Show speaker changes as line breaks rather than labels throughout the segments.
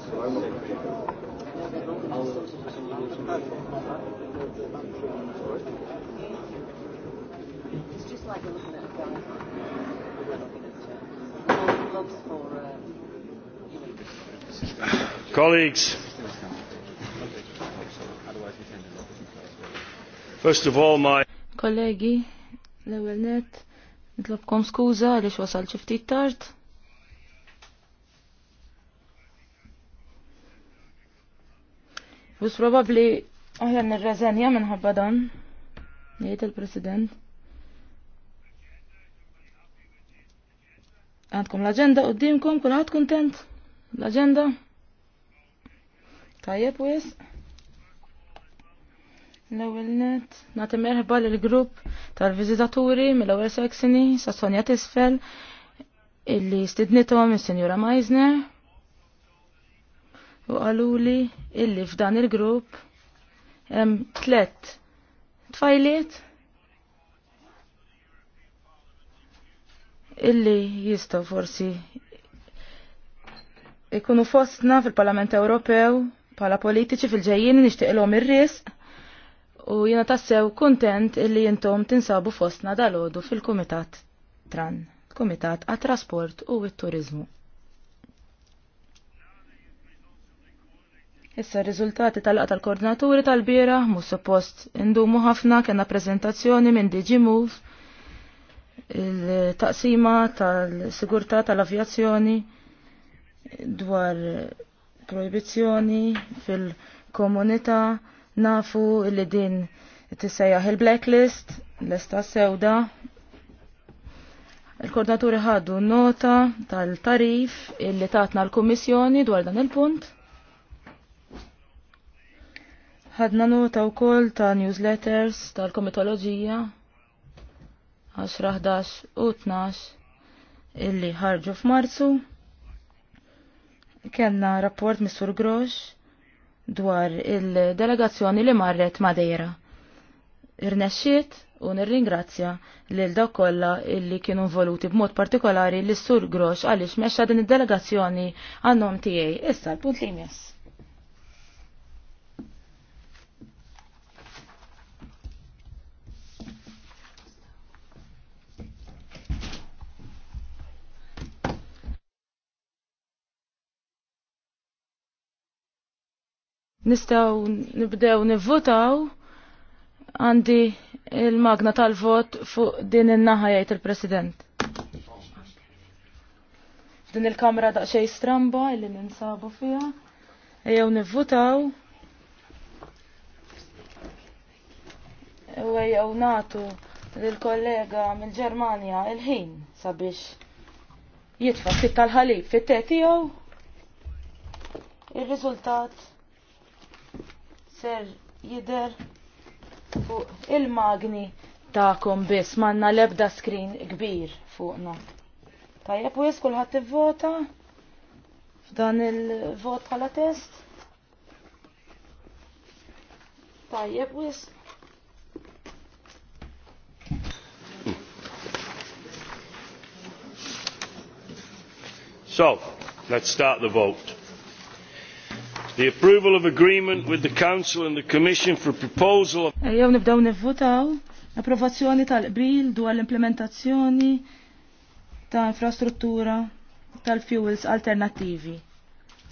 It's just like you're looking at a guy. for, Colleagues,
first of all, my kollegi, l-ewel net, nitlobkom skuza għaliex wasal ċiftit tard. Bus probabli nir-reżenja minħabba dan, jgħid il-President. Għandkom l-agenda qoddimkom, kun għad kontent? L-agenda? Tajjeb wis? L-ewwel net, nagħti merħba l grupp tal vizitaturi mill-ewwel seksini sa Sonja Tisfel illi stidnithom is-Sinjura Meisner u għaluli illi f'dan il-grupp hemm tlet tfajliet illi jistgħu forsi ikunu fostna fil-Parlament Ewropew bħala politiċi fil-ġejjin nixtieqilhom ir-risq u jiena tassew kuntent illi jintom tinsabu fostna dalodu fil-Kumitat Tran, Kumitat għat-Trasport u t-Turizmu. Issa r-riżultati tal-laqgħa tal-koordinaturi tal-bieraħ mhux suppost indumu ħafna kellna preżentazzjoni minn DG Move il-taqsima tal-sigurtà tal-avjazzjoni dwar proibizzjoni fil-komunità nafu li din tissejjaħ il-blacklist l-esta sewda Il-koordinaturi ħaddu nota tal-tarif illi tatna l-Kummissjoni dwar dan il-punt. Ħadna nota wkoll ta' newsletters tal-komitoloġija 10, 11 u 12 illi ħarġu f'Marzu. Kenna rapport Mr. Grosh dwar il-delegazzjoni li marret Madeira. Irnexxiet u nirringrazzja lil dawk kollha illi kienu involuti b'mod partikolari l sur Grosh għaliex mexxa din id-delegazzjoni għannom tiegħi. Issa l-punt li jmiss. Nistaw nibdew nivvotaw għandi il-magna tal-vot fuq din in-naħa jgħid il-President. Din il-kamra daqsxejn stramba illi ninsabu fija. Ejjew nivvotaw. U ejjew natu lill-kollega mill-Ġermanja il-ħin sabiex jitfa' fit tal-ħalib fit Il-rizultat Il-riżultat ser jider fuq il-magni ta'kom biss manna lebda screen kbir fuqna. Tajjeb u jeskul ħat vota f'dan il-vot bħala test. Tajjeb u
So, let's start the vote. The approval of agreement with the Council and the Commission for proposal of...
Jew nibdaw nivvutaw approvazzjoni tal-qbil dwar l-implementazzjoni ta' infrastruttura tal-fuels alternativi.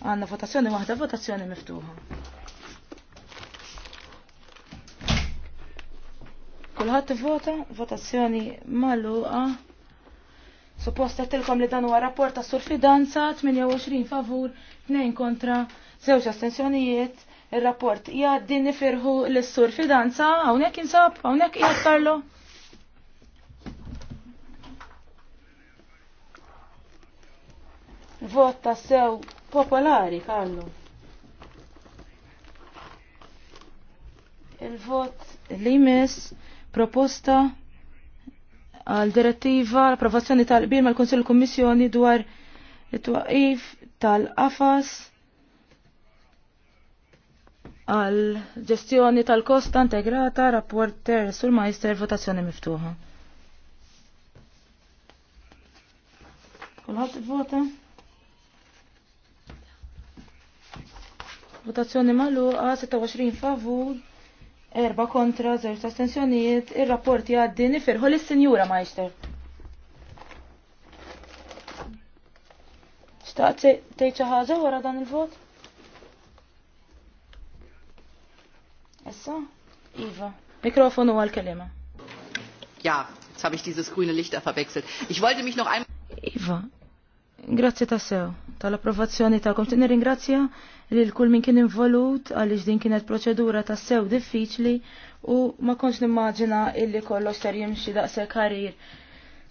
Għanna votazzjoni waħda, votazzjoni miftuħa. Kulħadd vota, votazzjoni magħluqa. Supposta tilkom li dan huwa rapport ta' surfidanza 28 favur, 2 kontra Żewġ astensjonijiet, ir-rapport jgħaddi nifirħu l-sur fidanza, hawnhekk jinsab, hawnhekk jgħattarlu. Vot ta' sew popolari, kallu. Il-vot li jmiss proposta għal direttiva l-approvazzjoni tal-qbil mal-Konsil Kommissjoni dwar it-twaqif tal afas għal ġestjoni tal-kosta integrata rapporter sul majster votazzjoni miftuħa. Kulħadd vota? Votazzjoni magħluqa 26 favur, 4 kontra, 0 astensjonijiet, ir-rapport jgħaddi nifirħu lis-Sinjura Majster. Xtaqt tgħid xi ħaġa wara dan il-vot? Issa? Iva. Mikrofonu għal-kelima.
Ja, jetzt habe ich dieses grüne Licht da verwechselt. Ich wollte mich noch einmal...
Iva, Grazzi ta' sew, tal-approvazzjoni ta' komtini Nirringrazzja li l-kull min kien involut għaliex din kienet proċedura ta' sew diffiċli u ma konx nimmaġina illi kollox ster jimxi se karir.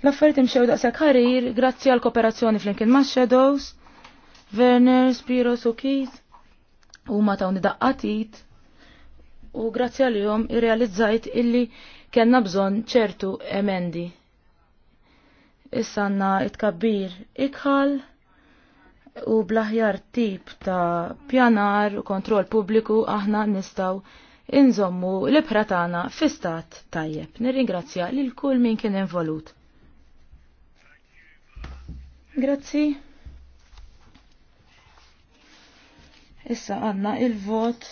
L-affarijiet imxew se karir, grazzi għal kooperazzjoni kien ma' Shadows, Werner, Spiros u Keith. u ma ta' daqqatit u grazzi għalihom irrealizzajt illi kellna bżonn ċertu emendi. Issa għandna it-kabbir ikħal u blaħjar tip ta' pjanar u kontroll pubbliku aħna nistaw inżommu l-ibħra tagħna fi-stat tajjeb. Nirringrazzja lil kull min kien involut. Grazzi. Issa għanna il-vot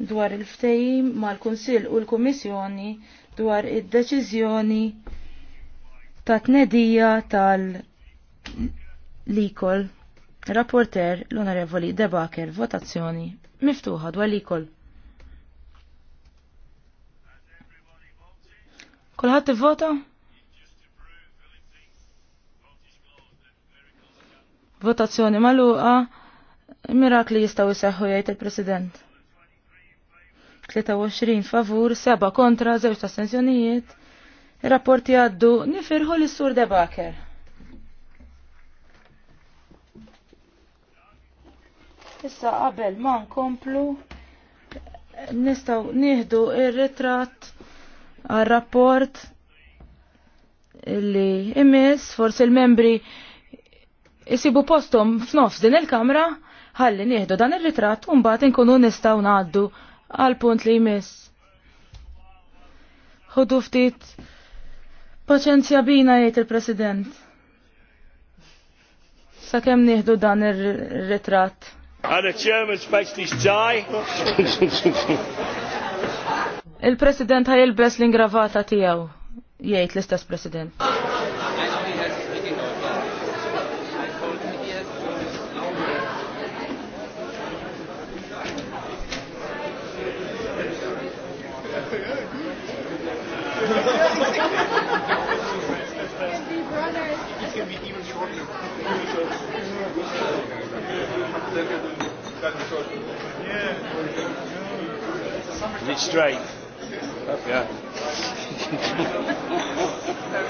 dwar il-ftejim mal-Kunsill u l-Kummissjoni dwar id-deċiżjoni ta' tnedija tal-likol. Rapporter l-Onorevoli Debaker, votazzjoni miftuħa dwar likol. Kolħat vota? Votazzjoni maluqa, mirakli jistaw jisaxħu jgħid il-President. 23 favur, 7 kontra, 0 astensjonijiet. Rapporti għaddu nifirħu l-sur debaker. Issa qabel ma nkomplu nistaw nieħdu ir-ritratt għar-rapport li imis forsi l-membri jisibu postom f'nofs din il-kamra ħalli nieħdu dan ir-ritratt u mbagħad inkunu nistgħu ngħaddu għal punt li jmiss. Ħudu ftit paċenzja bina jgħid il-President. Sakemm nieħdu dan ir-ritratt.
And the chairman expects this tie.
Il-President ħajilbes l-ingravata tiegħu, jgħid l-istess President.
because it's straight? Yeah.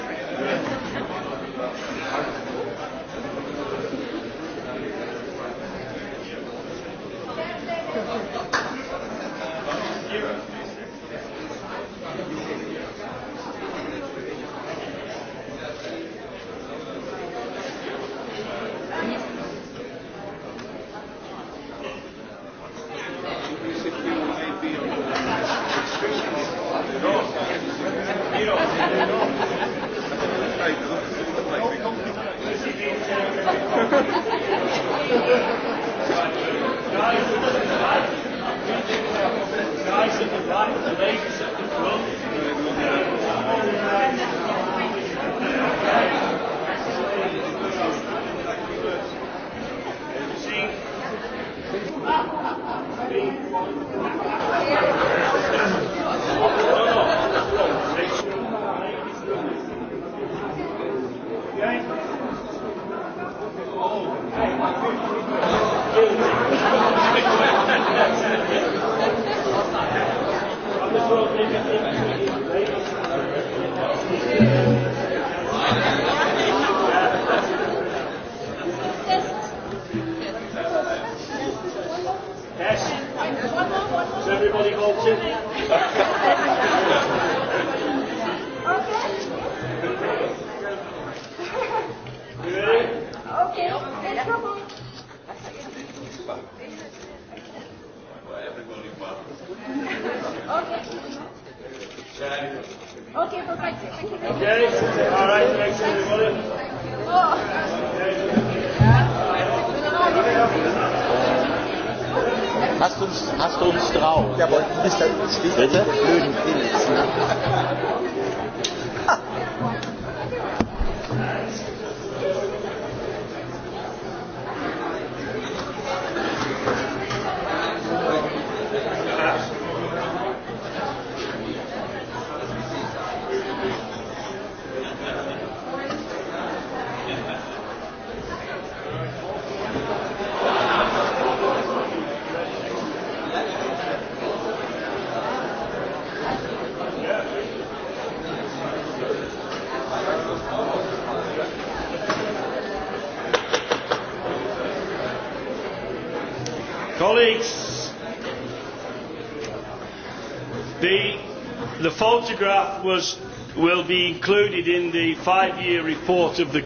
photograph was will be included in the five-year report of the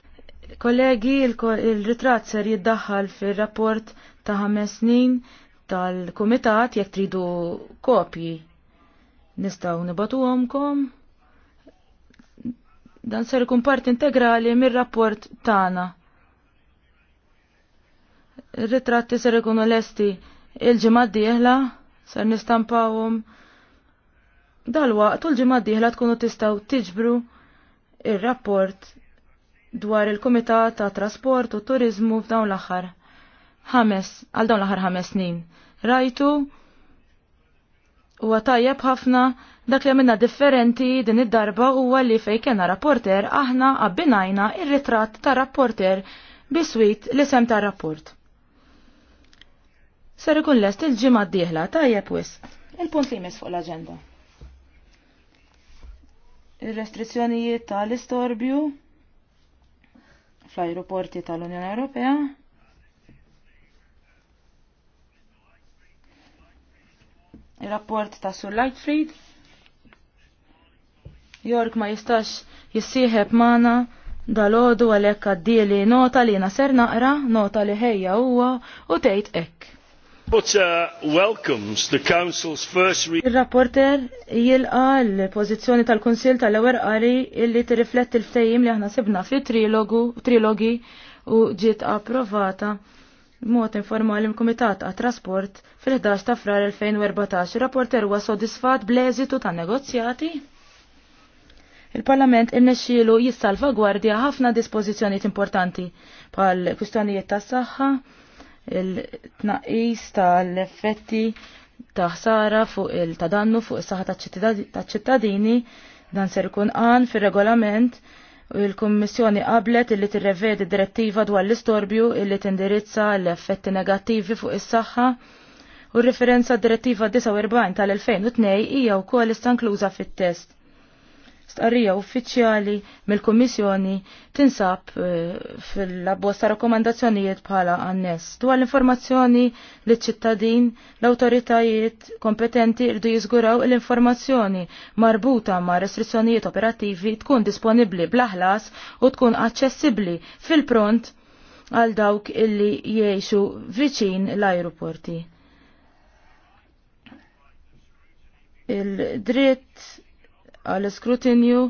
Kollegi, il-ritrat ser jiddaħħal fil-rapport ta' ħames snin tal-Kumitat jekk tridu kopji. Nistaw għomkom. Dan ser ikun part integrali mir-rapport tagħna. Ir-ritratti ser ikunu lesti il-ġimgħa d-dieħla ser nistampawhom Dalwa, u l-ġimgħa dieħla tkunu tistgħu tiġbru ir-rapport dwar il-Kumitat ta' Trasport u Turizmu f'dawn l-aħħar ħames għal dawn l-aħħar ħames snin. Rajtu huwa tajjeb ħafna dak li għamilna differenti din id-darba huwa li fejn kena rapporter aħna għabbinajna ir-ritratt ta' rapporter biswit li sem ta' rapport. Ser ikun lest il-ġimgħa d-dieħla tajjeb wisq. Il-punt li jmiss fuq l-aġenda il-restrizzjonijiet tal-istorbju fl-aeroporti tal-Unjoni Ewropea. Il-rapport ta' Sur Lightfried. Jork ma jistax jissieħeb mana dal-ħodu għalek għaddieli nota li naser naqra, nota li ħejja huwa u tgħid hekk.
Uh, Il-rapporter
jilqa l-pozizjoni tal-Kunsil tal-ewwel qari illi tirrifletti l ftejim li aħna sibna fi trilogi u ġiet approvata mod informali mkomitat għat trasport fil-11 ta' frar 2014. Il-rapporter huwa sodisfat bl-eżitu ta' negozjati. Il-Parlament innexxielu gwardja ħafna dispożizzjonijiet importanti pal kwistjonijiet tas-saħħa, il-tnaqis tal-effetti ta' ħsara fuq il-ta' dannu fuq is-saħħa taċ-ċittadini dan ser ikun qan fir-regolament u il-Kummissjoni qablet illi tirrevedi direttiva dwar l-istorbju illi tindirizza l-effetti negattivi fuq is-saħħa u r-referenza direttiva 49 tal-2002 hija wkoll istankluża fit-test stqarrija uffiċjali mill-Kummissjoni tinsab eh, fil-abbozz ta' rakkomandazzjonijiet bħala għannes. Dwar l-informazzjoni li ċittadin l-awtoritajiet kompetenti irdu jiżguraw l-informazzjoni marbuta ma' restrizzjonijiet operattivi tkun disponibbli bl-aħlas u tkun aċċessibbli fil-pront għal dawk illi jiexu viċin l-aeroporti. Il-dritt għal-skrutinju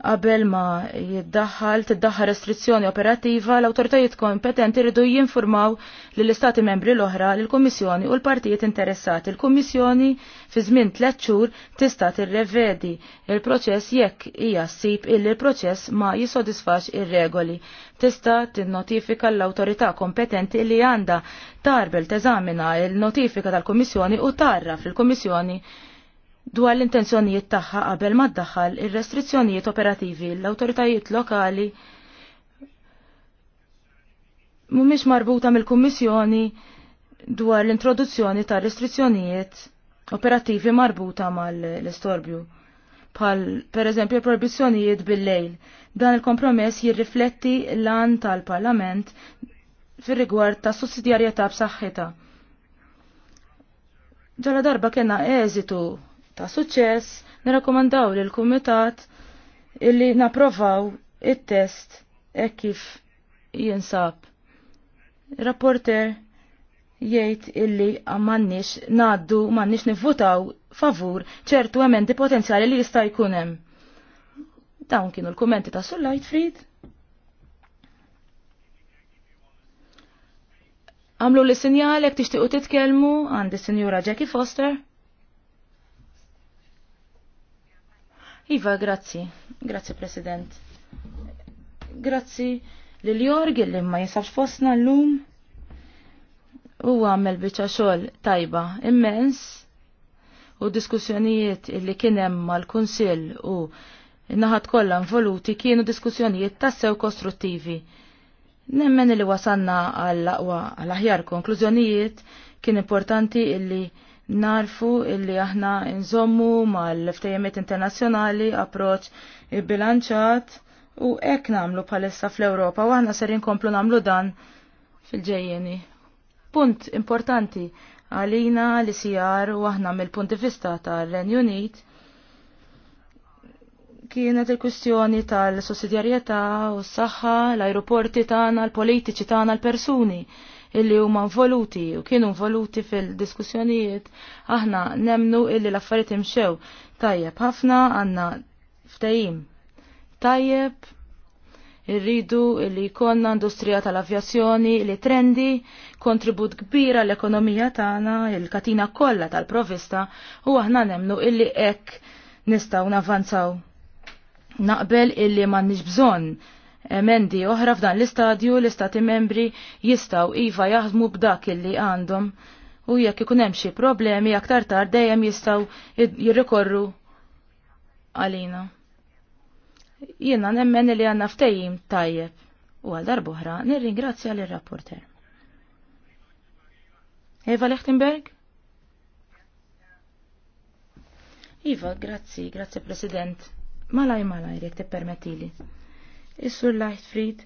qabel ma jiddaħħal tiddaħħal restrizzjoni operattiva l-awtoritajiet kompetenti rridu jinformaw l istati membri l-oħra l kummissjoni u l-partijiet interessati. Il-Kummissjoni fi żmien tliet xhur tista' tirrevedi il-proċess jekk hija ssib illi l-proċess ma jisodisfax ir-regoli. Tista' tinnotifika l-awtorità kompetenti li għandha tarbel teżamina il-notifika tal-Kummissjoni u tarra fil-Kummissjoni dwar l-intenzjonijiet tagħha qabel ma ddaħħal ir-restrizzjonijiet operattivi, l-awtoritajiet lokali mhumiex marbuta mill-Kummissjoni dwar l-introduzzjoni ta' restrizzjonijiet operattivi marbuta mal-istorbju Pal, per eżempju proibizzjonijiet bil-lejl. Dan il-kompromess jirrifletti l-an tal-Parlament fir-rigward ta' sussidjarjetà b'saħħitha. Ġala darba kena eżitu ta' suċċess nirrakkomandaw lil kumitat illi naprovaw it-test hekk kif jinsab. Rapporter jgħid illi m'għandniex ngħaddu m'għandniex nivvutaw favur ċertu emendi potenzjali li jista' jkun hemm. Dawn kienu l-kummenti ta' Sul Lightfried. Għamlu li sinjal jekk tixtiequ titkellmu għandi Sinjura Jackie Foster. Iva, grazzi. Grazzi, President. Grazzi li l-Jorg li ma jisafx fosna l-lum. U għamel bieċa xol tajba immens u diskussjonijiet li kienem mal-Kunsil u naħat kollha involuti kienu diskussjonijiet tassew kostruttivi. Nemmen li wasanna għall-aqwa għall-aħjar konklużjonijiet kien importanti illi narfu illi aħna nżommu mal-ftejjemiet internazzjonali approċ bilanċat u ek namlu palissa fl-Europa u aħna serin komplu namlu dan fil-ġejjeni. Punt importanti għalina li sijar u aħna mill-punti vista tal-Renju Unit kienet il-kustjoni tal-sussidjarjetà u s-saħħa, l-aeroporti tagħna, l-politiċi tagħna, l-persuni illi huma involuti u kienu involuti fil-diskussjonijiet aħna nemnu illi l-affarijiet imxew tajjeb ħafna għandna ftehim tajjeb irridu illi jkollna industrija tal-avjazzjoni li trendi kontribut kbira l-ekonomija tagħna il-katina kollha tal-provista u aħna nemnu illi hekk nistgħu navanzaw naqbel illi m'għandniex bżonn emendi oħra f'dan l-istadju l-istati membri jistaw iva jaħdmu b'dak illi għandhom u jekk ikun hemm xi problemi aktar tard dejjem jistgħu jirrikorru għalina. Jiena nemmen li għandna ftejjim tajjeb u għal darbohra nirringrazzja lir rapporter Eva Lechtenberg? Iva, grazzi, grazzi President. Malaj, malaj, jek te permettili. Is-Sur Lightfried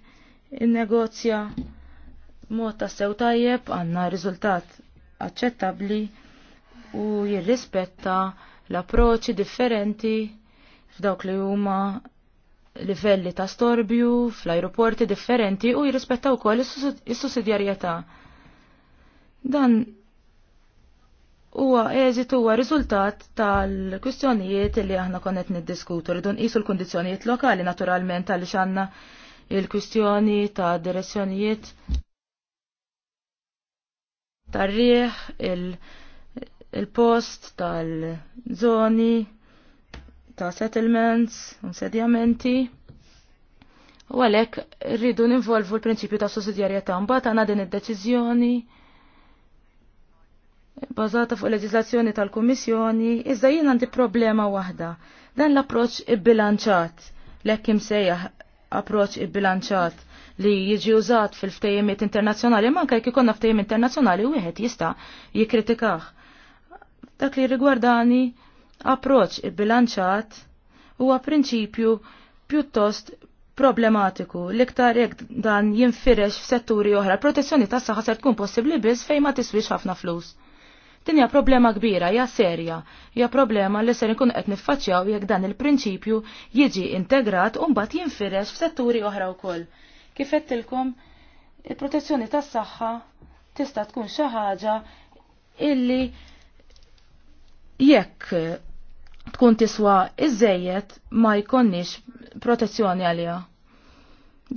innegozja mod ta' sew tajjeb għandna riżultat aċċettabbli u jirrispetta l-approċċi differenti f'dawk li huma livelli ta' storbju fl-ajruporti differenti u jirrispettaw ukoll is-sussidjarjetà. Dan huwa eżit huwa riżultat tal-kwistjonijiet li aħna konnet niddiskutu rridu nqisu l-kundizzjonijiet lokali naturalment għaliex għandna il-kwistjoni ta' direzzjonijiet tar-rieħ il-post il tal-żoni ta' settlements, insedjamenti. U għalhekk rridu ninvolvu l-prinċipju ta' sussidjarjetà mbagħad għandna din id-deċiżjoni bazata fuq leġislazzjoni tal-Kummissjoni, iżda jien għandi problema waħda. Dan l-approċ ibbilanċat, l-ekkim sejjaħ approċ ibbilanċat li jiġi użat fil-ftejjemiet internazzjonali, ma jek ikonna ftejjem internazzjonali wieħed jista' jikkritikah. Dak li rigwardani approċ ibbilanċat huwa prinċipju pjuttost problematiku l-iktar jekk dan jinfirex f'setturi oħra. Protezzjoni tas-saħħa se tkun possibbli biss fejn ma tiswix ħafna flus. Din hija problema kbira, hija serja, hija problema li ser nkun qed niffaċċjaw jekk dan il-prinċipju jiġi integrat u mbagħad jinfirex f'setturi oħra wkoll. Kif qedtilkom il-protezzjoni tas-saħħa tista' tkun xi ħaġa illi jekk tkun tiswa iżejjed ma jkonniex protezzjoni għaliha.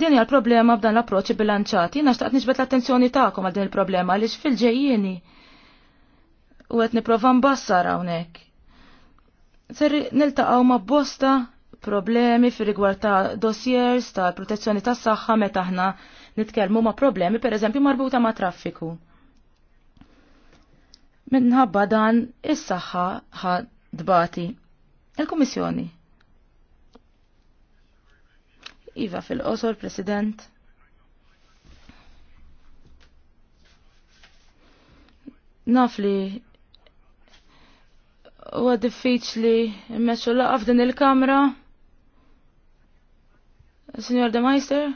Din hija l-problema b'dan l-approċċ bilanċati, xtaqt nixbet l-attenzjoni tagħkom għal din il-problema għaliex fil-ġejjieni u qed nipprova mbassar hawnhekk. Seri niltaqgħu ma' bosta problemi fi rigward ta' dossiers ta' protezzjoni tas saħħa meta aħna nitkellmu ma' problemi pereżempju marbuta ma' traffiku. Minħabba dan is-saħħa ħa dbati. Il-Kummissjoni. Iva fil-qosor, President. Naf li huwa diffiċli mmeċċu laqaf din il-kamra. Signor De Meister?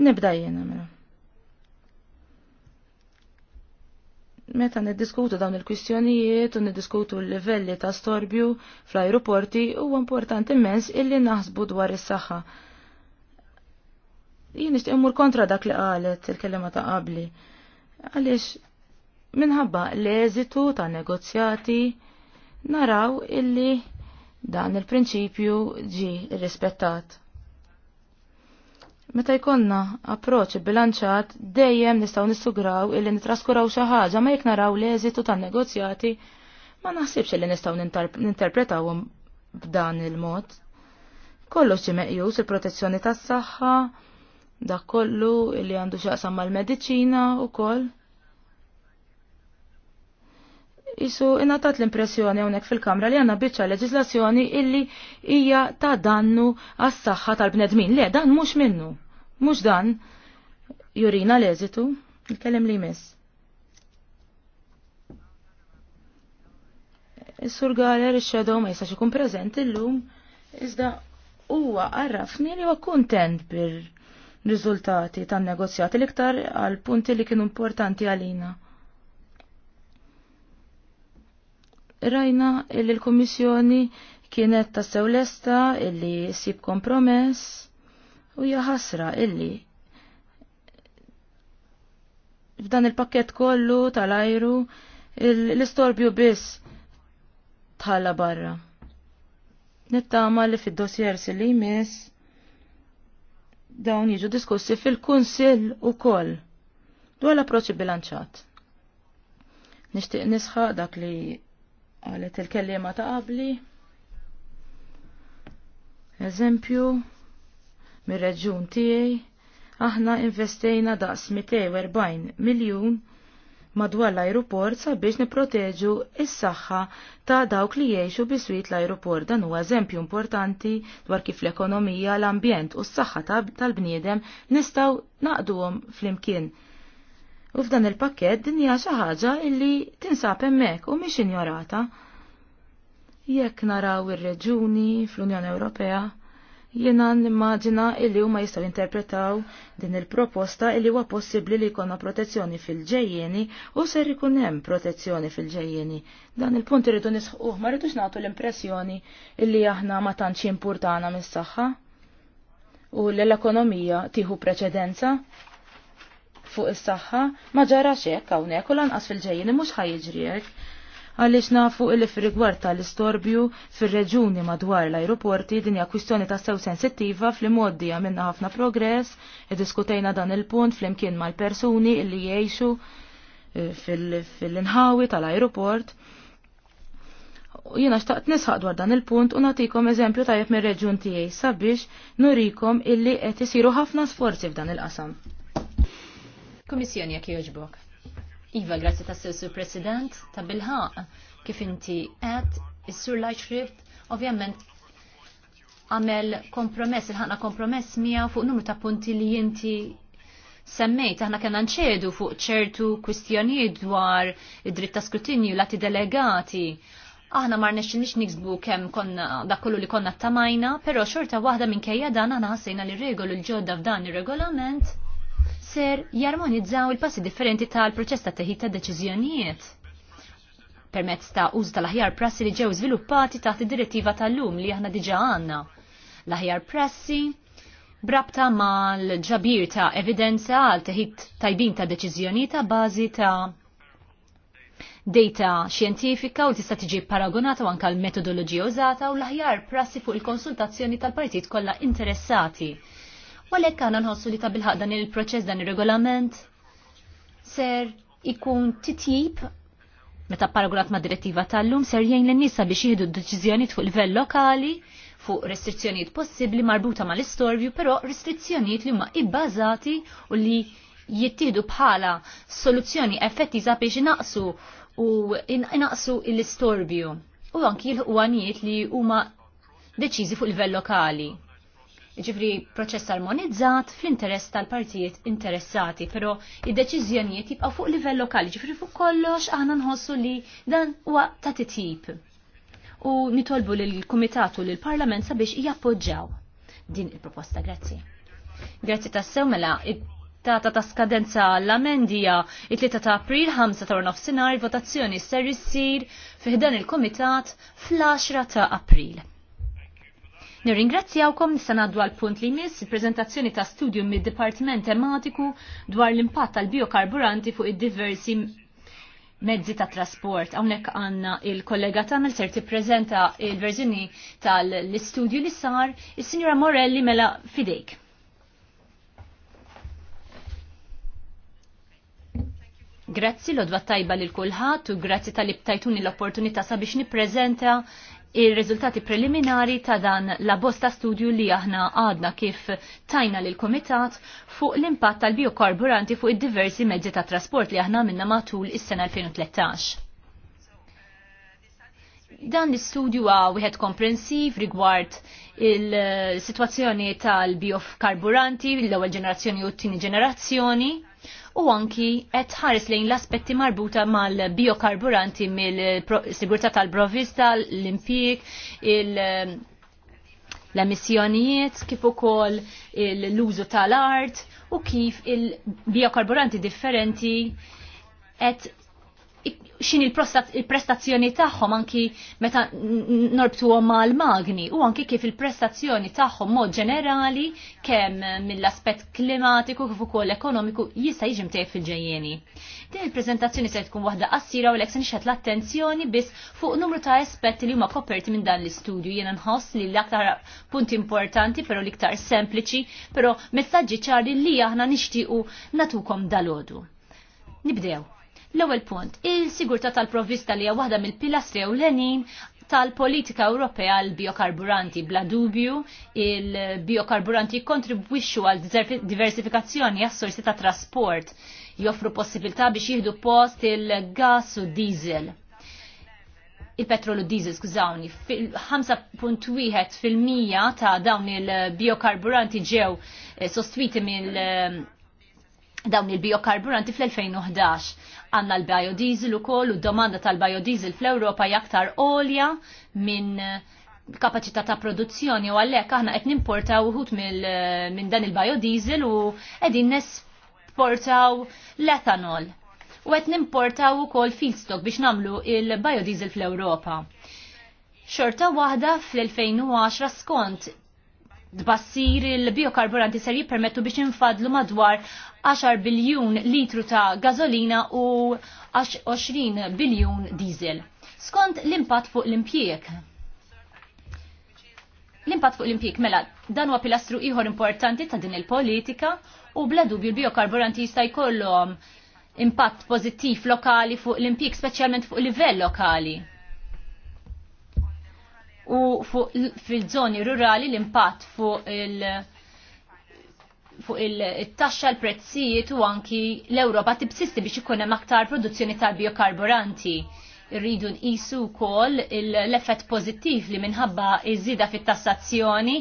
Nibda jena mela. Meta niddiskutu dawn il-kwistjonijiet u niddiskutu l-livelli ta' storbju fl-ajruporti huwa importanti immens illi naħsbu dwar is-saħħa. Jien nixtieq kontra dak li qalet il-kelema ta' qabli. Għaliex minħabba l-eżitu ta' negozjati naraw illi dan il-prinċipju ġi rispettat. Meta jkonna approċ bilanċat dejjem nistgħu nissugraw illi nitraskuraw xi ħaġa ma jekk naraw l-eżitu ta' negozjati ma naħsibx illi nistgħu ninterpretawhom b'dan il-mod. Kollox xi meqjus il-protezzjoni tas-saħħa, dak kollu illi għandu x'aqsam mal-mediċina u koll Isu inatat l-impressjoni hawnhekk fil-Kamra li għandna biċċa leġizlazzjoni illi hija ta' dannu għas-saħħa tal-bnedmin. Le, dan mhux minnu. Mhux dan jurina l-eżitu. Il-kellem li jmiss. Is-sur Galer ix-xedow ma jistax ikun preżenti llum, iżda huwa għarrafni li huwa kuntent bir riżultati tan-negozjati l-iktar għal punti li kienu importanti għalina. rajna illi l-Komissjoni kienet ta' sewlesta illi sib kompromess u jaħasra illi f'dan il-pakket kollu tal-ajru l-istorbju biss tħalla barra. Nittama li fid-dossier li jmiss dawn jiġu diskussi fil-kunsill u koll dwar l-approċċi bilanċat. Nixtieq nisħaq dak li Għalet il-kellima ta' qabli. Eżempju, mir-reġjun tiegħi aħna investejna daqs 240 miljun madwar l-ajruport sabiex niproteġu is-saħħa ta' dawk li jgħixu biswit l-ajruport. Dan huwa eżempju importanti dwar kif l-ekonomija, l-ambjent u s-saħħa tal-bniedem nistgħu naqduhom flimkien. U f'dan il-pakket din hija xi ħaġa illi tinsab hemmhekk u mhix injorata. Jekk naraw ir-reġuni fl-Unjoni Ewropea, jiena nimmaġina illi huma jistgħu interpretaw din il-proposta illi huwa possibbli li jkollna protezzjoni fil-ġejjeni u ser ikun hemm protezzjoni fil-ġejjeni. Dan il-punt irridu nisħuh ma rridux nagħtu l-impressjoni illi aħna ma tantx importana mis-saħħa u l-ekonomija tieħu preċedenza fuq is-saħħa ma ġara xek hawnhekk u lanqas fil-ġejjin mhux ħajjiġri hekk. Għaliex nafu illi fir-rigward tal-istorbju fir-reġuni madwar l-ajruporti din hija kwistjoni ta' sew sensittiva fl-imoddi għamilna ħafna progress, iddiskutejna dan il-punt flimkien mal-persuni illi jgħixu eh, fil-inħawi tal-ajruport. Jiena xtaqt nisħaq dwar dan il-punt u natikom eżempju tajjeb mir reġjun tiegħi sabiex nurikom illi qed isiru ħafna sforzi f'dan il-qasam.
Komissjoni jek joġbok. Iva, grazzi ta' s-sur president, ta' bilħaq, kif inti għed, s-sur Lightshrift, ovvjament għamel kompromess, il-ħana kompromess mija fuq numru ta' punti li jinti semmejt, aħna kena nċedu fuq ċertu kwistjonijiet dwar id-dritt ta' skrutinju, lati delegati, aħna mar nix niksbu kem konna da kollu li konna tamajna, pero xorta wahda minn kejja dan aħna ħassejna li regolu l-ġodda f'dan il-regolament ser jarmonizzaw il-passi differenti tal-proċess ta' teħid ta' deċiżjonijiet permezz ta' uż tal-aħjar prassi li ġew żviluppati taħt id-direttiva tal-lum li aħna diġa għandna. L-aħjar prassi brabta mal-ġabir ta' evidenza għal teħid tajbin ta' deċiżjoni ta' bażi ta' data xjentifika u tista' tiġi paragonata anke l-metodoloġija użata u l-aħjar prassi fuq il-konsultazzjoni tal-partit kollha interessati U għalhekk għandna nħossu li ta' bilħaq dan il-proċess dan ir-regolament ser ikun titjib meta paragraf ma' direttiva tal-lum ser jgħin l-nisa biex jihdu d-deċizjoniet fuq livell lokali fuq restrizzjonijiet possibbli marbuta ma' l-istorbju, però restrizzjonijiet li huma ibbażati u li jittieħdu bħala soluzzjoni effettiva biex naqsu u inaqsu l-istorbju u anki l-ħwanijiet li huma deċiżi fuq livell lokali ġifri proċess armonizzat fl-interess tal-partijiet interessati, pero id-deċiżjonijiet jibqaw fuq livell lokali, ġifri fuq kollox aħna nħossu li dan huwa ta' titjib. U nitolbu lill u lill-Parlament sabiex jappoġġaw din il-proposta, grazzi. Grazzi tassew mela tata ta' skadenza l-amendija it-3 ta' april 5 ta' nofsinhar votazzjoni ser issir fiħdan il-komitat fl-10 ta' april. Nirringrazzjawkom nista' ngħaddu għal punt li miss il-preżentazzjoni ta' studju mid-Dipartiment tematiku dwar l-impatt tal-biokarburanti fuq id-diversi mezzi ta' trasport. Hawnhekk għandna il-kollega tagħmel ser tippreżenta il-verżjoni tal-istudju li sar, is-Sinjura Morelli mela fidejk. Grazzi l-odwa tajba li l-kulħat u grazzi tal ibtajtuni l-opportunita sabiex niprezenta ir-riżultati preliminari ta' dan la bosta studju li aħna għadna kif tajna lil komitat fuq l-impatt tal-biokarburanti fuq id-diversi mezzi ta' trasport li aħna minna matul is-sena 2013. Dan l-istudju għa wieħed komprensiv rigward il-situazzjoni tal-biokarburanti, l-ewwel ġenerazzjoni u t-tieni ġenerazzjoni u anki qed ħares lejn l-aspetti marbuta mal-biokarburanti mill-sigurtà tal-provista, l-impjieg, ehm, l-emissjonijiet, kif ukoll l-użu tal-art u kif il-biokarburanti differenti qed xin il-prestazzjoni tagħhom anki meta norbtu mal magni u anki kif il-prestazzjoni tagħhom mod ġenerali kemm mill-aspett klimatiku kif ukoll ekonomiku jista' jiġi mtejjeb fil-ġejjeni. Din il-preżentazzjoni se tkun waħda qassira u lek se nixħet l-attenzjoni biss fuq numru ta' aspetti li huma koperti minn dan l-istudju jiena nħoss li l-aktar punti importanti però l-iktar sempliċi, però messaġġi ċari li aħna nixtiequ natukom dalodu. Nibdew. L-ewwel punt, il-sigurtà tal-provvista li hija waħda mill-pilastri ewlenin tal-politika Ewropea għal biokarburanti bla dubju il-biokarburanti kontribwixxu għal diversifikazzjoni għas-sorsi ta' trasport joffru possibilità biex jieħdu post il-gas u diesel il-petrolu diesel, skużawni, 5.1 fil-mija ta' dawn il-biokarburanti ġew eh, sostwiti mill eh, dawn il-biokarburanti fl-2011 għanna l-biodiesel u koll u domanda tal-biodiesel fl-Europa jaktar olja minn kapacità ta' produzzjoni u għallek aħna qed nimportaw uħut minn dan il-biodiesel u qegħdin nesportaw l ethanol U qed nimportaw ukoll feedstock biex namlu il-biodiesel fl-Ewropa. Xorta waħda fl-2010 skont tbassir il-biokarburanti ser jippermettu biex infadlu madwar 10 biljun litru ta' gazolina u 20 biljun diesel. Skont l-impatt fuq l-impjieg. L-impatt fuq l-impjieg mela dan huwa pilastru ieħor importanti ta' din il-politika u bla dubju l-biokarburanti jista' jkollhom impatt pożittiv lokali fuq l-impjieg speċjalment fuq livell lokali u fil-żoni rurali l-impatt fuq il- fuq il-taxxa l-prezzijiet u anki l-Ewropa tibsisti biex ikun hemm aktar produzzjoni tal-biokarburanti. Irridu nqisu wkoll l-effett pożittiv li minħabba iż-żida fit-tassazzjoni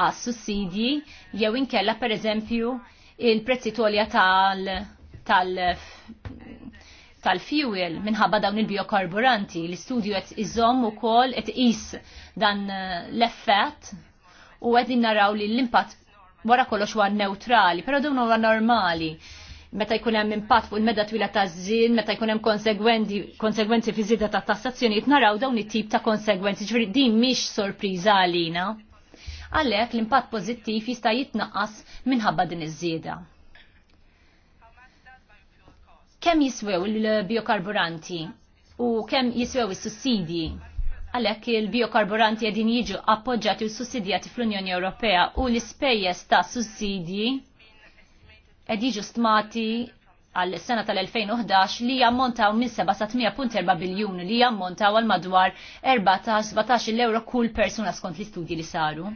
għas sussidji jew inkella pereżempju il-prezzi tolja tal tal tal-fuel minħabba dawn il-biokarburanti. L-istudju qed iżomm ukoll qed is dan eh, l-effett u qed naraw li l-impatt wara kollox huwa neutrali, però dawn huwa normali meta jkun hemm impatt fuq il-medda twila ta' żin, meta jkun hemm konsegwenzi fi żieda ta' tassazzjoni, naraw dawn it-tip ta' konsegwenzi, ġifieri din mhix sorpriża għalina. Għalhekk l-impatt pożittiv jista' jitnaqqas minħabba din iż-żieda. Kem jiswew il-biokarburanti u kem jiswew il-sussidji? għalek il-biokarburanti għedin jiġu appoġġati u sussidjati fl-Unjoni Ewropea u l-ispejjeż ta' sussidji qed jiġu stmati għal sena tal-2011 li jammontaw minn 7 sa 8.4 biljun li jammontaw għal madwar 14-17 euro kull persuna skont l-istudji li saru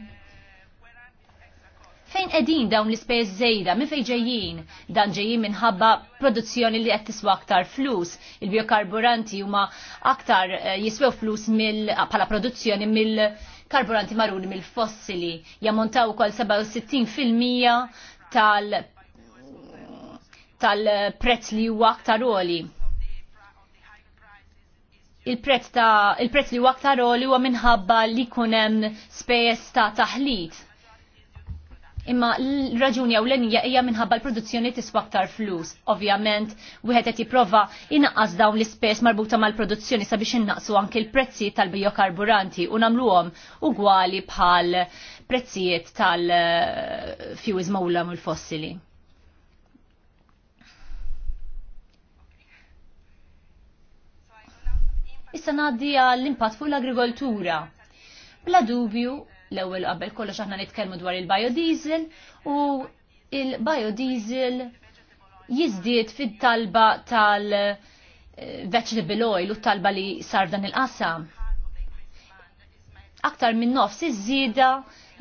fejn qegħdin dawn l-ispejjeż żejda, minn fejn ġejjin? Dan ġejjin minħabba produzzjoni li qed tiswa aktar flus. Il-biokarburanti huma aktar eh, jiswew flus mill bħala produzzjoni mill karburanti maruni mill-fossili jammontaw kol 67% tal tal-prezz li huwa aktar oli. Il-prezz il li huwa aktar oli huwa minħabba li kunem spejjeż ta' taħlit imma l-raġuni l-enija hija minħabba l-produzzjoni tiswa aktar flus. Ovvjament, wieħed qed jipprova inaqqas dawn l-ispess marbuta mal-produzzjoni sabiex innaqsu anke l-prezzi tal-biokarburanti u nagħmluhom għali bħal prezzijiet tal-fjuż u l fossili Issa ngħaddi l impatt fuq l-agrikoltura. Bla dubju, l-ewwel qabel kollox aħna nitkellmu dwar il-biodiesel u il-biodiesel jiżdied fit talba tal-vegetable eh, oil u talba li sar dan il-qasam. Aktar minn nofs iż-żieda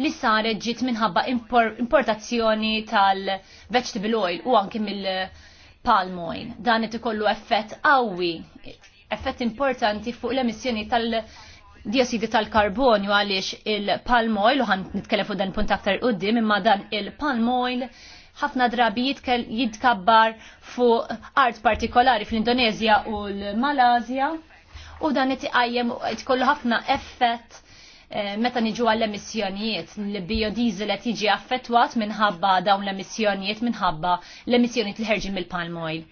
li saret ġiet minħabba importazzjoni tal-vegetable oil u anki mill-palm oil. Dan qed ikollu effett qawwi, effett importanti fuq l-emissjoni tal-vegetable diossidi tal-karbonju għaliex il-palm oil, u nitkellem fuq dan punt aktar qoddim, imma dan il-palm oil ħafna drabi jitkabbar fuq art partikolari fl-Indonezja u l-Malazja u dan it-għajjem kollu ħafna effett eh, meta niġu għall emissjonijiet l-biodiesel qed jiġi affettwat minħabba dawn l-emissjonijiet minħabba l-emissjonijiet li ħerġin mill-palm oil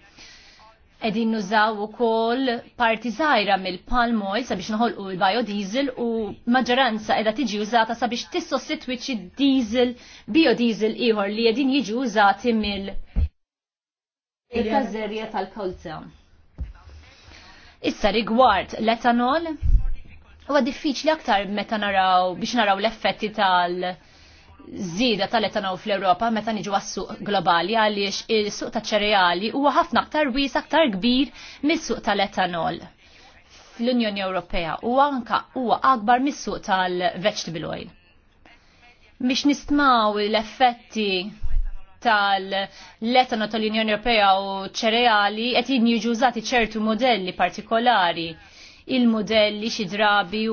edin nużaw u kol parti zaħira mill-palm oil sabiex nħolqu il-biodiesel u maġġoranza edha tiġi użata sabiex tissostitwiċi diesel, biodiesel iħor li edin jiġi użati mill-
il-kazzerja
tal-kolza. Issa rigward l-etanol, huwa diffiċli aktar meta naraw biex naraw l-effetti tal- -etanol żieda tal-etanol fl-Ewropa meta niġu għas-suq globali għaliex il-suq ta' ċereali huwa ħafna aktar wies aktar kbir mis-suq tal-etanol fl-Unjoni Ewropea u anka huwa akbar mis-suq tal-vegetable oil. Mhix nistmaw l-effetti tal-etanol tal-Unjoni Ewropea u ċereali qed jiġu użati ċertu modelli partikolari il-modelli xi drabi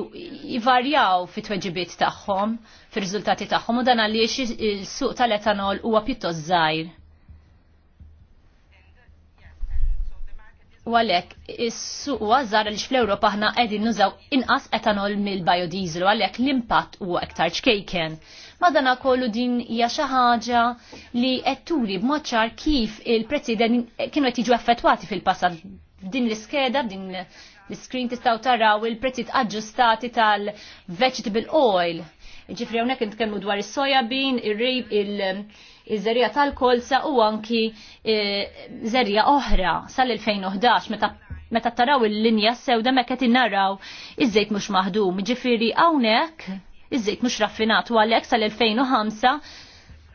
jivarjaw fit-tweġibiet tagħhom, fir-riżultati tagħhom u dan għaliex il-suq tal-etanol huwa pjuttost żgħir. U għalhekk is-suq huwa żgħar għaliex fl-Ewropa aħna qegħdin nużaw inqas etanol mill-biodiesel u għalhekk l-impatt huwa iktar ċkejken. Madana kollu din hija xi ħaġa li qed turi b'mod kif il-prezzi kienu qed jiġu effettwati fil-passat din l-iskeda, din l-screen tistaw taraw il-prezzit aġġustati tal-vegetable oil. Ġifri hawnhekk kemmu dwar is-sojabin, il rib il-żerja tal-kolza u anki żerja eh, oħra sal-2011 meta meta taraw il-linja sewda ma qed naraw iż-żejt mhux maħdum. Ġifiri hawnhekk iż-żejt mhux raffinat u għalhekk sal-2005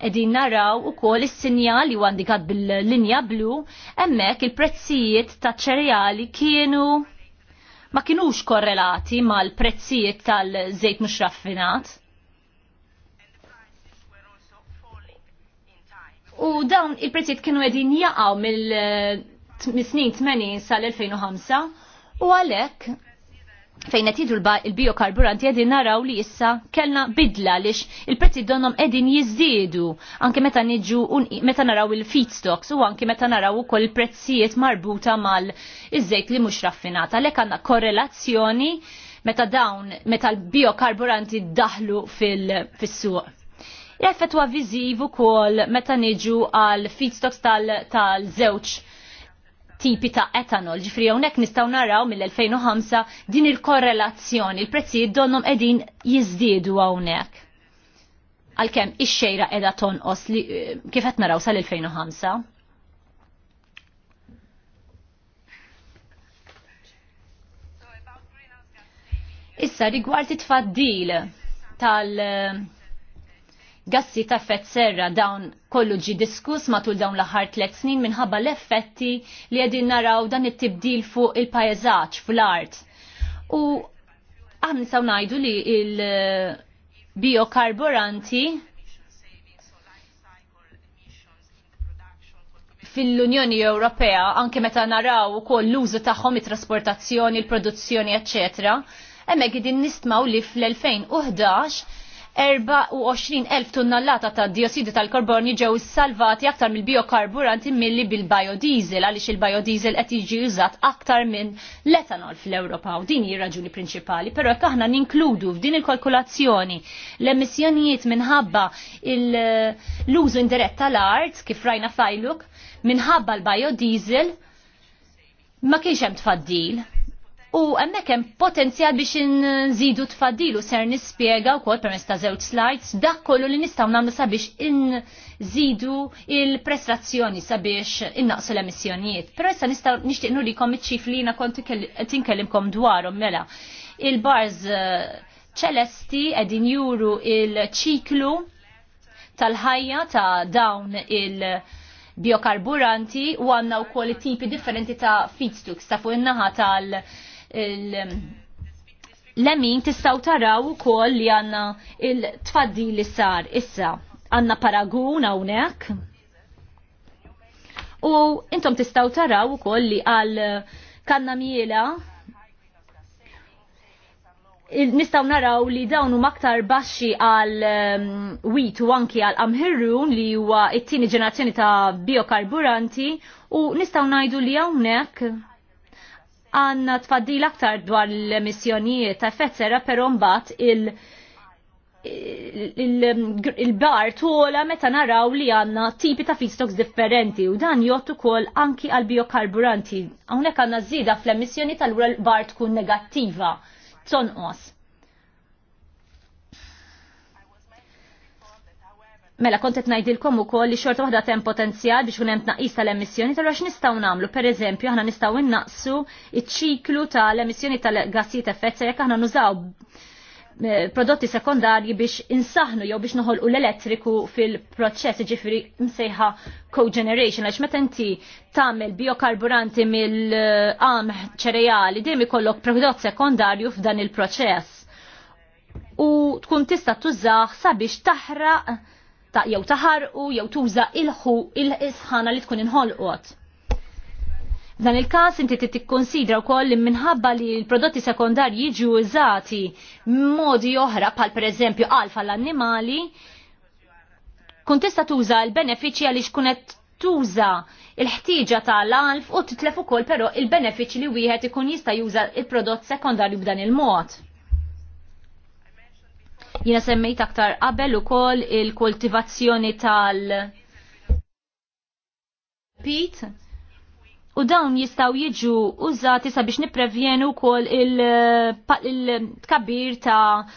edin naraw u kol il-sinjal għandikat bil-linja blu, emmek il-prezzijiet ta' ċerjali kienu ma kinux korrelati mal-prezzijiet tal-żejt mhux raffinat. U dawn il-prezzijiet kienu qegħdin jaqgħu mill-snin 80 sal-2005 u għalhekk fejn qed jidru l-biokarburanti qegħdin naraw li issa kellna bidla lix il-prezzi donhom qegħdin jiżdiedu anke meta niġu meta naraw il-feedstocks u anke meta naraw ukoll il-prezzijiet marbuta mal-iżejt li mhux raffinat. Għalhekk għandna korrelazzjoni meta dawn meta l-biokarburanti daħlu fis suq Jaffetwa viżiv ukoll meta niġu għal feedstocks tal-żewġ tal tipi ta' etanol. Ġifri hawnhekk nistgħu naraw mill-2005 din il-korrelazzjoni, il-prezzijiet donhom qegħdin jiżdiedu hawnhekk. Għalkemm ix-xejra qiegħda tonqos li eh, kif qed naraw sal-2005. Issa rigward it-tfaddil tal- gassi ta' effett serra dawn kollu ġi diskus matul dawn l-aħħar tliet snin minħabba l-effetti li qegħdin naraw dan it-tibdil fuq il-pajjeżaġġ fl-art. U aħna nistgħu ngħidu li il-biokarburanti fil-Unjoni Ewropea, anke meta naraw ukoll l-użu tagħhom it-trasportazzjoni, il-produzzjoni, eccetera, hemmhekk din nistmaw li fl-2011 24,000 tunnellata ta' diossidi tal-karbonju ġew salvati aktar mill-biokarburanti milli bil-biodiesel għaliex il-biodiesel qed jiġi użat aktar minn l-etanol fl-Ewropa u din hi raġuni prinċipali. Però jekk aħna ninkludu f'din il-kalkulazzjoni l-emissjonijiet minħabba l-użu indirett tal-art kif rajna fajluk minħabba l-biodiesel ma kienx hemm tfaddil U hemmhekk hemm potenzjal biex nżidu tfaddilu ser nispjega wkoll permezz ta' żewġ slides dak kollu li nistgħu nagħmlu sabiex inżidu il-prestazzjoni sabiex innaqsu l-emissjonijiet. Però issa nistgħu nixtieq nurikom iċ-ċif li jiena kont tinkellimkom dwarhom mela. Il-bars eh, ċelesti qegħdin juru il-ċiklu tal-ħajja ta' dawn il- biokarburanti u għanna u koll tipi differenti ta' feedstocks ta' fuq in-naħa tal l-emin tistaw taraw ukoll li għanna il-tfaddi li sar issa għanna paragun hawnhekk. U intom tistaw taraw ukoll li għal kanna miela nistaw naraw li dawn huma aktar baxxi għal um, wheat u anki għal amherrun li huwa it-tieni ġenerazzjoni ta' biokarburanti u nistaw ngħidu li hawnhekk għanna tfaddil aktar dwar l-emissjonijiet ta' fetzera, per però mbagħad il- il-bar tola meta naraw li għanna tipi ta' feedstocks differenti u dan jottu kol anki għal biokarburanti. Għunek għanna zida fl-emissjoni tal-bar tkun negattiva, tonqos. Mela kontet najdilkom u koll li xorta wahda tem potenzjal biex unem tnaqis tal-emissjoni tal-għax nistaw namlu. Per eżempju, ħana nistaw innaqsu il ċiklu tal-emissjoni tal-gassijiet effett serek ħana nużaw eh, prodotti sekondarji biex insaħnu jew biex noħolqu l-elettriku fil-proċess ġifiri msejħa generation, għax meta inti tagħmel biokarburanti mill għam ċerejali dejjem ikollok prodott sekondarju f'dan il-proċess. U tkun tista' tużaħ sabiex taħraq ta' jew taħarqu jew tuża ilħu il-isħana li tkun inħolqot. Dan il-kas inti tikkonsidra wkoll li minħabba li l-prodotti sekondarji jiġu użati modi oħra pal pereżempju alfa l-annimali, kun tista' tuża l-benefiċċji għaliex kunet tuża il-ħtieġa tal-alf u titlef ukoll però il-benefiċċji li wieħed ikun jista' juża il-prodott sekondarju b'dan il-mod. Jina semmejt aktar qabel u kol il-kultivazzjoni tal- Pit, u dawn jistaw jiġu użati sabiex niprevjenu kol il-tkabbir il ta'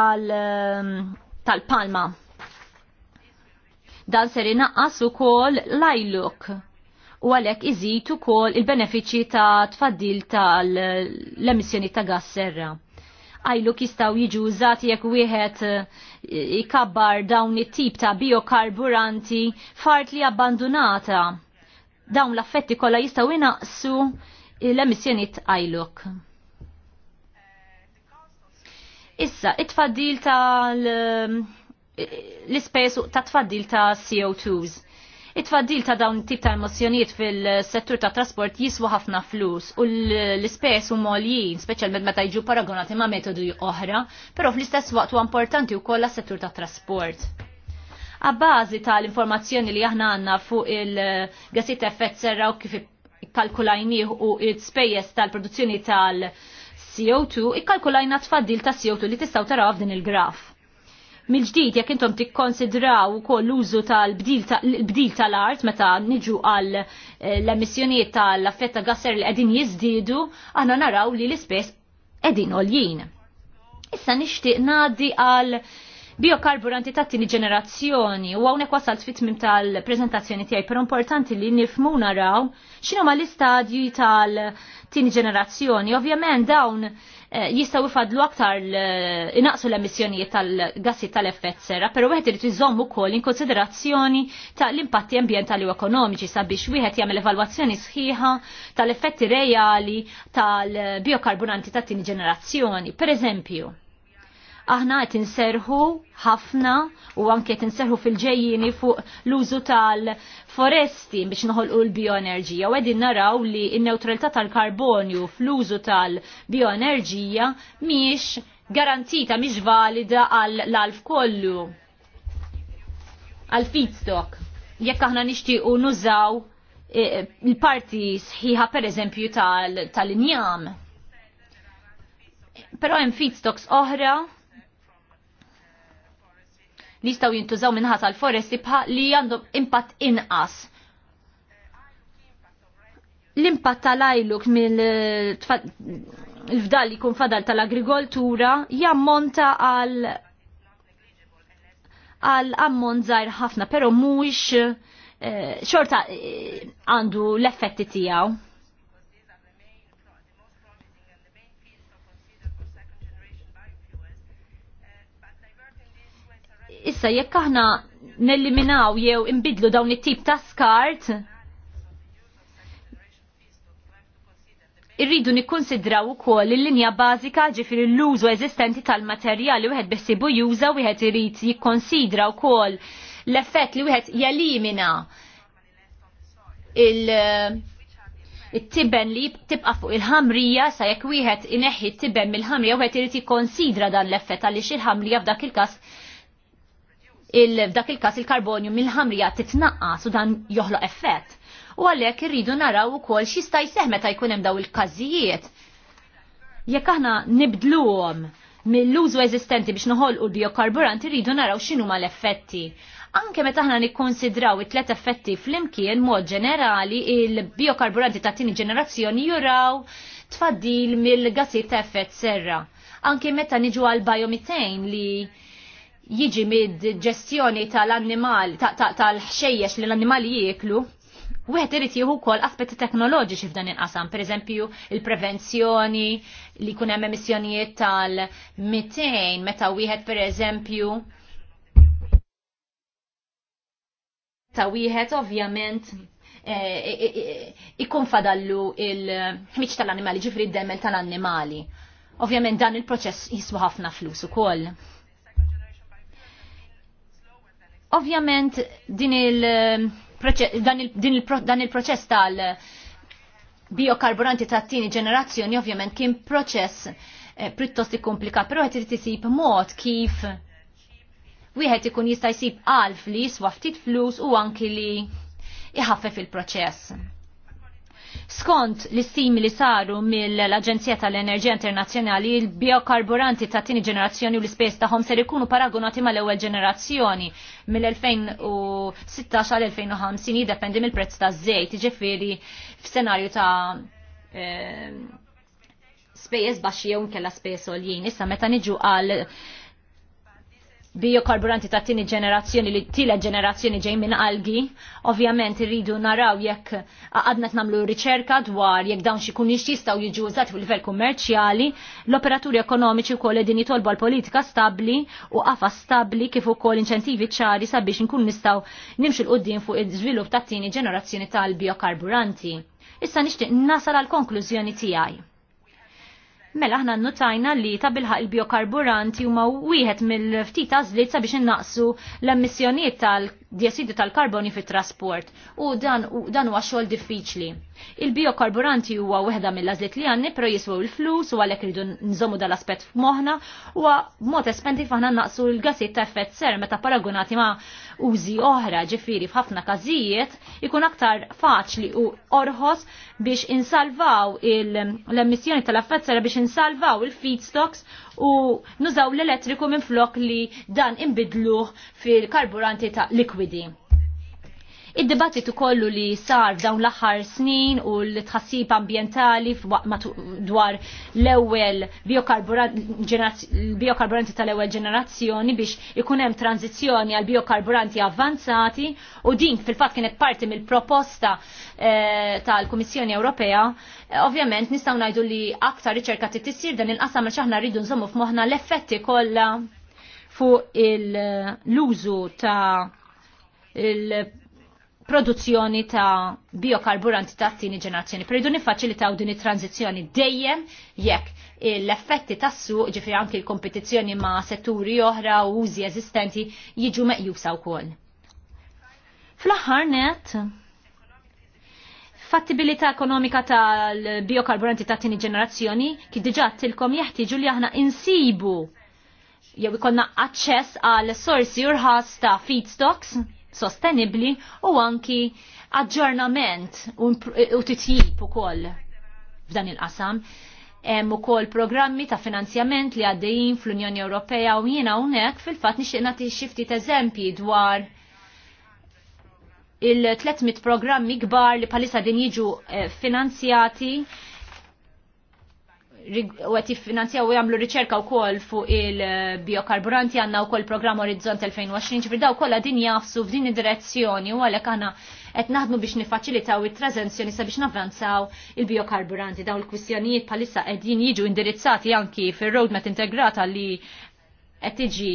um, tal-palma. Dan ser inaqqas ukoll l lajluk u għalhekk iżid ukoll il benefiċċji ta' tfaddil tal-emissjoni ta' gas serra għajlu kistaw jiġu użati jekk wieħed eh, ikabbar dawn it-tip ta' biokarburanti fart li abbandunata. Dawn l-affetti kollha jistgħu inaqsu l-emissjoni għajluk. Issa, it-tfaddil tal eh, l-ispejs ta' tfaddil ta' CO2s. It-tfaddil ta' dawn tip ta' emozjoniet fil-settur ta' trasport jiswa ħafna flus u l-ispess u moljin, speċjalment meta jġu paragonati ma' metodi oħra, però fl-istess waqt huwa importanti wkoll kolla settur ta' trasport. A bażi tal-informazzjoni li aħna għandna fuq il-gassit effett serra u kif ikkalkulajnieh u l-spejjeż tal-produzzjoni tal-CO2, ikkalkulajna tfaddil ta' CO2 li tistaw taraw f'din il-graf mil ġdid jekk intom tikkonsidraw ukoll l-użu tal-bdil tal-art meta niġu għal eh, l-emissjonijiet tal affetta gasser li qegħdin jiżdiedu, aħna naraw li l-ispess qegħdin għoljien. Issa nixtieq ngħaddi għal biokarburanti ta' tini ġenerazzjoni u għawnek wasalt fit tal-prezentazzjoni tijaj, pero importanti li nifmu naraw xinu ma l-istadju tal-tini ġenerazzjoni. Ovvjament dawn Eh, jistaw ifadlu aktar eh, inaqsu l-emissjonijiet tal-gassi tal-effett serra, pero wieħed irid iżomm ukoll in konsiderazzjoni ta' l-impatti ambjentali u ekonomiċi sabiex wieħed jagħmel evalwazzjoni sħiħa tal-effetti reali tal-biokarburanti tat tieni ġenerazzjoni. Per eżempju, Aħna qed inserħu ħafna u anke qed inserħu fil-ġejjini fuq l-użu tal-foresti biex noħolqu l-bioenerġija u qegħdin naraw li n-neutralità tal-karbonju fl-użu tal-bioenerġija mhix garantita mhix valida għall-alf kollu għal feedstock. Jekk aħna nixtiequ nużaw e, il-parti sħiħa per eżempju tal-injam. Pero hemm feedstocks oħra li jintużaw minnħas għal foresti bħal li għandhom impatt inqas. L-impatt tal-ajluk mill-fdal li kun fadal tal-agrikoltura jammonta għal għal ammon zaħir ħafna, pero mux eh, xorta eh, għandu l-effetti tijaw. Issa jekk aħna nelliminaw jew imbidlu dawn it-tip ta' skart, irridu nikkonsidraw ukoll il-linja bażika ġifir l-użu eżistenti tal-materjali wieħed bissibu juża wieħed irid jikkonsidra wkoll l-effett li wieħed jelimina il- it-tiben li tibqa' fuq il-ħamrija sa jekk wieħed ineħħi t-tiben mill-ħamrija wieħed irid jikkonsidra dan l-effett għaliex il-ħamrija f'dak il-każ il-dak il-kas il-karbonju mill-ħamrija titnaqqas u dan joħloq effett. U għalhekk irridu naraw ukoll kol jseħ meta jkun hemm daw il-każijiet. Jekk aħna nibdluhom mill-użu eżistenti biex noħolqu l-biokarburant irridu naraw x'inhuma l-effetti. Anke meta aħna nikkonsidraw it-tlet effetti flimkien mod ġenerali il-biokarburanti ta' tieni ġenerazzjoni juraw tfaddil mill-gazzit ta' effett serra. Anke meta niġu għal biomitejn li jiġi mid-ġestjoni tal-annimal, tal-ħxejjex li l-annimali jieklu, Wieħed irid jieħu wkoll aspetti teknoloġiċi f'dan inqasam, pereżempju il-prevenzjoni li jkun hemm emissjonijiet tal-200 meta wieħed pereżempju ta' wieħed ovvjament e, e, e, ikun fadallu il-ħmiċ tal-annimali, ġifri d-demel tal-annimali. Ovvjament dan il-proċess jiswa ħafna flus ukoll. koll Ovvjament din il ehm, dan il-proċess il tal eh, biokarburanti ta' tini ġenerazzjoni ovvjament kien proċess eh, prittost komplikat, però qed tisib mod kif wieħed ikun jista' jsib għalf li jiswa ftit flus u anki li iħaffef il-proċess. Skont l-istimi li saru mill-Aġenzija tal-Enerġija Internazzjonali, il-biokarburanti ta' tini ġenerazzjoni u l-ispejs tagħhom ser ikunu paragonati mal-ewwel ġenerazzjoni mill-2016 għal 2050 jiddependi mill-prezz ta' żejt, jiġifieri f'senarju ta' e, spejjeż baxxi jew kella spejjeż oljin, Issa meta niġu għal biokarburanti ta' tini ġenerazzjoni li tila ġenerazzjoni ġej minn algi, ovvjament irridu naraw jekk għadna namlu riċerka dwar jekk dawn xi kunix jistgħu jiġu użati fil livell kummerċjali, l-operaturi ekonomiċi wkoll din jitolbu għal politika stabbli u qafa stabbli kif ukoll inċentivi ċari sabiex nkun nistgħu nimxu l qudiem fuq iż-żvilupp ta' tini ġenerazzjoni tal-biokarburanti. Issa nixtieq nasal għal konklużjoni tiegħi mela aħna nnotajna li ta' bilħaq il-biokarburanti huma wieħed mill-ftit għażliet sabiex innaqsu l-emissjonijiet tal diossidi tal-karboni fit trasport u dan huwa xogħol diffiċli. Il-biokarburanti huwa weħda mill-għażliet li għandni però jiswew il-flus u għalhekk iridu nżommu dal-aspett f'moħħna u mod espenti aħna naqsu l-gassiet ta' effett ser meta paragunati ma' użi oħra ġifieri f'ħafna każijiet ikun aktar faċli u orħos biex insalvaw l-emissjoni tal-effett ser biex insalvaw il-feedstocks u nużaw l-elettriku minn flok li dan imbidluh fil-karburanti ta' likwidi. Id-dibattitu kollu li sar dawn l-aħħar snin u l-tħassib ambientali dwar l-ewwel biokarburanti tal-ewwel ġenerazzjoni biex ikun hemm tranzizzjoni għal biokarburanti avvanzati u din fil-fatt kienet parti mill-proposta eh, tal-Kummissjoni Ewropea, eh, ovvjament nistgħu ngħidu li aktar riċerka titissir dan il-qasam għal xaħna rridu nżommu f'moħħna l-effetti kollha fuq l-użu ta' il produzzjoni ta' biokarburanti ta' t-tini ġenerazzjoni. Peridu nifaċilitaw din it-tranzizjoni dejjem jekk l-effetti tassu ġifri anki l-kompetizzjoni ma' setturi oħra u użi eżistenti jiġu meqjusa wkoll. Fl-aħħar net, fattibilità ekonomika tal-biokarburanti ta' t-tini ġenerazzjoni kif diġà tilkom jeħtiġu li aħna insibu jew ikonna aċċess għal sorsi urħas ta' feedstocks sostenibli u anki aġġornament eh, u titjib ukoll f'dan il-qasam. Hemm ukoll programmi ta' finanzjament li għaddejjin fl-Unjoni Ewropea u jiena hawnhekk fil-fatt nixtieq nagħti xi ftit eżempji dwar il-300 programmi kbar li palissa din jiġu eh, finanzjati u għet jiffinanzjaw u jagħmlu riċerka wkoll fuq il-biokarburanti għandna wkoll programm Orizzont 2020 ġifri daw kollha din jafsu f'din id-direzzjoni u għalek aħna qed naħdmu biex il it sa sabiex navvanzaw il-biokarburanti daw il-kwistjonijiet bħalissa qegħdin jiġu indirizzati anki fir-roadmap integrata li qed tiġi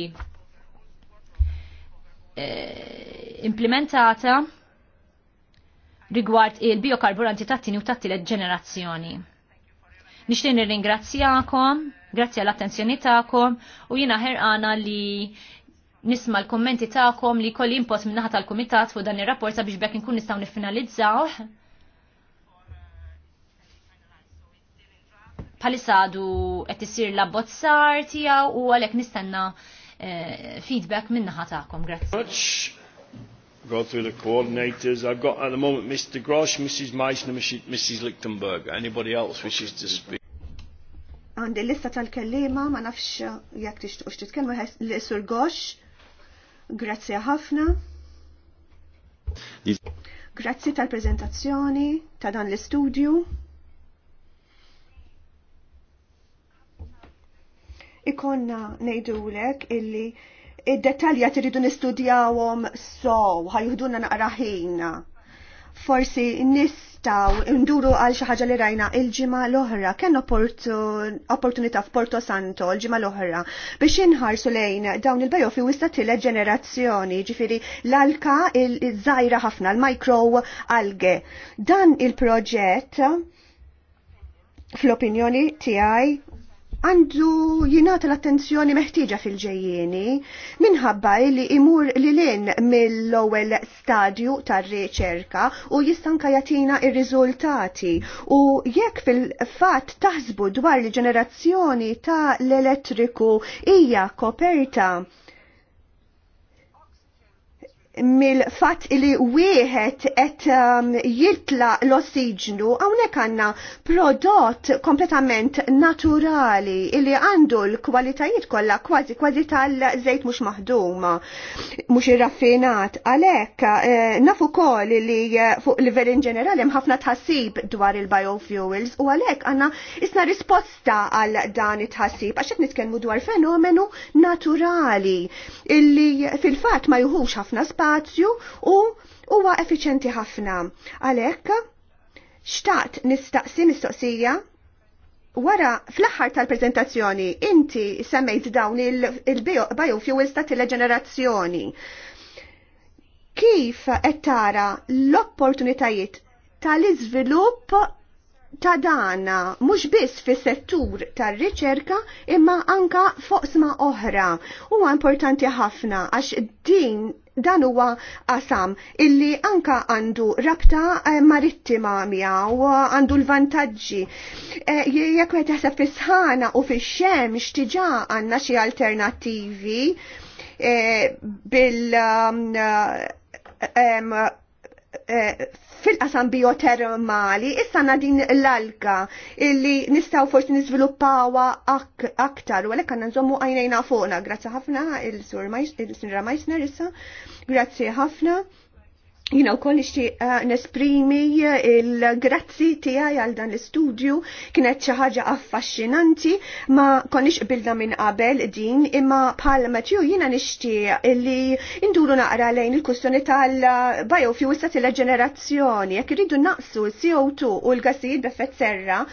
eh, implementata rigward il-biokarburanti tat-tini u tat-tielet ġenerazzjoni. Nixtieq nirringrazzjakom, grazzi għall attenzjoni tagħkom u jiena ħerqana li nisma l-kommenti tagħkom li impost input naħa tal-kumitat fuq dan ir-rapport sabiex bekk inkun nistgħu niffinalizzaw. Palissa għadu qed isir l-abbozzar tiegħu u għalhekk nistenna eh, feedback min-naħa tagħkom. Grazzi
go through the coordinators. I've got at the moment Mr. Grosh, Mrs. Meissner, Mrs. Lichtenberger. Anybody else wishes to speak? Għandi lista tal-kellima, ma nafx jek tixtuqx titkellmu l isur Gosh. Grazzi ħafna. Grazzi tal-prezentazzjoni ta' dan l-istudju. Ikonna l-ek illi id-detalja tiridu nistudjawhom so, ħajħduna naqra ħin. Forsi nistaw nduru għal xi ħaġa li rajna il-ġimgħa l-oħra kien opportunità f'Porto Santo l-ġimgħa l-oħra biex inħarsu lejn dawn il fi wista tielet ġenerazzjoni, ġifieri l-alka il-żajra ħafna l-micro alge. Dan il-proġett fl-opinjoni tiegħi għandu jinat l-attenzjoni meħtieġa fil-ġejjieni minħabba li imur li lin mill-ewwel stadju tar-riċerka u jistanka jatina ir-riżultati u jekk fil-fatt taħsbu dwar il ġenerazzjoni ta' l-elettriku hija koperta mill-fatt li wieħed qed um, jitla l-ossiġnu hawnhekk għandna prodott kompletament naturali li għandu l-kwalitajiet kollha kważi kważi tal-żejt mhux maħduma mhux irraffinat. Għalhekk eh, nafu koll li eh, fuq livell in ġenerali hemm ħafna tħassib dwar il-biofuels u għalhekk għandna isna risposta għal dan it-tħassib għax qed nitkellmu dwar fenomenu naturali illi fil-fatt ma juħux ħafna spazju spazju u huwa effiċenti ħafna. Għalhekk xtaqt nistaqsi mistoqsija wara fl-aħħar tal-preżentazzjoni inti semmejt dawn il-biofuels ta' ġenerazzjoni. Kif qed tara l-opportunitajiet tal-iżvilupp ta' dana mhux biss fis-settur tar-riċerka imma anka foqsma oħra. Huwa importanti ħafna għax din dan huwa qasam illi anka għandu rabta eh, marittima miegħu għandu l-vantaġġi. Eh, jekk qed jaħseb fis-sħana u fix-xemx diġà għandna xi alternattivi eh, bil um, Eh, fil-qasam biotermali, issa na din l-alga illi nistaw forsi nizviluppawa aktar, u għalek għanna nżommu għajnejna fuqna. Grazzi ħafna il-Sinra Meissner issa, grazzi ħafna jina u koll eh, nesprimi eh, il-grazzi tijaj għal dan l-studio kienet ċaħġa affaxxinanti ma konniex bilda minn qabel din imma bħal Matju jina nishtiq li induru naqra lejn il-kustjoni tal-biofuels ta' ġenerazzjoni jekk irridu naqsu il-CO2 u l-gassijiet b'effett serra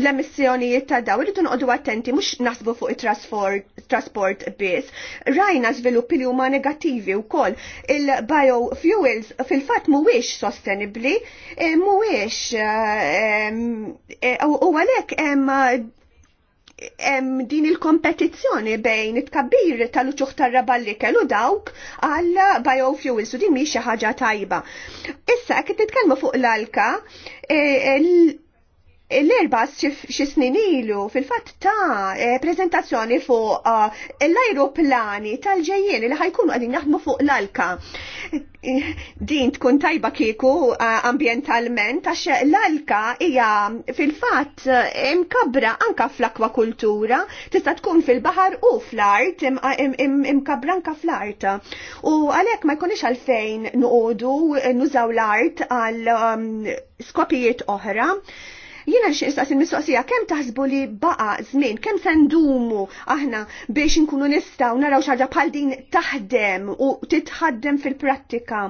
l-emissjonijiet ta' daw li tunqodu attenti mhux nasbu fuq it-trasport biss. Rajna żviluppi li huma negattivi wkoll. Il-biofuels fil-fatt mhuwiex sostenibbli, eh, mhuwiex eh, eh, u għalhekk hemm din il-kompetizzjoni bejn it-kabbir tal-uċuħ tar-raballi kellu dawk għal biofuels u din mhix xi ħaġa tajba. Issa qed nitkellmu fuq l-alka, l-erba snin ilu fil-fat ta' eh, prezentazzjoni fuq eh, l-ajruplani tal-ġejjien li ħajkunu għadin naħdmu fuq l-alka. Din tkun tajba kieku eh, ambientalment għax l-alka hija fil-fat imkabra anka fl-akwakultura, tista' tkun fil-baħar u fl-art imkabra anka fl-art. U għalhekk ma jkunix għalfejn nuqodu nużaw l-art għal skopijiet oħra Jiena nixtieq nistaqsi mistoqsija kemm taħsbu li baqa' żmien, kemm se ndumu aħna biex inkunu nistgħu naraw xaġa bħal din taħdem u titħaddem fil-prattika.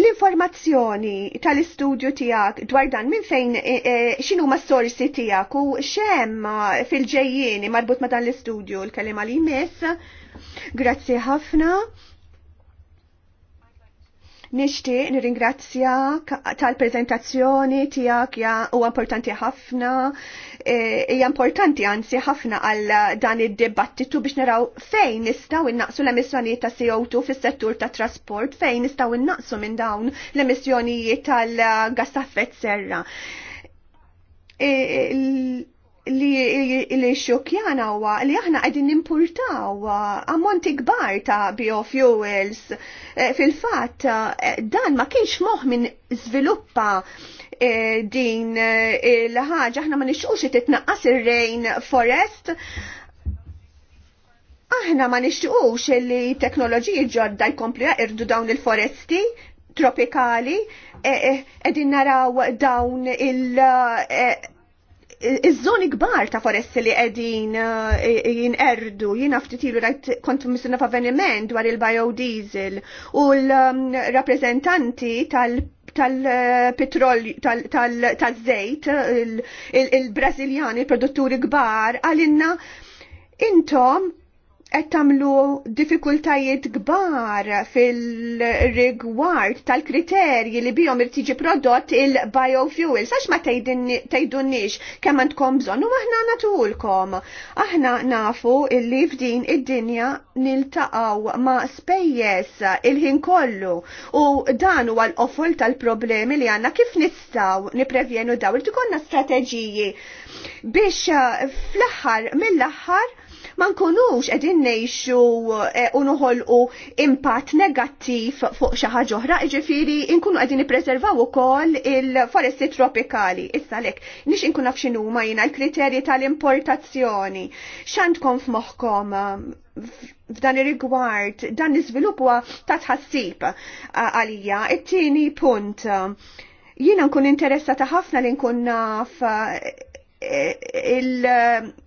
L-informazzjoni tal-istudju tijak dwar dan minn fejn e, e, xinu ma s-sorsi tijak u xem fil ġejjini marbut ma dan l-istudju l-kelima li jmiss. Grazzi ħafna. Nishti nirringrazzja tal-prezentazzjoni tijak ja u importanti ħafna, e, hija importanti anzi ħafna għal dan id-dibattitu biex naraw fejn nistaw innaqsu l-emissjonijiet ta' CO2 fis-settur ta' trasport, fejn nistaw innaqsu minn dawn l-emissjonijiet tal-gas ta' serra e, li xokjana huwa li aħna qegħdin nimpurtaw uh, ammonti kbar ta' biofuels. Uh, fil-fatt uh, dan ma kienx moħ minn żviluppa din il-ħaġa aħna ma nixtiequx titnaqqas ir-rain forest. Aħna ma nixtiequx li teknoloġiji ġodda jkomplu irdu dawn il-foresti tropikali eh, eh, qegħdin naraw dawn il- eh, iż-żoni kbar ta' foresti li qegħdin eh, jinqerdu, jiena ftit ilu rajt kont missinna f'avveniment dwar il-biodiesel u l-rappreżentanti tal- tal-petrolju, tal-żejt, il-Braziljan, il-produtturi kbar, għalinna intom qed tagħmlu diffikultajiet kbar fil-rigward tal-kriterji li bijom irtiġi prodott il-biofuel. Sax ma tgħidunniex kemm għandkom bżonn u aħna natulkom. Aħna nafu li f'din id-dinja niltaqgħu ma' spejjeż il-ħin kollu u dan huwa l-qofol tal-problemi li għandna kif nistgħu niprevjenu daw. il-tukonna strateġiji biex eh, fl-aħħar mill-aħħar ma nkunux qegħdin ngħixu eh, u noħolqu impatt negattiv fuq xi ħaġa oħra, jiġifieri nkunu qegħdin u ukoll il-foresti tropikali. Issa lek, nix inkun naf x'inhuma jiena l-kriterji tal-importazzjoni. X'għandkom f'moħħkom eh, f'dan ir-rigward dan l-iżvilupp huwa ta' tħassib eh, għalija. It-tieni punt jiena nkun interessata ħafna li nkun naf il-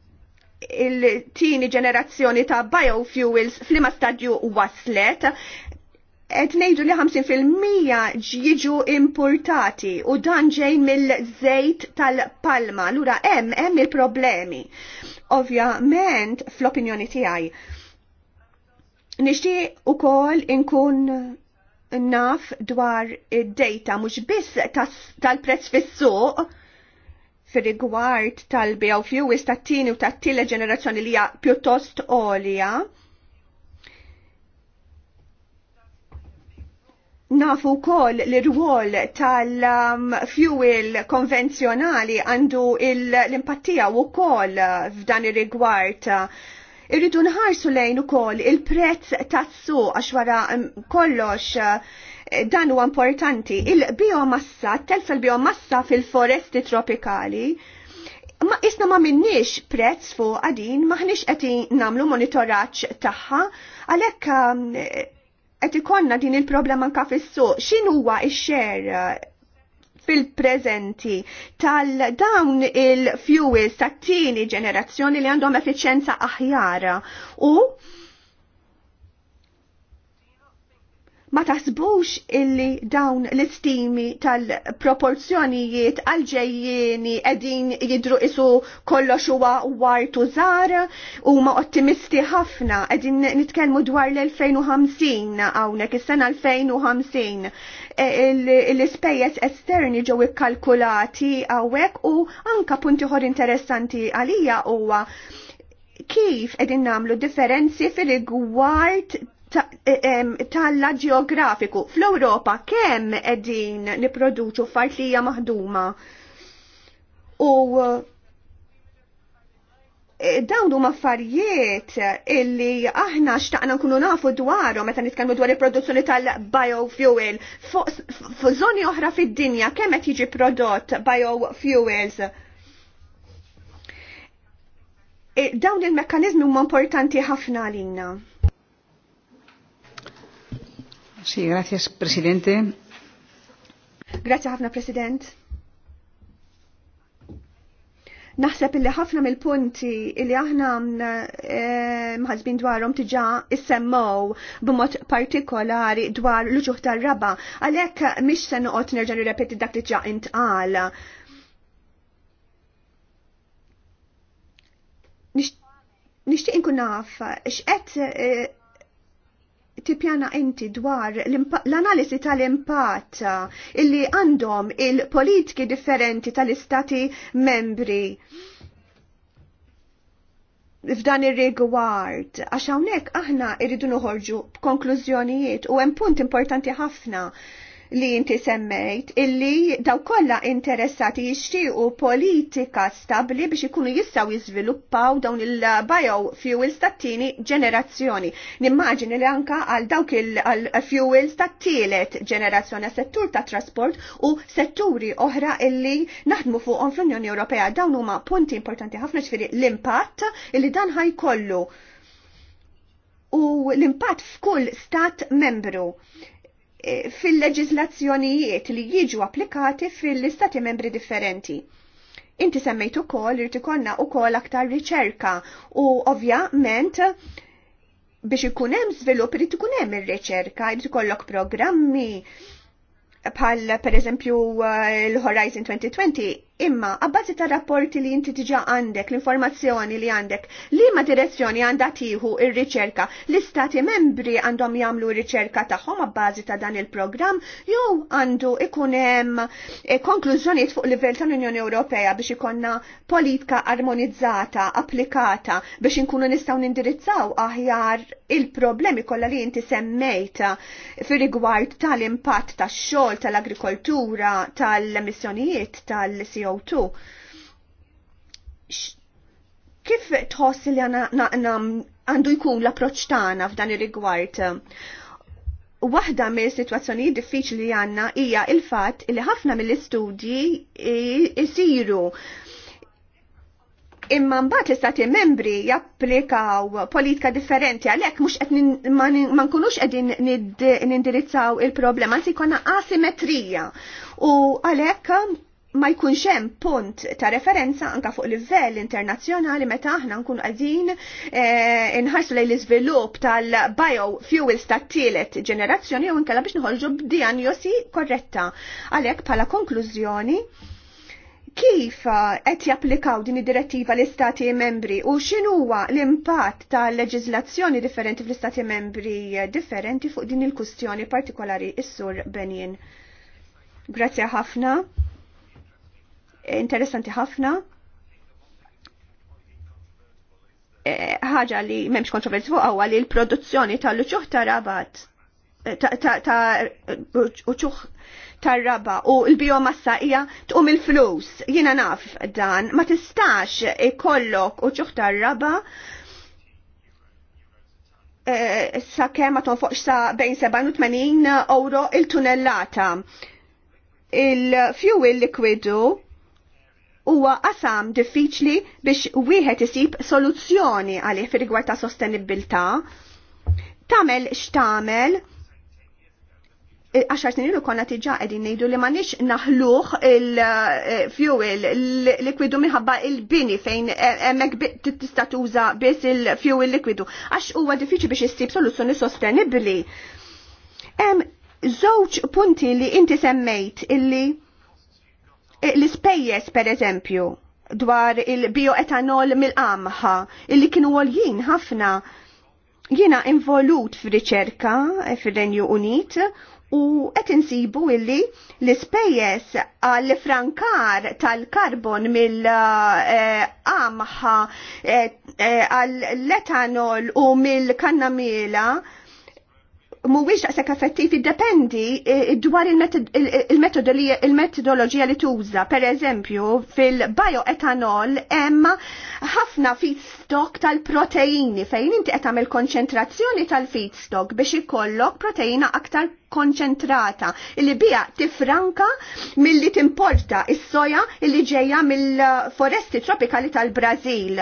il-tini ġenerazzjoni ta' biofuels flima stadju waslet, et nejdu li 50% ġiġu importati u dan ġej mill-żejt tal-palma. Lura hemm hemm il-problemi. Ovvjament, fl-opinjoni tiegħi. Nixtieq ukoll inkun naf dwar id-dejta mhux biss tal-prezz fis-suq, fir-rigward tal-bija u fjuwis tieni u tat-tielet ġenerazzjoni li hija pjuttost għolja. Nafu kol l rwol tal-fuel konvenzjonali għandu l-impattija u kol f'dan ir-rigward. Irridu nħarsu lejn u kol il-prezz tas-su għax wara kollox dan huwa importanti. Il-biomassa, telsa l biomassa fil-foresti tropikali, ma isna ma minnix prezz fuq għadin, maħnix qed namlu monitoraċ taħħa, għalhekk um, qed ikonna din il-problema anka fis-suq. X'in huwa x-xer uh, fil-prezenti tal-dawn il-fuels tal tieni ġenerazzjoni li għandhom effiċenza aħjara u ma tasbux illi dawn l-istimi tal-proporzjonijiet għalġejjieni edin jidru isu kollox huwa wartu zara u ma ottimisti ħafna edin nitkellmu dwar l-2050 hawnhekk is-sena 2050 e, l-ispejjeż esterni ġew ikkalkulati hawnhekk u anka punti ħor interessanti għalija huwa kif edin namlu differenzi fil-rigward Eh, tal ġeografiku. Fl-Europa kemm edin niproduċu fartlija maħduma u eh, eh, dawn huma affarijiet illi aħna xtaqna nkunu nafu dwarhom meta nitkellmu dwar il-produzzjoni tal-biofuel. F'żoni oħra fid-dinja kemm qed jiġi prodott biofuels. Dawn il-mekkaniżmi huma importanti ħafna għalina.
Sì, grazie Presidente.
Grazie ħafna President. Naħseb illi ħafna mill-punti illi aħna eh, mħazbin dwarhom tiġa issemmaw b'mod partikolari dwar l-uġuħ tar-raba, għalhekk mhix se noqgħod nerġa' nirrepeti dak li ġa intqal. Nixtieq inkun naf x'qed eh, tipjana inti dwar l-analisi tal-impatt illi għandhom il-politiki differenti tal-istati membri f'dan ir-rigward, għax hawnhekk aħna rridu noħorġu b'konklużjonijiet u hemm punt importanti ħafna li inti semmejt illi daw kollha interessati jixtiequ politika stabli biex ikunu jistgħu jiżviluppaw dawn il-biofuels tat-tieni ġenerazzjoni. Nimmaġini li anka għal dawk il-fuels tat-tielet ġenerazzjoni settur ta' trasport u setturi oħra illi naħdmu fuqhom fl-Unjoni Ewropea dawn huma punti importanti ħafna ġifieri l-impatt illi dan ħajkollu u l-impatt f'kull stat membru fil-leġizlazzjonijiet li jiġu applikati fil-istati membri differenti. Inti u kol irti konna u kol aktar riċerka u ovvjament biex ikun hemm żvilupp irid ikun hemm ir-riċerka, irti ikollok programmi bħal per eżempju eh, l-Horizon 2020 Imma, għabbazi ta' rapporti li inti tiġa għandek, l-informazzjoni li għandek, li ma direzzjoni għandatiħu il ir-riċerka, l-istati membri għandhom jamlu riċerka taħħom għabbazi ta' dan il-program, jew għandu ikunem eh, konklużjoni fuq livell tal-Unjoni Ewropea biex ikonna politika armonizzata, applikata, biex inkunu nistaw nindirizzaw aħjar il-problemi kollha li inti semmejta eh, fir-rigward tal-impatt tax-xogħol tal-agrikoltura, tal-emissjonijiet, tal-CO2 jew tu. Kif tħoss li għandu jkun l-approċ tagħna f'dan ir-rigward? Waħda mill situazzjoni diffiċli li għanna hija il-fatt li ħafna mill-istudji jsiru. imma mbagħad l-istati membri japplikaw politika differenti għalhekk mhux qed ma nkunux qegħdin nindirizzaw il-problema anzi jkollna asimetrija. U għalhekk ma jkunx hemm punt ta' referenza anka fuq livell internazzjonali meta aħna nkunu qegħdin eh, inħarsu lejn l-iżvilupp tal-biofuels tat-tielet ġenerazzjoni u nkella biex nħolġu b'diagnosi korretta. Għalhekk bħala konklużjoni kif eh, qed japplikaw din id-direttiva l-istati membri u x'inhuwa l-impatt tal-leġiżlazzjoni differenti fl-istati membri eh, differenti fuq din il-kustjoni partikolari is-sur Benin. Grazie ħafna interessanti ħafna e, ħaġa li memx kontroversi fuq għawa li l-produzzjoni tal-uċuħ ta' rabat ta' uċuħ ta' raba u l-biomassa hija tqum il-flus. Jina naf dan, ma tistax ikollok uċuħ ta' raba e, sa' kemm ma tonfoqx sa' bejn 87 euro il-tunellata. Il-fuel likwidu huwa qasam diffiċli biex wieħed isib soluzzjoni għalih fir-rigward ta' sostenibilità. Tamel x'tamel eh, għaxar snin ilu konna tiġa edin nejdu li manix naħluħ il-fuel eh, likwidu minħabba il-bini fejn emmek tista tuża biss il-fuel likwidu. Għax huwa diffiċi biex jissib soluzzjoni sostenibli. Em, żewġ punti li inti semmejt illi Eh, l-ispejjes per eżempju dwar il-bioetanol mill-qamħa illi kienu għoljien ħafna jiena involut f'riċerka eh, fir-Renju Unit u qed insibu illi l-ispejjeż għall frankar tal-karbon mill-qamħa eh, għall-etanol u mill-kannamila mhuwiex daqshekk effettiv iddependi eh, dwar il-metodoloġija li tuża. Per eżempju, fil-bioetanol hemm ħafna feedstock tal-proteini fejn inti qed tagħmel konċentrazzjoni tal-feedstock biex ikollok proteina aktar konċentrata illi bija tifranka milli timporta is-soja illi ġejja mill-foresti tropikali tal-Brażil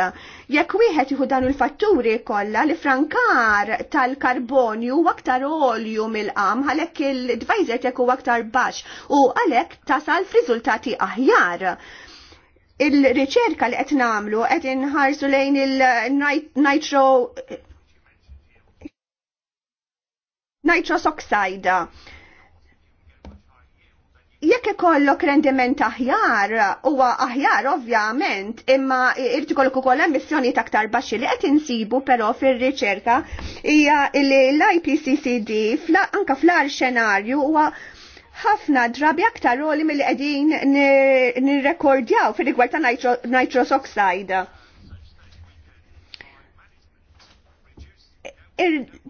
Jekk wieħed jieħu dan il-fatturi kollha li frankar tal-karbonju aktar olju mill-qam għalhekk il-advisor jekk huwa aktar baxx u għalhekk tasal f'riżultati aħjar il-riċerka li qed nagħmlu qed inħarsu lejn il-nitro nitrous oxide jekk ikollok rendiment aħjar, huwa aħjar ovvjament, imma irid ikollok ukoll emissjoni aktar baxxi li qed insibu però fir-riċerka hija li l-IPCCD anka fl-ar xenarju huwa ħafna drabi aktar roli mill-qegħdin nirrekordjaw fir-rigward ta' nitrous oxide.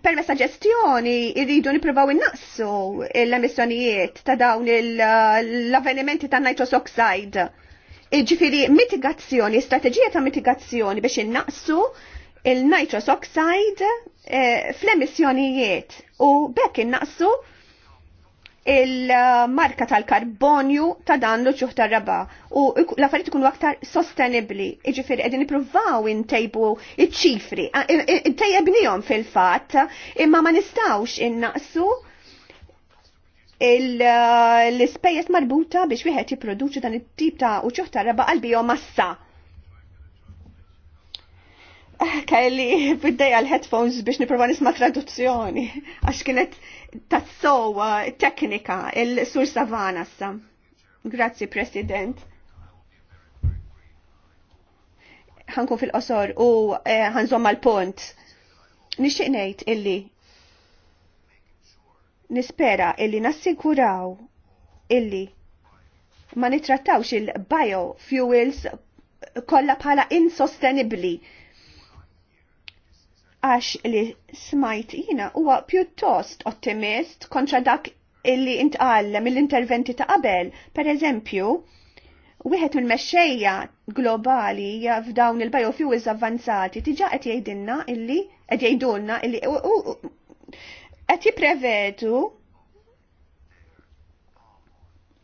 permessa ġestjoni irridu niprovaw innaqsu l-emissjonijiet ta' dawn l-avvenimenti ta' nitrous oxide. Ġifiri mitigazzjoni, strategija ta' mitigazzjoni biex innaqsu il-nitrous oxide eh, fl-emissjonijiet u bekk innaqsu il-marka tal-karbonju ta' dan l-ċuħ raba u l-affarijiet ikunu aktar sostenibli. Iġifieri qegħdin ippruvaw intejbu iċ-ċifri, intejjebnihom fil-fatt, imma ma nistgħux innaqsu l-ispejjeż marbuta biex wieħed jipproduċi dan it-tip ta' uċuħ tar raba għal biomassa. massa kelli biddej għal-headphones biex niprofa nisma traduzzjoni, għax kienet tassowa teknika il-sur Savana sa. Grazzi, President. ħankun fil-qosor u eh, ħanżom mal-pont. Nixtieq ngħid illi nispera illi nassiguraw illi ma nittrattawx il-biofuels kollha bħala insostenibli għax li smajt jina huwa pjuttost ottimist kontra dak illi intqal mill-interventi ta' qabel. Per eżempju, wieħed minn mexxejja globali f'dawn il-biofuels avvanzati diġà qed jgħidilna illi qed jgħidulna illi qed jipprevedu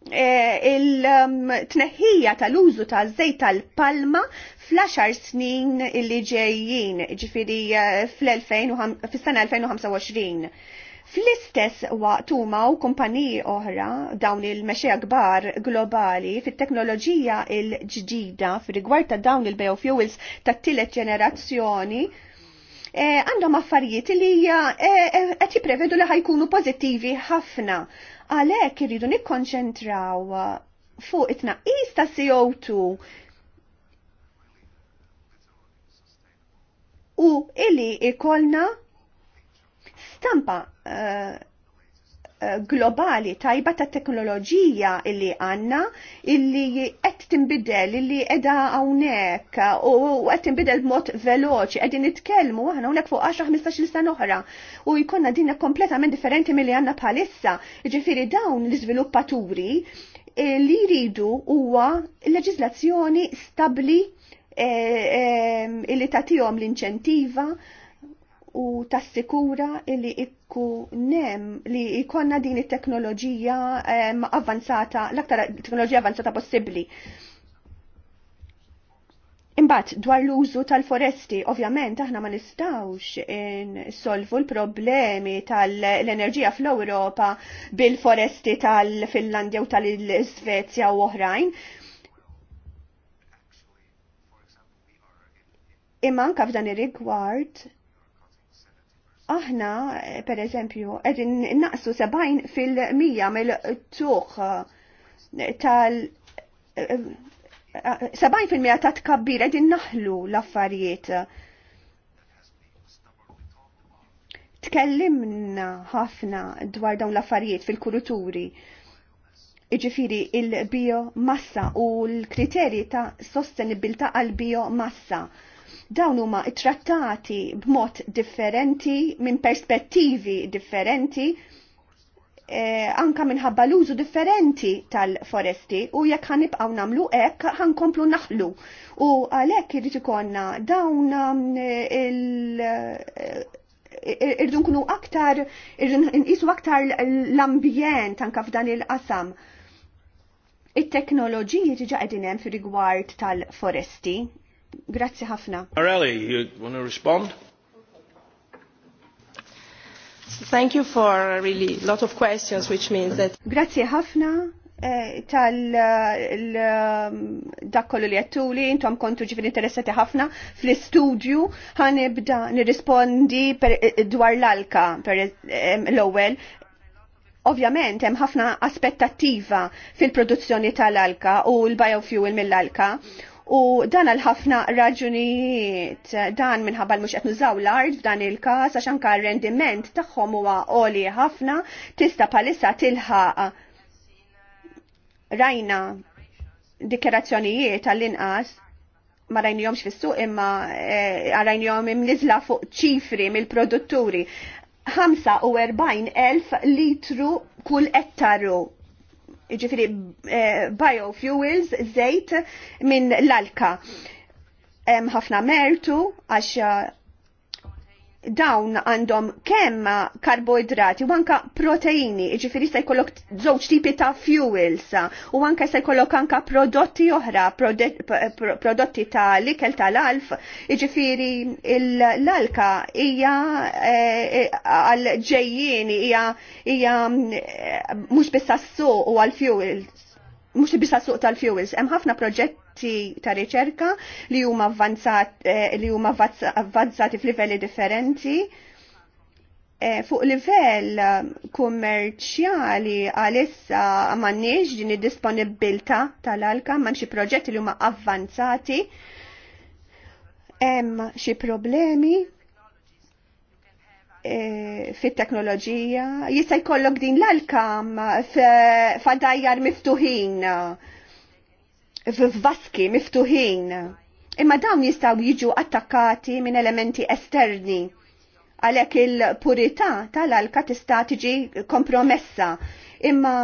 Eh, il-tneħħija um, tal-użu ta' żejt tal-palma fl-10 snin li ġejjin, ġifiri eh, fl-sena 2025. Fl-istess waqt huma u kumpaniji oħra dawn il mexej kbar globali fit-teknoloġija il-ġdida fir-rigward ta' dawn il-biofuels tat-tielet ġenerazzjoni eh, għandhom affarijiet li qed jipprevedu li ħajkunu pożittivi ħafna Għalhekk irridu nikkonċentraw uh, fuq it-tnaqqis ta' CO2 u illi ikolna stampa uh, Eh, globali tajba ta' teknoloġija illi għanna illi qed tinbidel illi edha hawnhekk u qed tinbidel b'mod veloċi qegħdin nitkellmu aħna hawnhekk fuq 10-15 sena oħra u jkollna dinja kompletament differenti milli għandna bħalissa. jiġifieri dawn l-iżviluppaturi eh, li jridu huwa leġiżlazzjoni stabbli eh, illi tagħtihom l-inċentiva u tassikura li ikku nem li ikonna din it-teknoloġija avanzata, l-aktar teknoloġija avvanzata possibbli. Imbagħad dwar l-użu tal-foresti, ovvjament aħna ma nistgħux solvu l-problemi tal-enerġija fl-Ewropa bil-foresti tal-Finlandja u tal-Svezja u oħrajn. Imma anka f'dan ir-rigward Aħna, per eżempju, edin naqsu 70 fil-100 mill tuħ tal- 70% eh, ta' tkabbir edin naħlu l-affarijiet. Tkellimna ħafna dwar dawn l-affarijiet fil-kuruturi. Iġifiri il-biomassa u l-kriterji ta' sostenibilta għal-biomassa dawn huma trattati b'mod differenti, minn perspettivi differenti, eh, anka minħabba l-użu differenti tal-foresti u jekk ħanibqgħu nagħmlu hekk ħankomplu naħlu. U għalhekk irid ikollna dawn um, il- e, nkunu aktar, irridu nqisu aktar l-ambjent anka f'dan il-qasam. It-teknoloġiji tiġa qegħdin hemm rigward tal-foresti Grazzi ħafna.
Marelli, you want to respond?
Thank you for a really lot of questions, which means that... Grazie ħafna eh, tal-dakollu um, li għattuli, intom kontu ġivin interessati ħafna fl-istudju, ħanibda nirrispondi eh, dwar l-alka per eh, l-ewel. Ovvjament, hemm ħafna aspettattiva fil-produzzjoni tal-alka u l-biofuel mill-alka U dan għal ħafna raġunijiet dan minħabba mhux qed nużaw l-art f'dan il-każ għax anke r-rendiment tagħhom huwa għoli ħafna tista' palissa tilħaq rajna dikerazzjonijiet għall-inqas ma rajnijomx fis-suq imma eh, rajnijom imnizla fuq ċifri mill-produtturi. 45,000 litru kull ettaru ġifiri eh, biofuels, zejt minn l-alka. Hemm ħafna mertu għax dawn għandhom kemm karboidrati u anka proteini, ġifiri se jkollok żewġ tipi ta' fuels u anka se jkollok anka prodotti oħra, prodotti ta' likel tal-alf, ġifiri l-alka hija eh, għal ġejjini hija hija eh, mhux biss u għal fuels mux bisa suq tal-fuels. Hemm ħafna proġetti ta' riċerka li huma avvanzati eh, li huma avvanzati f'livelli differenti. Eh, fuq livell eh, kummerċjali għalissa m'għandniex din id-disponibilità tal-alka m'hemm xi proġetti li huma avvanzati. Hemm xi problemi E, fit-teknoloġija, jista' jkollok din l-alkam f'dajjar miftuħin, f'vaski miftuħin. Imma dawn jistgħu jiġu attakkati minn elementi esterni għalhekk il-purità tal-alka tista' tiġi kompromessa. Imma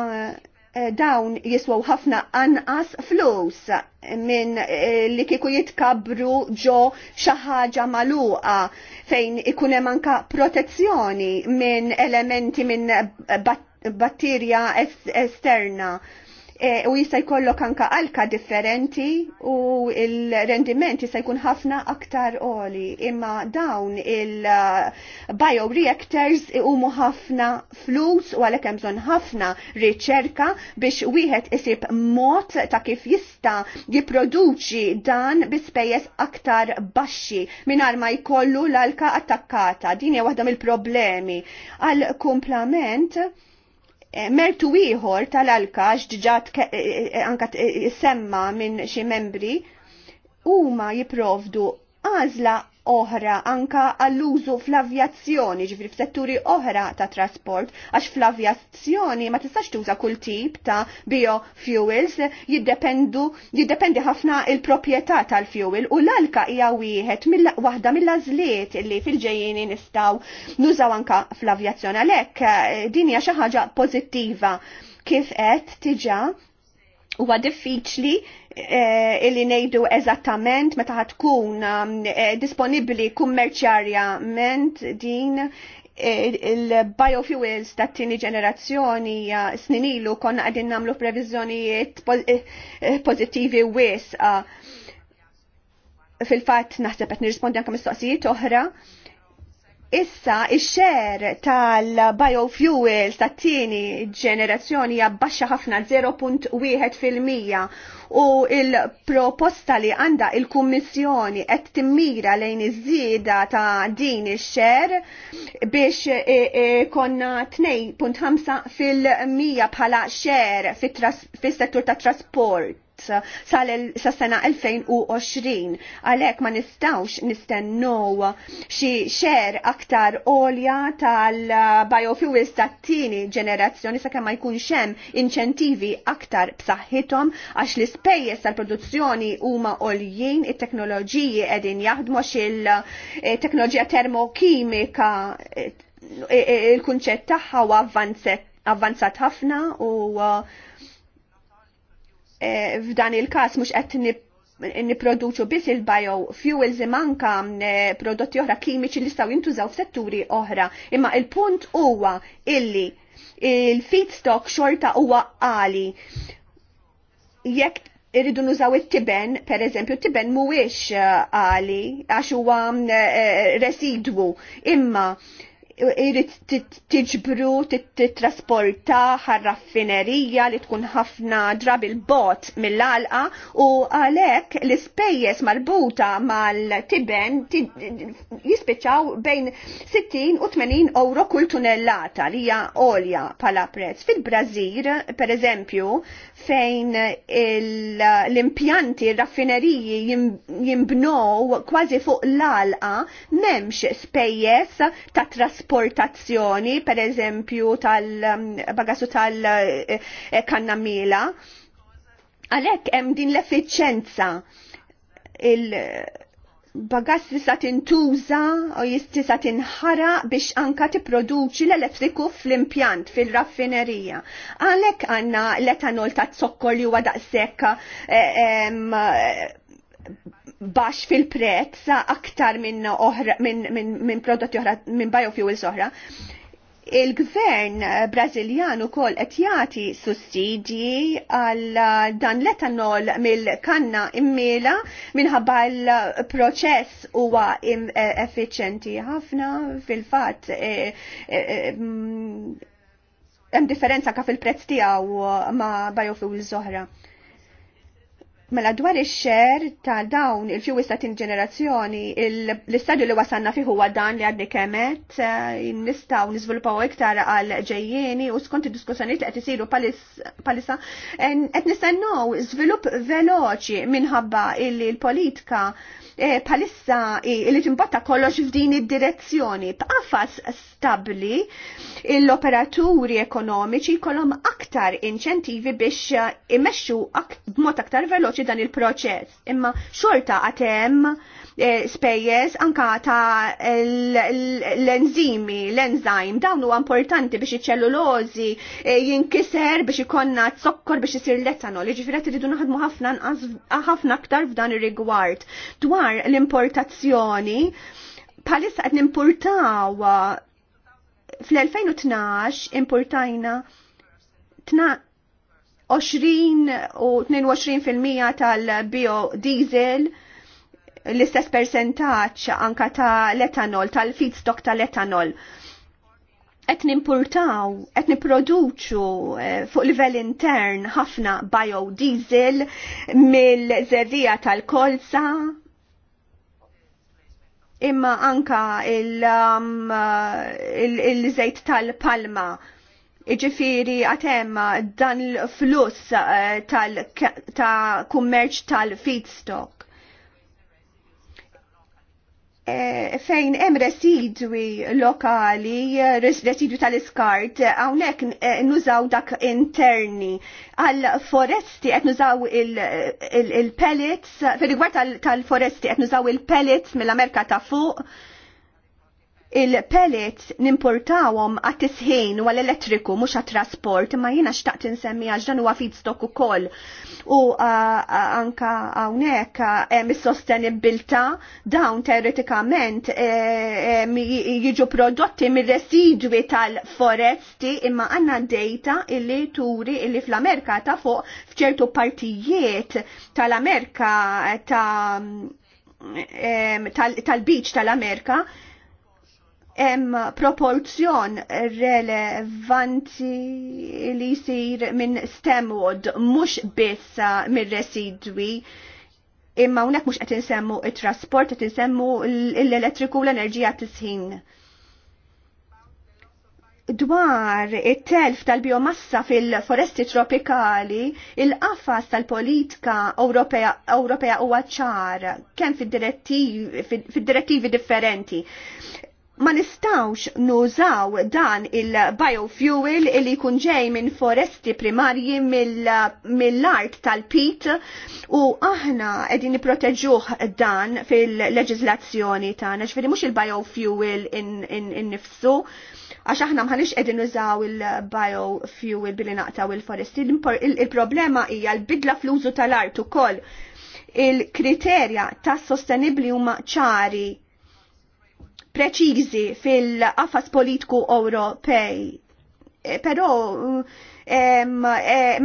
Eh, dawn jiswaw ħafna anqas flus minn eh, li kiku jitkabru ġo xaħġa maluqa fejn hemm anka protezzjoni minn elementi minn batterja esterna E, u jista' jkollok anka alka differenti u il-rendiment jista' jkun ħafna aktar oli. Imma dawn il-bioreactors uh, huma ħafna flus u għalhekk hemm ħafna riċerka biex wieħed isib mod ta' kif jista' jipproduċi dan bi spejjeż aktar baxxi mingħajr ma jkollu l-alka attakkata. Din hija waħda mill-problemi. Għal kumplament Eh, mertu ieħor tal-alka ġġat eh, eh, anka semma minn xi membri huma jipprovdu għażla oħra anka għall-użu fl-avjazzjoni, ġifri f'setturi oħra ta' trasport, għax fl-avjazzjoni ma tistax tuża kull tip ta' biofuels, jiddependu, jiddependi ħafna il-propieta tal-fuel u l-alka hija wieħed mill waħda mill-azliet li fil-ġejjini nistaw nużaw anka fl-avjazzjoni. Għalhekk eh, din hija xi ħaġa pożittiva kif qed tiġa huwa diffiċli eh, illi nejdu eżattament meta ħatkun um, eh, disponibli kummerċjarjament din eh, il-biofuels ta' tini ġenerazzjoni sninilu konna għadin namlu previżjonijiet pozittivi eh, wis ah. fil-fat naħseb qed nirrispondi anke mistoqsijiet oħra. Issa, il-xer tal-biofuels ta' tieni ġenerazzjoni jabbaxa ħafna 0.1% u il-proposta li għanda il-Kummissjoni qed timmira lejn iż-żieda ta' din ix-xer biex e e konna 2.5 fil-mija bħala xer fis-settur tat trasport sal-sena 2020. Għalek ma nistawx nistennu xi xer aktar olja tal-biofuels tat-tieni ġenerazzjoni sakemm ma jkunx hemm inċentivi aktar b'saħħithom għax l-ispejjeż tal-produzzjoni huma oljin, it-teknoloġiji qegħdin jaħdmu il-teknoloġija eh, termokimika eh, eh, il-kunċett tagħha u avvanzat ħafna u uh, E, f'dan il-kas mux qed niproduċu biss il-biofuels imma anka e, prodotti oħra kimiċi li jistgħu jintużaw f'setturi oħra. Imma il-punt huwa illi il-feedstock xorta huwa għali. Jekk irridu nużaw it-tiben, per eżempju, t tiben mhuwiex e, għali għax huwa residwu. Imma irrit tiġbru, trasporta ħarraffinerija li tkun ħafna drab il-bot mill-alqa u għalek l-spejjes marbuta mal-tiben jispiċaw bejn 60 u 80 euro kull tunellata li hija olja pala prezz. Fil-Brażil, per eżempju, fejn l-impjanti raffineriji jimbnow kważi fuq l-alqa memx spejjes ta' trasport importazzjoni per eżempju, tal-bagasu um, tal-kannamila. Eh, eh, Għalek hemm din l-effiċenza il-bagas tista' tintuża u jista' tinħara biex anka tipproduċi l-elettriku fl-impjant fil-raffinerija. Għalhekk għandna l-etanol ta' zokkol li huwa daqshekk eh, bax fil-prezz aktar minn min, min, min prodotti oħra, minn biofuels oħra. Il-gvern Brażiljan ukoll qed jagħti sussidji għal dan l-etanol mill-kanna immiela minħabba l-proċess huwa e- effiċenti ħafna fil-fatt e- e- hemm differenza ka fil-prezz tiegħu ma' biofuels oħra. Mela dwar ix-xer ta' dawn il-fjuwis ta' tin ġenerazzjoni, l-istadju li wasanna fih huwa dan li għadni kemet, eh, nistgħu niżviluppaw iktar għal ġejjeni u skont id-diskussjonijiet li qed isiru palissa qed nistennew żvilupp veloċi minħabba illi l-politika il E, palissa li ġimbotta kollox f'din id-direzzjoni. B'qafas stabli l-operaturi ekonomiċi kolom aktar inċentivi biex e, imexxu b'mod aktar veloċi dan il-proċess. Imma xorta għatem Eh, spejjeż anka ta' l-enzimi, l-enzajm, dawn huwa importanti biex iċ-ċellulożi eh, jinkiser biex ikonna zokkor biex isir l-etanol. Jiġifieri qed iridu naħdmu ħafna ħafna aktar f'dan ir-rigward. Dwar l-importazzjoni, palissa qed nimpurtaw fl-2012 importajna 20 u 22% tal-biodiesel l-istess percentaċ anka ta' l-etanol, tal-feedstock tal-etanol. Et nimpurtaw, et niproduċu eh, fuq livell intern ħafna biodiesel mill zevija tal-kolza, imma anka il-żejt um, eh, il, il tal-palma. Iġifiri għatem dan l-fluss eh, tal-kummerċ tal-feedstock Eh, fejn hemm residwi lokali, eh, residwi tal-iskart, hawnhekk eh, nużaw dak interni. Għal foresti qed nużaw il-pellets, fir rigward tal-foresti qed nużaw il-pellets mill-Amerika ta' fuq il-pellets nimportawhom għat-tisħin u għal elettriku mhux għat-trasport, ma jiena xtaqt insemmi għax dan huwa feedstock ukoll. U anka hawnhekk hemm is-sostenibilità dawn teoretikament e, e, jiġu prodotti mir-residwi tal-foresti imma għandna dejta illi turi illi fl-Amerika ta' fuq f'ċertu partijiet tal-Amerika ta' tal-beach tal-Amerika tal amerika ta tal beach tal amerika hemm proporzjon relevanti li jsir minn stemwood mhux biss uh, mir-residwi imma hawnhekk mhux qed insemmu it-trasport qed insemmu l-elettriku l-enerġija tisħin. Dwar it-telf tal-biomassa fil-foresti tropikali, il-qafas tal-politika Ewropea huwa ċar kemm fid-direttivi differenti ma nistawx nużaw dan il-biofuel li jkun ġej minn foresti primarji mill-art tal-pit u aħna edin proteġuħ dan fil-leġizlazzjoni tagħna, naġveri mhux il-biofuel innifsu għax aħna mħanix edin nużaw il-biofuel billi naqtaw il-foresti. Il-problema hija l-bidla fl-użu tal-art ukoll il-kriterja ta' sostenibli huma ċari preċiżi fil-qafas politiku Ewropej. E, però e,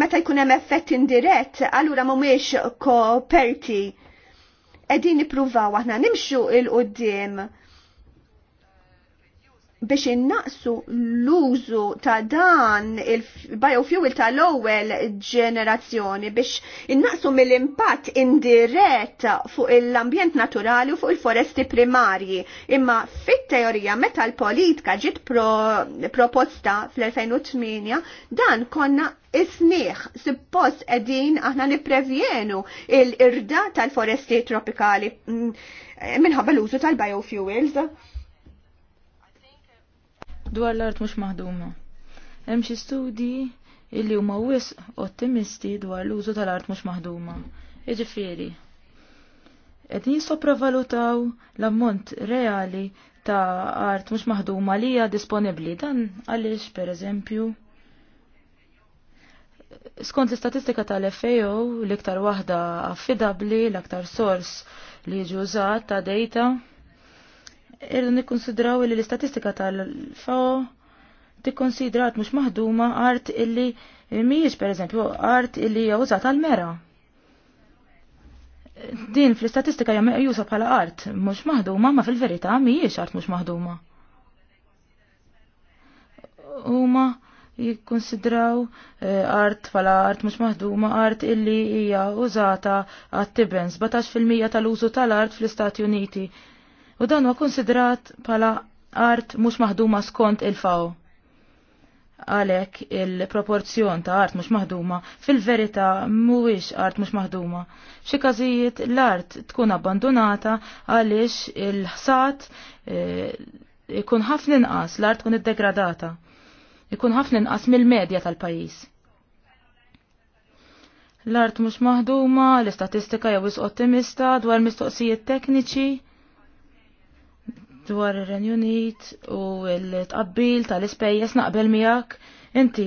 meta jkun hemm effett indirett, allura mhumiex koperti. Qegħdin nippruvaw aħna nimxu il-qudiem biex innaqsu l-użu ta' dan il-biofuel tal-ewwel ġenerazzjoni biex innaqsu mill-impatt indirett fuq l-ambjent naturali u fuq il-foresti primarji. Imma fit-teorija meta l-politika ġiet pro proposta fl-2008 dan konna ismiħ suppost edin aħna niprevjenu il-irda tal-foresti tropikali mm, minħabba l-użu tal-biofuels
dwar l-art mhux maħduma. Hemm xi studji illi huma wis ottimisti dwar l-użu tal-art mhux maħduma. Jiġifieri. Qed sopravalutaw l-ammont reali ta' art mhux maħduma li hija disponibbli dan għaliex pereżempju skont l-istatistika tal-FAO l-iktar waħda affidabli, l-aktar sors li ġużat ta' data Irdu nikkonsidraw li l-istatistika tal fo tikkonsidrat mhux maħduma art illi mhijiex pereżempju art illi hija użat għal-mera. Din fl-istatistika hija meqjusa bħala art mhux maħduma ma fil-verità mhijiex art mhux maħduma. Huma jikkonsidraw eh, art bħala art mhux maħduma art illi hija użata għat-tiben 17% tal-użu tal-art fl-Istati Uniti U dan huwa konsidrat bħala art mhux maħduma skont il-faw. Għalhekk il-proporzjon ta' art mhux maħduma fil-verità mhuwiex art mhux maħduma. Xi każijiet l-art tkun abbandonata għaliex il-ħsat eh, ikun ħafna inqas l-art tkun iddegradata. Ikun ħafna inqas mill-medja tal-pajjiż l-art mhux maħduma, l-istatistika jew is ottimista dwar mistoqsijiet tekniċi dwar ir-Renju Unit u l-tqabbil tal-ispejjeż naqbel miegħek. Inti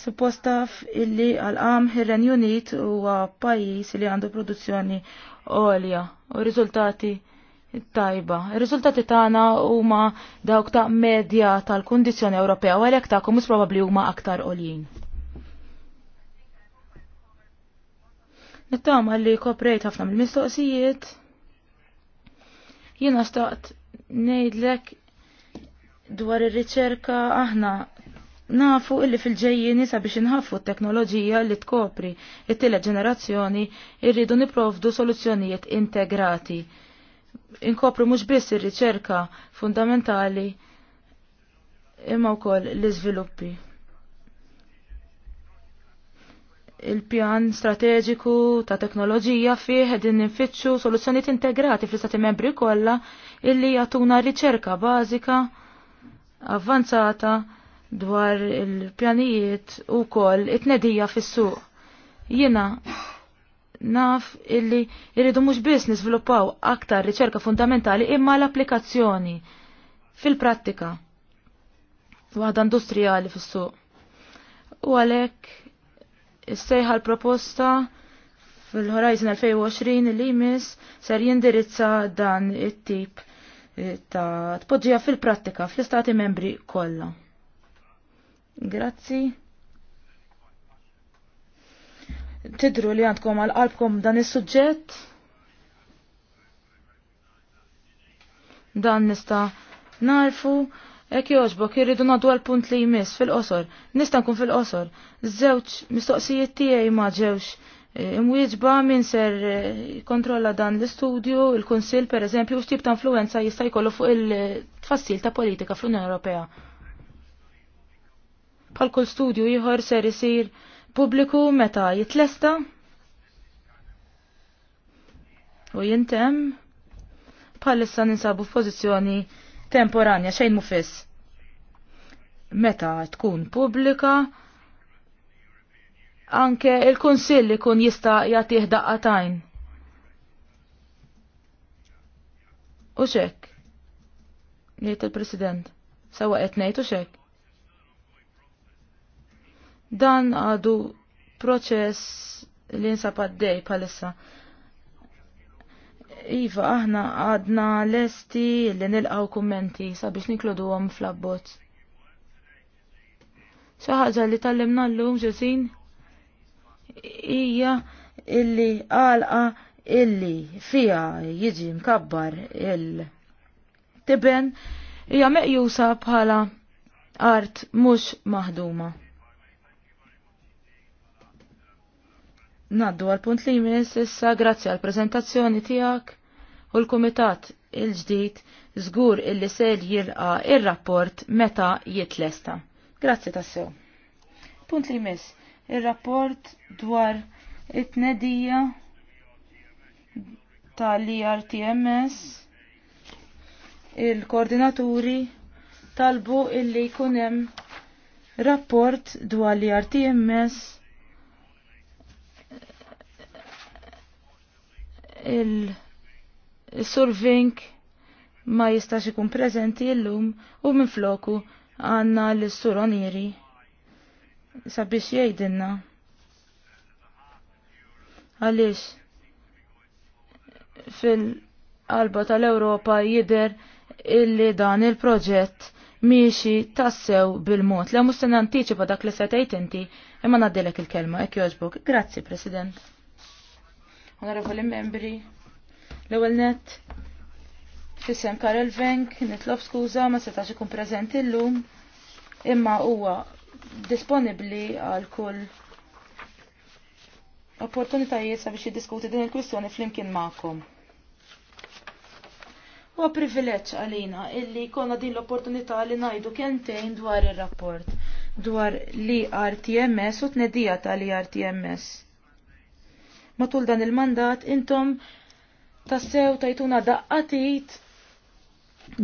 suppost taf illi għal-qam il renju Unit huwa pajjiż li għandu produzzjoni għolja u riżultati tajba. Ir-riżultati tagħna huma dawk ta' medja tal-kundizzjoni Ewropea u għalhekk tagħkom mhux probabbli huma aktar għoljin. Nittama li koprejt ħafna mill-mistoqsijiet. Jiena staqt ngħidlek dwar ir-riċerka aħna nafu illi fil-ġejjini sabiex inħaffu t-teknoloġija li tkopri it-tielet ġenerazzjoni irridu niprovdu soluzzjonijiet integrati. Inkopru mhux biss ir-riċerka fundamentali imma wkoll l-iżviluppi. Il-pjan strateġiku ta' teknoloġija fih din ninfittxu soluzzjonijiet integrati fl-istati membri kollha illi jagħtuna riċerka bażika avvanzata dwar il-pjanijiet u kol it-nedija fis-suq. Jina naf illi jridu mhux biss niżviluppaw aktar riċerka fundamentali imma l-applikazzjoni fil-prattika waħda industrijali fis-suq. U għalhekk is-sejħa l-proposta fil-Horizon 2020 li jmiss ser jindirizza dan it-tip eh, ta' tpoġġija fil-prattika fl-istati membri kollha. Grazzi. Tidru li għandkom għal qalbkom dan is-suġġett. Dan nista' narfu. Ek joġbok, irridu naddu għal-punt li jmiss fil-qosor. Nista' fil-qosor. Żewġ mistoqsijiet tiegħi ma ġewx Imwieġba minn ser eh, kontrolla dan l-istudju, il konsil per eżempju, u xtib ta' influenza jista' jkollu fuq il-tfassil ta' politika fl-Unjoni Ewropea. Bħal kull studju ieħor ser isir pubbliku meta jitlesta u jintem bħalissa ninsabu f'pożizzjoni temporanja xejn mufiss. Meta tkun pubblika, anke il-Kunsill kun jista' jagħtih daqqatajn. U xek? Jiet il-President. Sawa qed ngħid u xek? Dan għadu proċess li nsab dej palissa. Iva, aħna għadna lesti li nilqaw kummenti sabiex nikludu għom fl-abbot. ħaġa li tal-limna l-lum ġesin? hija illi għalqa illi fija jiġi mkabbar il-tiben hija meqjusa bħala art mhux maħduma. Naddu għal punt li jmiss issa grazzi għal prezentazzjoni tijak u l-Kumitat il-ġdid żgur illi sel jilqa ir-rapport meta jitlesta. Grazzi tassew. Punt li jmiss ir-rapport dwar it-tnedija tal-IRTMS il-koordinaturi talbu illi jkun hemm rapport dwar l-IRTMS il-surving ma jistax ikun prezenti illum u minfloku għanna l suronieri sabiex jgħidilna għaliex fil-qalba tal-Ewropa jider illi dan il-proġett miexi tassew bil-mod. Le mustan antiċipa dak li setajt inti, imma naddilek il-kelma, ek joġbuk. Grazzi, President. Onorevoli membri, l-ewel net, fissem Karel Venk, nitlob skuza ma setax ikun prezent il-lum, imma huwa disponibli għal kull opportunitajiet sabiex jiddiskuti din il-kwistjoni flimkien magħkom. Huwa privileġġ għalina illi konna din l-opportunità li ngħidu kentejn dwar ir-rapport dwar li RTMS u tnedija tal-li RTMS. Matul dan il-mandat intom tassew tajtuna daqqatit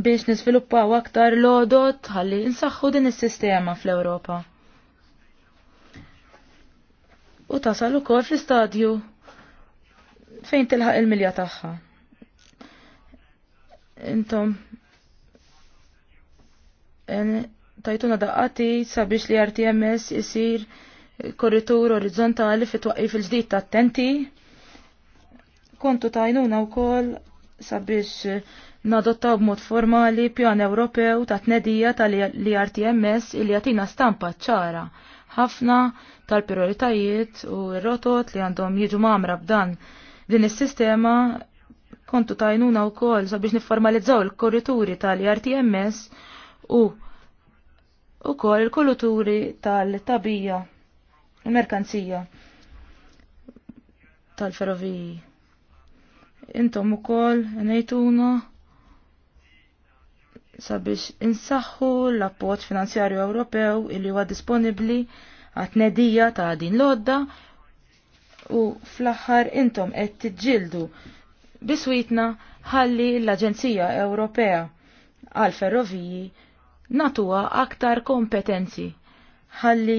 biex nisviluppaw aktar lodot ħalli nsaħħu din is-sistema fl-Ewropa. U tasal ukoll fl-istadju fejn tilħaq il-milja tagħha. Intom tajtuna daqqati sabiex li RTMS isir korritur orizzontali fit twaqqif il-ġdid tat-tenti. Kontu tajnuna wkoll sabiex nadottaw b'mod formali pjan Ewropew ta' tnedija tal-IRTMS li jatina stampa ċara ħafna tal-prioritajiet u r-rotot li għandhom jiġu mamra b'dan din is-sistema kontu tajnuna u kol sabiex niformalizzaw il-korrituri tal-IRTMS u u kol il korrituri tal-tabija, il-merkanzija tal-ferroviji. Intom u kol nejtuna sabiex insaħħu l-appoġġ finanzjarju Ewropew illi huwa disponibbli għat-tnedija ta' din lodda u fl-aħħar intom qed tiġġieldu biswitna ħalli l-Aġenzija Ewropea għal ferroviji natuha aktar kompetenzi ħalli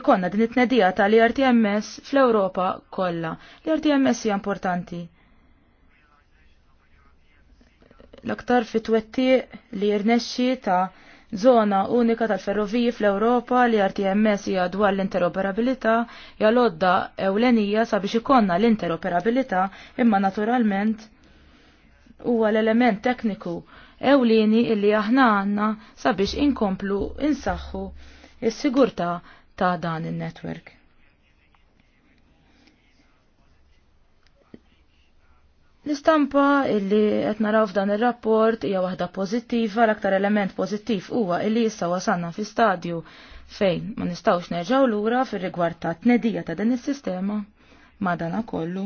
ikonna din it-tnedija tal-RTMS fl-Ewropa kollha. L-RTMS e hija importanti l-aktar fitwetti li jirnexxi ta' zona unika tal-ferroviji fl-Ewropa li RTMS hija dwar l-interoperabilità hija lodda ewlenija sabiex ikonna l-interoperabilità imma naturalment huwa l-element tekniku ewlieni illi aħna għandna sabiex inkomplu insaħħu is-sigurtà ta' dan in-netwerk. L-istampa illi qed naraw f'dan ir-rapport hija waħda pożittiva, l-aktar element pożittiv huwa illi issa wasanna fi stadju fejn ma nistgħux nerġgħu lura fir-rigward ta' tnedija ta' din is-sistema ma' kollu.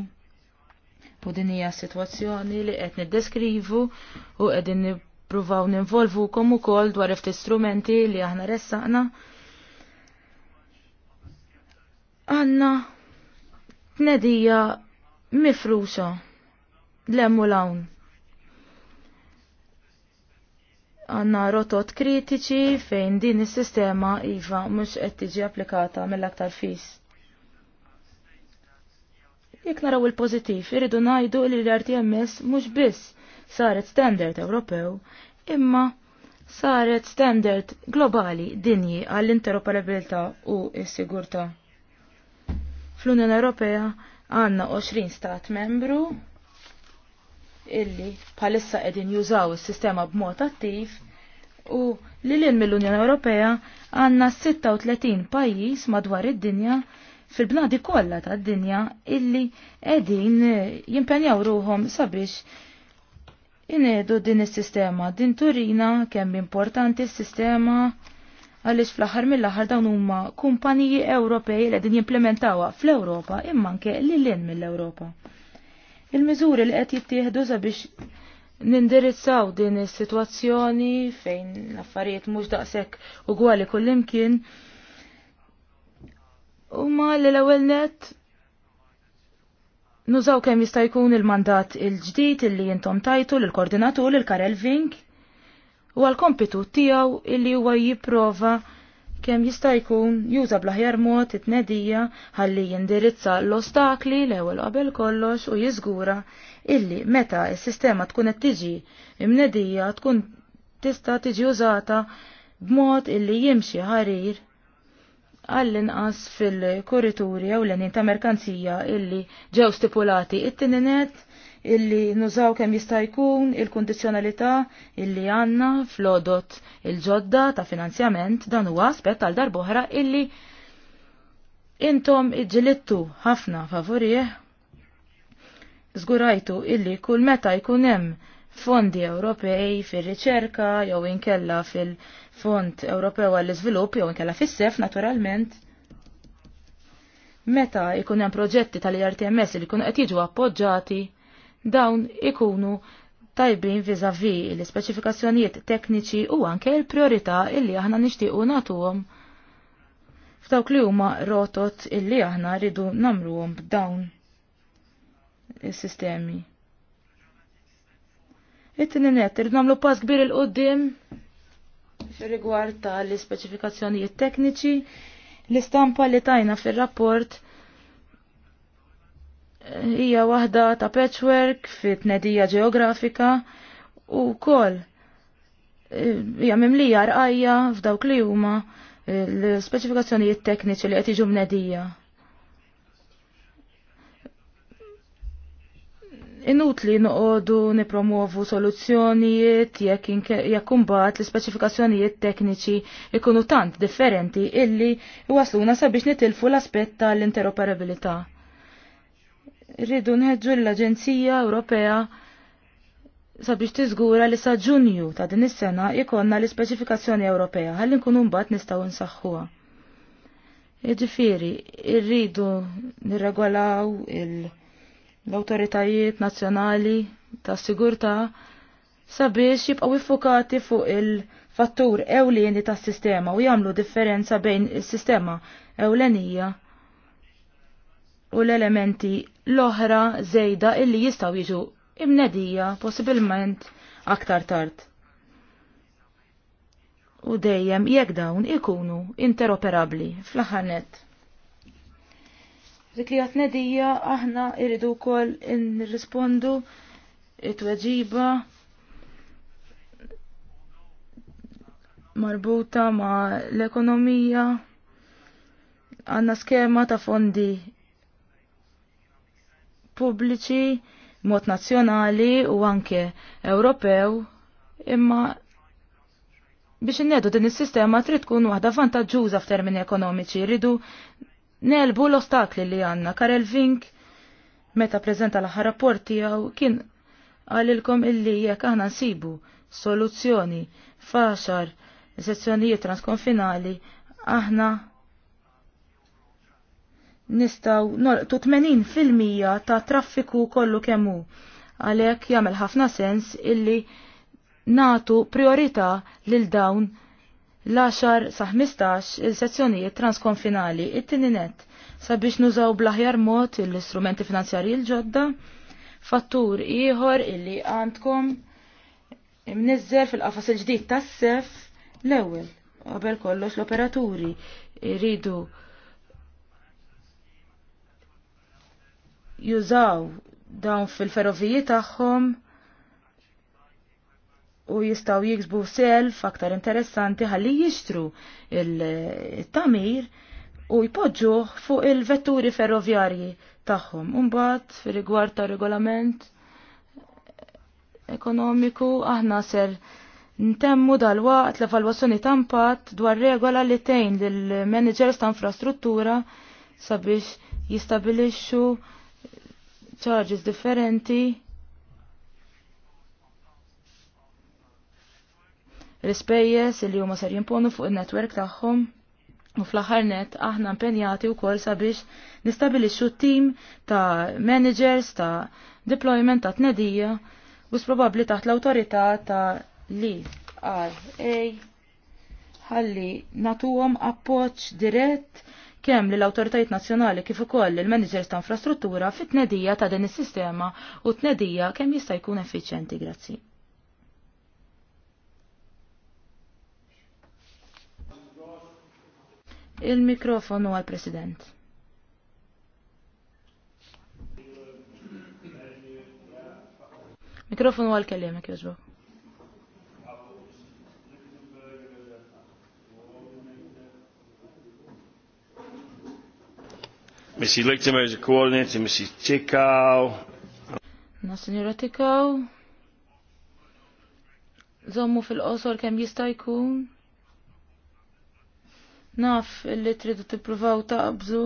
U din hija sitwazzjoni li qed niddeskrivu u qegħdin nippruvaw ninvolvukom ukoll dwar ftit strumenti li aħna ressaqna. Għanna tnedija mifruxa lemmu lawn. Għanna rotot kritiċi fejn din is-sistema iva mhux qed tiġi applikata mill-aktar fis. Jekk naraw il-pożittiv, irridu ngħidu li l-RTMS mhux biss saret standard Ewropew, imma saret standard globali dinji għall-interoperabilità u s-sigurtà. Fl-Unjoni Ewropea għandna 20 stat membru illi palissa qegħdin jużaw is-sistema b'mod attiv u li lil mill-Unjoni Ewropea għandna 36 pajjiż madwar id-dinja fil-bnadi kollha tad-dinja illi qegħdin eh, jimpenjaw ruhom sabiex inedu din is-sistema din turina kemm importanti s-sistema għaliex fl-aħħar mill-aħħar dawn huma kumpaniji Ewropej li qegħdin jimplementawha fl-Ewropa imma anke lil mill-Ewropa. Il-miżuri li qed jittieħdu sabiex nindirizzaw din is-sitwazzjoni fejn l-affarijiet mhux daqshekk ugwali kullimkien huma li l-ewwel net nużaw kemm jista' jkun il-mandat il-ġdid illi jintom tajtu lill koordinatur il karel Vink u għal kompitu tiegħu illi huwa jipprova kem jista' jkun juża bl-aħjar mod it-tnedija ħalli jindirizza l-ostakli l-ewwel qabel kollox u jiżgura illi meta s-sistema tkun qed tiġi imnedija tkun tista' tiġi użata b'mod illi jimxi ħarir għall-inqas fil-korrituri l-enin ta' merkanzija illi ġew stipulati it-tininet illi nużaw kemm jista' jkun il-kundizzjonalità illi għandna flodot il-ġodda ta' finanzjament dan huwa aspett għal darboħra. illi intom iġilittu ħafna favorie żgurajtu illi kull meta jkun hemm fondi Ewropej fir-riċerka jew inkella fil-Fond Ewropew għall-Iżvilupp jew inkella fis-sef naturalment meta jkun hemm proġetti tal-IRTMS li jkunu qed jiġu appoġġati? dawn ikunu tajbin vizavi l-ispeċifikazzjonijiet tekniċi u anke l-priorità illi aħna nixtiequ nagħtuhom f'dawk li huma rotot illi aħna rridu namruhom b'dawn is-sistemi. It-tieni net nagħmlu pass kbir il qudiem fir-rigward tal-ispeċifikazzjonijiet tekniċi l-istampa li tajna fir-rapport hija waħda ta' patchwork fit tnedija ġeografika u kol eh, hija mimlija rqajja f'dawk li huma eh, l-speċifikazzjonijiet tekniċi li qed jiġu mnedija. Inutli noqogħdu nipromovu soluzzjonijiet jekk jekk imbagħad l-ispeċifikazzjonijiet tekniċi ikunu tant differenti illi waslu sabiex nitilfu l-aspett tal-interoperabilità. Rridu nħedġu l-Aġenzija Ewropea sabiex tiżgura li sa Ġunju ta' din is-sena jkollna l-ispeċifikazzjoni Ewropea ħalli nkunu mbagħad nistgħu nsaħħuha. Jiġifieri, rridu nirregolaw l-awtoritajiet nazzjonali tas sigurtà sabiex jibqgħu iffukati fuq il-fattur ewlieni tas-sistema u jagħmlu differenza bejn is-sistema ewlenija u l-elementi l-oħra zejda illi jistaw jiġu imnedija possibilment aktar tard. U dejjem jekk dawn ikunu interoperabli fl-aħħar net. Dik li nedija aħna irridu wkoll nirrispondu it-tweġiba marbuta ma l-ekonomija għanna skema ta' fondi pubbliċi mod nazzjonali u anke Ewropew imma biex innedu din is-sistema trid tkun waħda vantaġġuża f'termini ekonomiċi rridu nelbu l-ostakli li għandna. Karel Vink meta preżenta l-aħħar rapport tiegħu kien għalilkom illi jekk aħna nsibu soluzzjoni faxar sezzjonijiet transkonfinali aħna nistaw norqtu 80% ta' traffiku kollu kemmu. Għalek jagħmel ħafna sens illi natu priorità lil dawn l-10 sa' 15 il-sezzjonijiet transkonfinali it tininet sabiex nużaw blaħjar mod l-istrumenti finanzjarji l-ġodda fattur ieħor illi għandkom imnizzer fil-qafas il-ġdid tas-sef l-ewwel qabel kollox l-operaturi jridu jużaw dawn fil-ferroviji tagħhom u jistaw jiksbu self aktar interessanti ħalli jixtru il-tamir u jpoġġuh fuq il-vetturi ferroviarji tagħhom. Umbagħad fir-rigward ta' regolament ekonomiku aħna ser ntemmu dal-waqt l-evalwazzjoni ta' impatt dwar regola li tejn lill-managers ta' infrastruttura sabiex jistabilixxu charges differenti l-ispejjeż li huma ser jimponu fuq il netwerk tagħhom u fl-aħħar net aħna impenjati wkoll sabiex nistabilixxu tim ta' managers ta' deployment ta' tnedija u probabbli taħt l-awtorità ta' li RA ħalli natuhom appoġġ dirett kemm l awtoritajiet nazzjonali kif ukoll il-managers ta' infrastruttura fit-tnedija ta' din is-sistema u tnedija kemm jista' jkun effiċjenti grazzi. Il-mikrofonu għal-President. Mikrofonu għal-kellimek, jozbok.
Mrs. Lichtenberg is a coordinator, Mrs. Tikau.
Na, signora Tikau. Zommu fil-qosor kem jista' jkun. Naf illi tridu tippruvaw taqbżu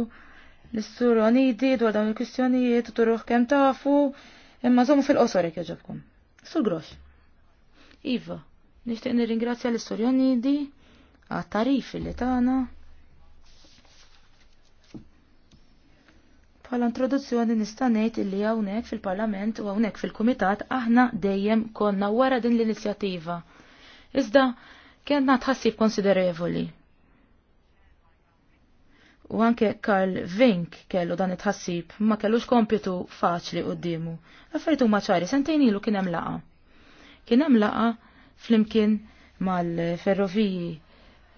l istur għanidi dwar dawn il-kwistjonijiet u turuħ kem tafu, imma zommu fil-qosor jek jaġabkom. Sur grox. Iva, nishtiq nirringrazzja l għanidi għat-tarif li tagħna. Bħala introduzzjoni nista' ngħid illi hawnhekk fil-Parlament u hawnhekk fil-Kumitat aħna dejjem konna wara din l-inizjattiva. Iżda kellna tħassib konsiderevoli. U anke Karl Vink kellu dan it-ħassib ma kellux kompitu faċli qudiemu. Affarijiet huma ċari sentejn ilu kien hemm laqa. Kien hemm laqa flimkien mal-ferroviji,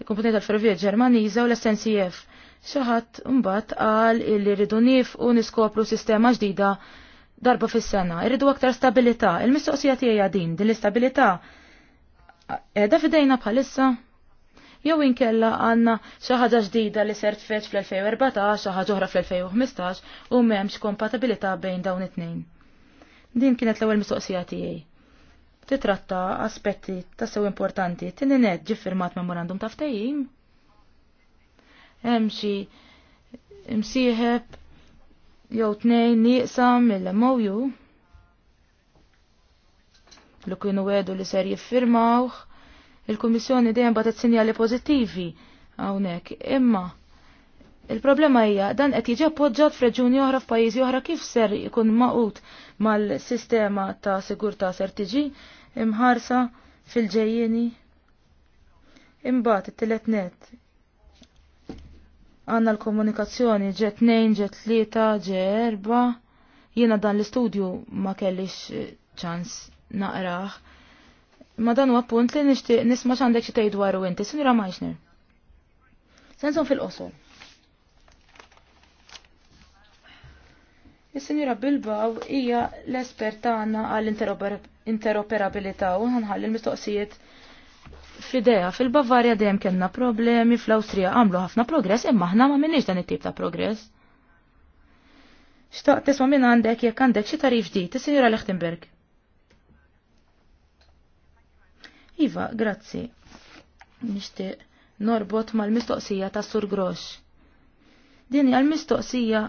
il-komponent tal-ferrovija Ġermaniża u l-SNCF Xaħat mbagħad qal li rridu u niskopru sistema ġdida darba fis-sena. Irridu aktar stabilità. Il-mistoqsija tiegħi din din l-istabilità qiegħda f'idejna bħalissa jew inkella għandna xi ħaġa ġdida li sert feċ fl-2014, xi ħaġa oħra fl-2015 u m'hemmx kompatibilità bejn dawn it-tnejn. Din kienet l-ewwel mistoqsija tiegħi. Titratta aspetti tassew importanti, tini net ġiffirmat memorandum ta' ftehim hemm xi imsieħeb jew tnejn nieqsam mill-MOU li kienu għedu li ser jiffirmawh, il-Kummissjoni dejjem bagħad sinjali pożittivi hawnhekk. Imma il-problema hija dan qed jiġi appoġġat f'reġuni oħra f'pajjiżi oħra kif ser ikun maqut mal-sistema ta' sigurtà ser tiġi imħarsa fil-ġejjieni. Imbagħad it-tielet net Għanna l-komunikazzjoni ġet 2, ġet 3, ġet 4. Jiena dan l-istudju ma kellix eh, ċans naqraħ. Ma dan huwa appunt li nisma' x'għandek xi dwaru inti, Sinjura Majxner. Sensum fil-qosor. Is-Sinjura Bilbaw hija l espertana tagħna għall interoperabilità u nħalli l-mistoqsijiet fideja fil-Bavarja dejjem kellna problemi, fl-Awstrija għamlu ħafna progress, imma aħna ma minniex dan it-tip ta' progress. Xtaqt tisma' minn għandek jekk għandek xi tarif ġdid, is-Sinjura Lechtenberg. Iva, grazzi. Nixtieq norbot mal-mistoqsija ta' Sur Grosh. Din hija l-mistoqsija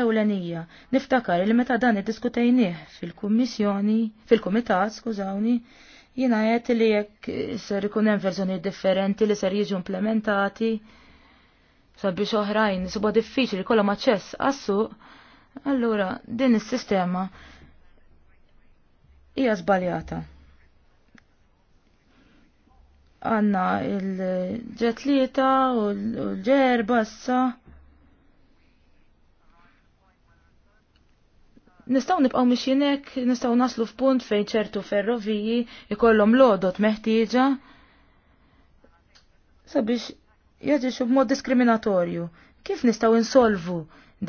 ewlenija. Niftakar li meta dan iddiskutejnieh fil-kummissjoni, fil-kumitat, skużawni, Jina għet li jekk ser ikun hemm verżjoni differenti li ser jiġu implementati sabiex oħrajn suba diffiċli kollha maċċess għas allura din is-sistema hija żbaljata. Għanna il-ġetlieta u l-ġerba s-sa. Nistaw nibqaw mixjinek, nistaw naslu f'punt fejn ċertu ferroviji ikollhom lodot meħtieġa sabiex jaġixu b'mod diskriminatorju. Kif nistaw insolvu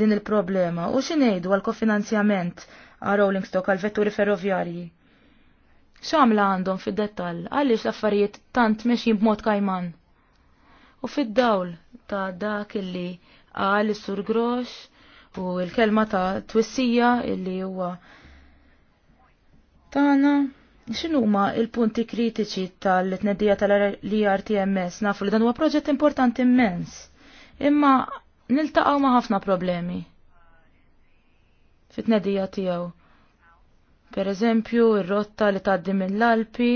din il-problema u xinejdu għal kofinanzjament għal rolling stock għal vetturi ferroviarji? X'għamla għandhom fid-dettall għaliex l-affarijiet tant mexjin b'mod kajman. U fid-dawl ta' dak illi għal is-sur Grosh u l-kelma ta' twissija illi huwa tagħna xinu ma l-punti kritiċi tal tnedija tal rtms nafu li dan huwa proġett importanti immens. Imma niltaqgħu ma' ħafna problemi fit tnedija tiegħu. Per eżempju, il rotta li tgħaddi mill-Alpi,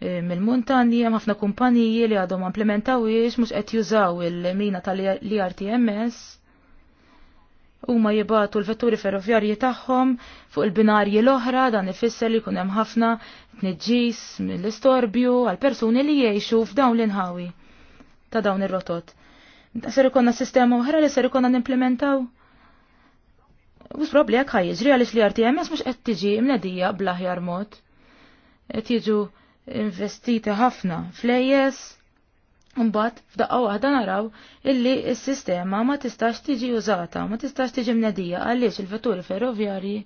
eh, mill-muntanji ħafna kumpaniji li għadhom implementawiex mhux qed jużaw il-mina tal rtms huma jibatu l-vetturi ferroviarji tagħhom fuq il-binarji l-oħra dan ifisser li jkun hemm ħafna tniġġis mill-istorbju għal persuni li jgħixu f'dawn l-inħawi ta' dawn ir-rotot. Ser ikonna sistema oħra li ser ikonna nimplementaw? Wis probli jekk ħajjiġri għaliex li RTMS mhux qed tiġi mnedija bl-aħjar mod. Qed jiġu investiti ħafna flejjes Mbagħad f'daqqa waħda naraw illi s-sistema ma tistax tiġi użata, ma tistax tiġi mnedija għaliex il-vetturi ferrovjarji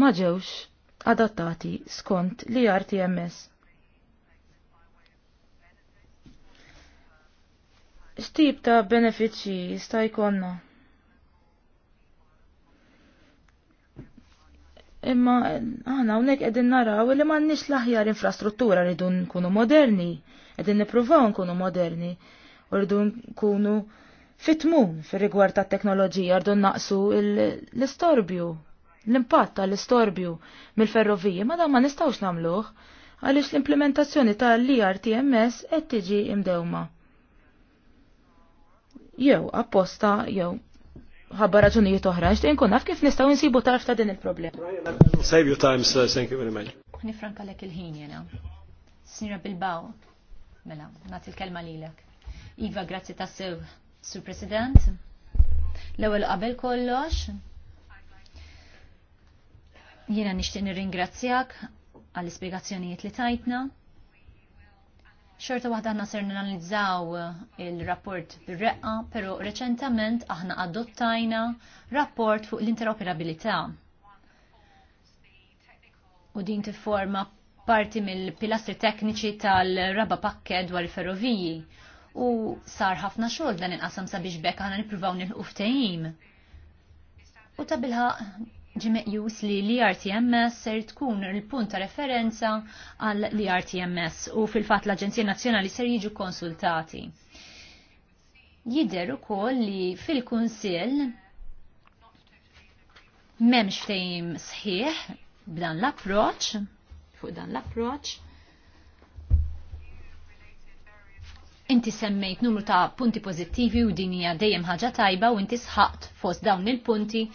ma ġewx adattati skont li RTMS. X'tip ta' benefiċċji sta' jkollna? Imma aħna hawnhekk qegħdin naraw li m'għandniex l-aħjar infrastruttura dun nkunu moderni, qegħdin nippruvaw nkunu moderni, u dun nkunu fitmun fir-rigward ta' teknoloġija rridu naqsu l-istorbju, l-impatt tal-istorbju mill-ferroviji, ma dan ma nistgħux nagħmluh għaliex l-implementazzjoni tal-IRTMS qed tiġi imdewma. Jew apposta jew ħabba raġunijiet oħra, xtejn kun naf kif nistgħu nsibu tarf ta' din il problem
Save your time, sir, thank you very much. Nifranka lek il-ħin jena. Sinjora Bilbao, mela, nagħti l-kelma lilek. Iva, grazzi ta' sew, Sur President. L-ewwel qabel kollox. Jiena nixtieq nirringrazzjak għall-ispjegazzjonijiet li tajtna. Xorta waħda għanna ser nanalizzaw eh, il-rapport reqqa, pero reċentament aħna adottajna rapport fuq l-interoperabilità. U din tifforma parti mill-pilastri tekniċi tal-raba pakket dwar il-ferroviji. U sar ħafna xogħol dan inqasam sabiex bekk aħna nippruvaw nilqu ftehim. U ta' ġi meqjus li l-IRTMS ser tkun il-punt ta' referenza għal l-IRTMS e u fil-fat l-Aġenzija Nazzjonali ser jiġu konsultati. Jider ukoll li fil-Kunsill memx fejn sħiħ b'dan l-approċ, fuq dan l-approċ. Inti semmejt numru ta' punti pozittivi u dinija dejjem ħaġa tajba u inti sħaqt fost dawn il-punti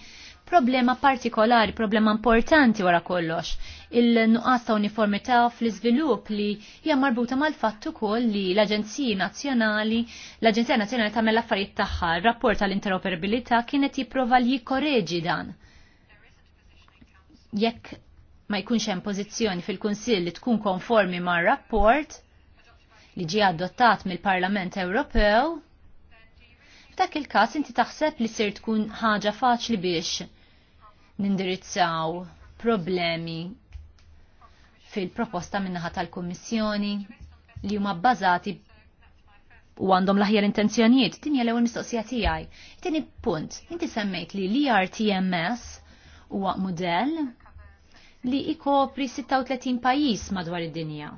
problema partikolari, problema importanti wara kollox. Il-nuqqas ta' uniformità fl-iżvilupp li hija marbuta mal-fatt ukoll li l-Aġenziji Nazzjonali, l-Aġenzija Nazzjonali tagħmel l-affarijiet tagħha, rapport tal-interoperabilità kienet jipprova li jikkoreġi dan. Jekk ma jkunx hemm pożizzjoni fil-Kunsill li tkun konformi mar-rapport li ġie adottat mill-Parlament Ewropew, f'dak il-każ inti taħseb li ser tkun ħaġa faċli biex nindirizzaw problemi fil-proposta minnaħa tal-Kummissjoni li huma bbażati u għandhom l-aħjar intenzjonijiet, tinja l-ewwel mistoqsija tiegħi. Tieni punt, inti semmejt li l-IRTMS huwa mudell li ikopri 36 pajjiż madwar id-dinja.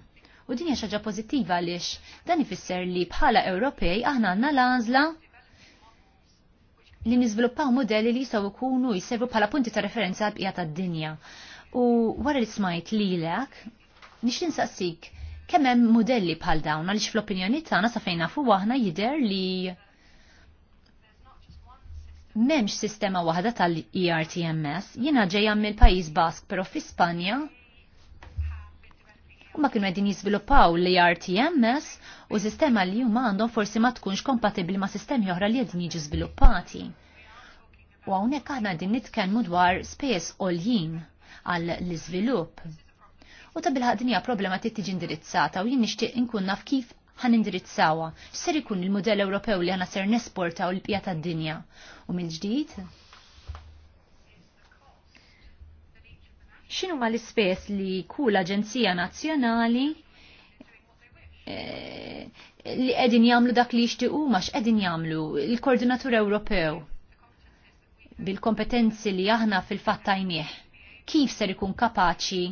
U din hija xaġa pożittiva għaliex dan ifisser li bħala Ewropej aħna għandna l-għażla li niżviluppaw modelli li jistgħu jkunu jservu bħala punti ta' referenza bqija tad-dinja. U wara li smajt lilek, nix ninsaqsik kemm hemm modelli bħal dawn għaliex fl-opinjoni tagħna sa fejn nafu aħna jidher li m'hemmx sistema waħda tal-ERTMS. Jiena ġejja mill-pajjiż Bask, però fi Spanja u ma kienu għedin jizviluppaw li RTMS u sistema li huma għandhom forsi ma tkunx kompatibli ma sistemi oħra li għedin jiġi zviluppati. U għawnek aħna għedin nitkellmu dwar space all-jien għal l-izvilupp. U ta' bil-ħadnija problema tiġi indirizzata u jien nixtieq inkun naf kif ħan indirizzawa, x'ser ikun il-modell Ewropew li għana ser nesportaw l-pjata d-dinja. U mill-ġdid, xinu ma l-ispess li kull aġenzija nazjonali eh, li edin jamlu dak li jishtiqu max edin jamlu il-koordinatur Ewropew bil-kompetenzi li aħna fil-fattajnieħ kif ser ikun kapaċi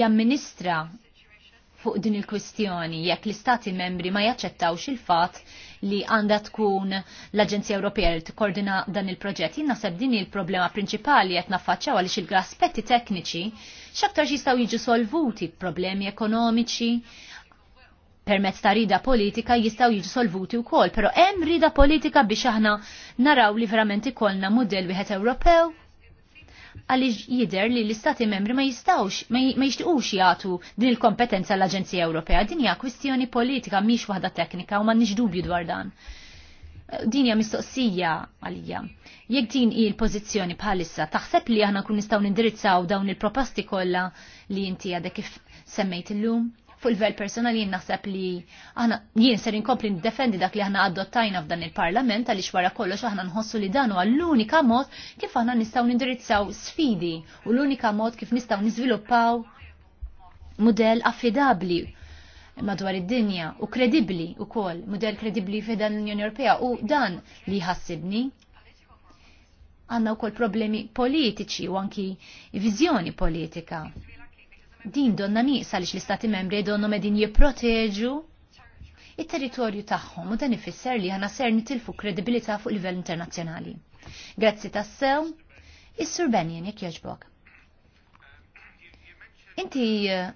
jamministra fuq din il-kwistjoni jekk l-istati membri ma jaċċettawx il-fat li għanda tkun l-Aġenzija Ewropea li tikkoordina dan il-proġett. Jien naħseb din il-problema prinċipali qed naffaċċaw għaliex il-aspetti tekniċi x'aktar jistgħu jiġu solvuti problemi ekonomiċi permezz ta' rida politika jistgħu jiġu solvuti wkoll, però hemm rida politika biex aħna naraw li verament ikollna mudell wieħed Ewropew għaliex jider li l-istati membri ma jistawx, ma jixtiqux jagħtu din il-kompetenza l-Aġenzija Ewropea. Din hija kwistjoni politika mhix waħda teknika u m'għandniex dubju dwar dan. Din hija mistoqsija għalija. Jekk din hi l-pożizzjoni bħalissa, taħseb li aħna kun nistgħu nindirizzaw dawn il-proposti kollha li inti għadek kif semmejt illum? fuq il-vel personali jien naħseb li aħna jien ser inkompli ndefendi dak li aħna adottajna f'dan il-Parlament għaliex wara kollox aħna nħossu li dan huwa l-unika mod kif aħna nistgħu nindirizzaw sfidi u l-unika mod kif nistgħu niżviluppaw mudell affidabbli madwar id-dinja u kredibbli wkoll mudell kredibbli f'dan l-Unjoni Ewropea u dan li jħassibni għandna wkoll problemi politiċi u anki viżjoni politika din donna nieqsa li l-istati membri donnu medin jipproteġu it-territorju tagħhom u dan ifisser li għana ser nitilfu kredibilità fuq livell internazzjonali. Grazzi tassew, is-Sur Benjen jekk jogħġbok. Inti eh,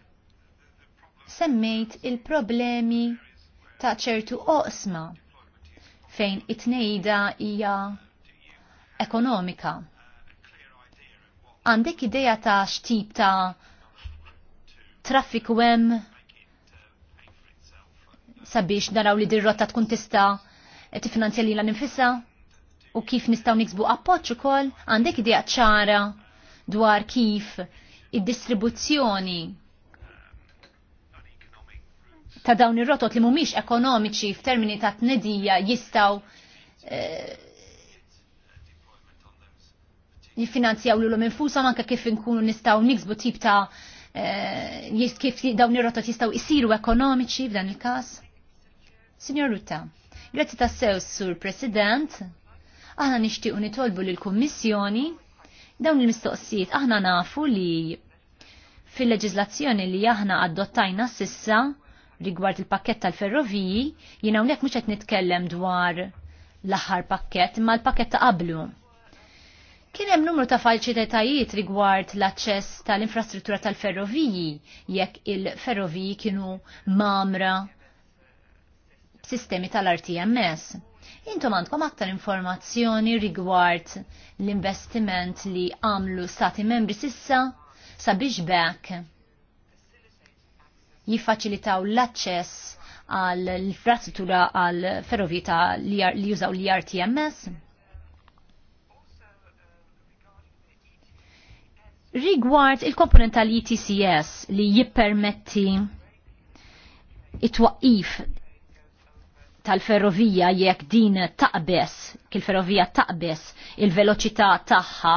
semmejt il-problemi ta' ċertu oqsma fejn it-tnejda hija ekonomika. Għandek ideja ta' xtib ta' traffiku hemm sabiex naraw li dir-rotta tkun tista' tifinanzja lilha ninfisha u kif nistgħu niksbu appoġġ ukoll għandek idea ċara dwar kif id-distribuzzjoni ta' dawn ir-rotot li mhumiex ekonomiċi f'termini ta' tnedija jistgħu eh, jiffinanzjaw l-lum infusa manka kif nkunu nistaw niksbu tip ta' Eh, kif dawn ir-rotot jistgħu jsiru ekonomiċi f'dan il-każ? Signor Rutta, grazzi sew, sur President, aħna nixtiequ nitolbu lill kummissjoni dawn il-mistoqsijiet aħna nafu li fil leġiżlazzjoni li aħna adottajna sissa rigward il-pakket tal-ferroviji, jiena hawnhekk mhux qed nitkellem dwar l-aħħar pakket, imma l-pakket ta' qablu. Kien hemm numru ta' falċilitajiet rigward l-aċċess tal-infrastruttura tal-ferroviji jekk il-ferroviji kienu mamra sistemi tal-RTMS. Intom għandkom aktar informazzjoni rigward l-investiment li għamlu stati membri sissa sabiex bekk jiffaċilitaw l-aċċess għall infrastruttura għal ferrovita li jużaw l-RTMS? Rigward il-komponent tal-ETCS li jippermetti it-twaqif tal-ferrovija jekk din taqbes, kil-ferrovija taqbes il-veloċità tagħha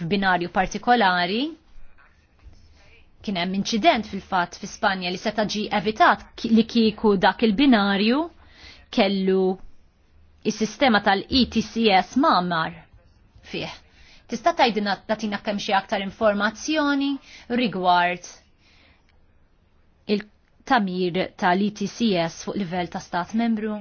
f'binarju partikolari, kien hemm inċident fil-fatt fi Spanja li seta' ġi evitat li kieku dak il-binarju kellu is-sistema tal-ETCS mamar fih Tista' tgħidilna tagħtina kemm xi aktar informazzjoni rigward il-tamir tal-ITCS fuq livell ta' stat membru?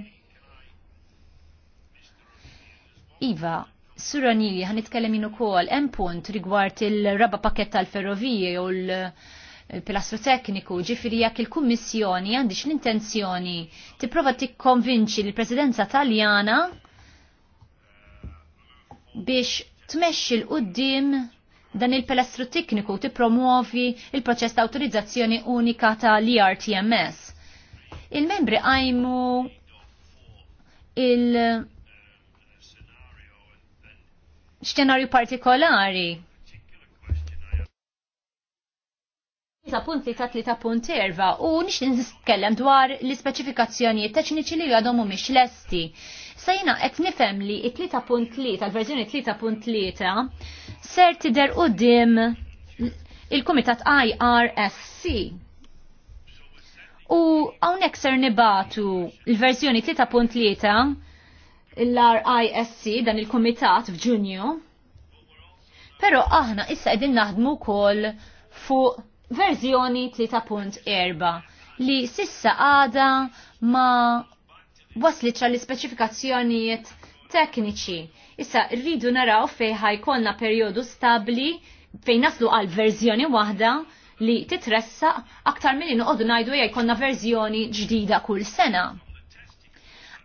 Iva, Suranili, għan itkellem jinu kol, hemm punt rigward il-raba pakket tal-ferrovije u l-pilastru tekniku, ġifiri jekk il-Kummissjoni għandix l-intenzjoni tipprova tikkonvinċi l-Presidenza Taljana biex tmexxi l-qudiem dan il-pelestru tekniku tippromuovi il-proċess ta' autorizzazzjoni unika ta' l-IRTMS. Il-membri għajmu il- xtenarju partikolari. Ta' punt ta' tlita punt erva u nix nitkellem dwar l-ispeċifikazzjonijiet teċniċi li għadhom mhumiex lesti. Sejna qed nifhem li t-3.3 tal-verżjoni 3.3 ser tidher dim il-Kumitat IRSC. U hawnhekk ser nibatu l-verżjoni 3.3 l-RISC dan il-Kumitat f'Ġunju. Però aħna issa qegħdin naħdmu wkoll fuq verżjoni 3.4 li sissa għada ma waslit tra l-ispeċifikazzjonijiet tekniċi. Issa rridu naraw fej jkollna perjodu stabli fejn naslu għal verżjoni waħda li titressa aktar minn noqogħdu ngħidu jkollna verżjoni ġdida kull sena.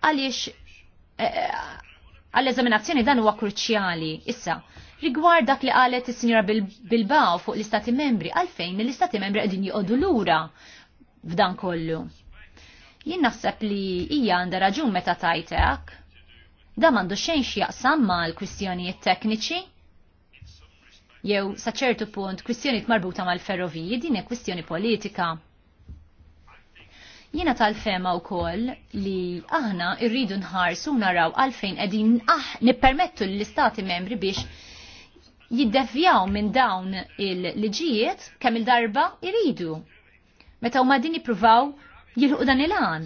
Għaliex eh, eh, għall-eżaminazzjoni dan huwa kruċjali. Issa, rigward dak li qalet is-Sinjora Bilbao fuq l-Istati Membri, għalfejn l-Istati Membri qegħdin joqogħdu lura f'dan kollu. Jien naħseb li hija għandha raġun meta tajtek. Da m'għandu xejn x'jaqsam mal-kwistjonijiet tekniċi jew sa ċertu punt kwistjonijiet marbuta mal-ferroviji din hija kwistjoni politika. Jiena tal-fema wkoll li aħna rridu nħarsu naraw għalfejn qegħdin aħ nippermettu l-istati membri biex jiddevjaw minn dawn il-liġijiet kemm il-darba jridu. Meta huma din jippruvaw jilħu dan il-għan.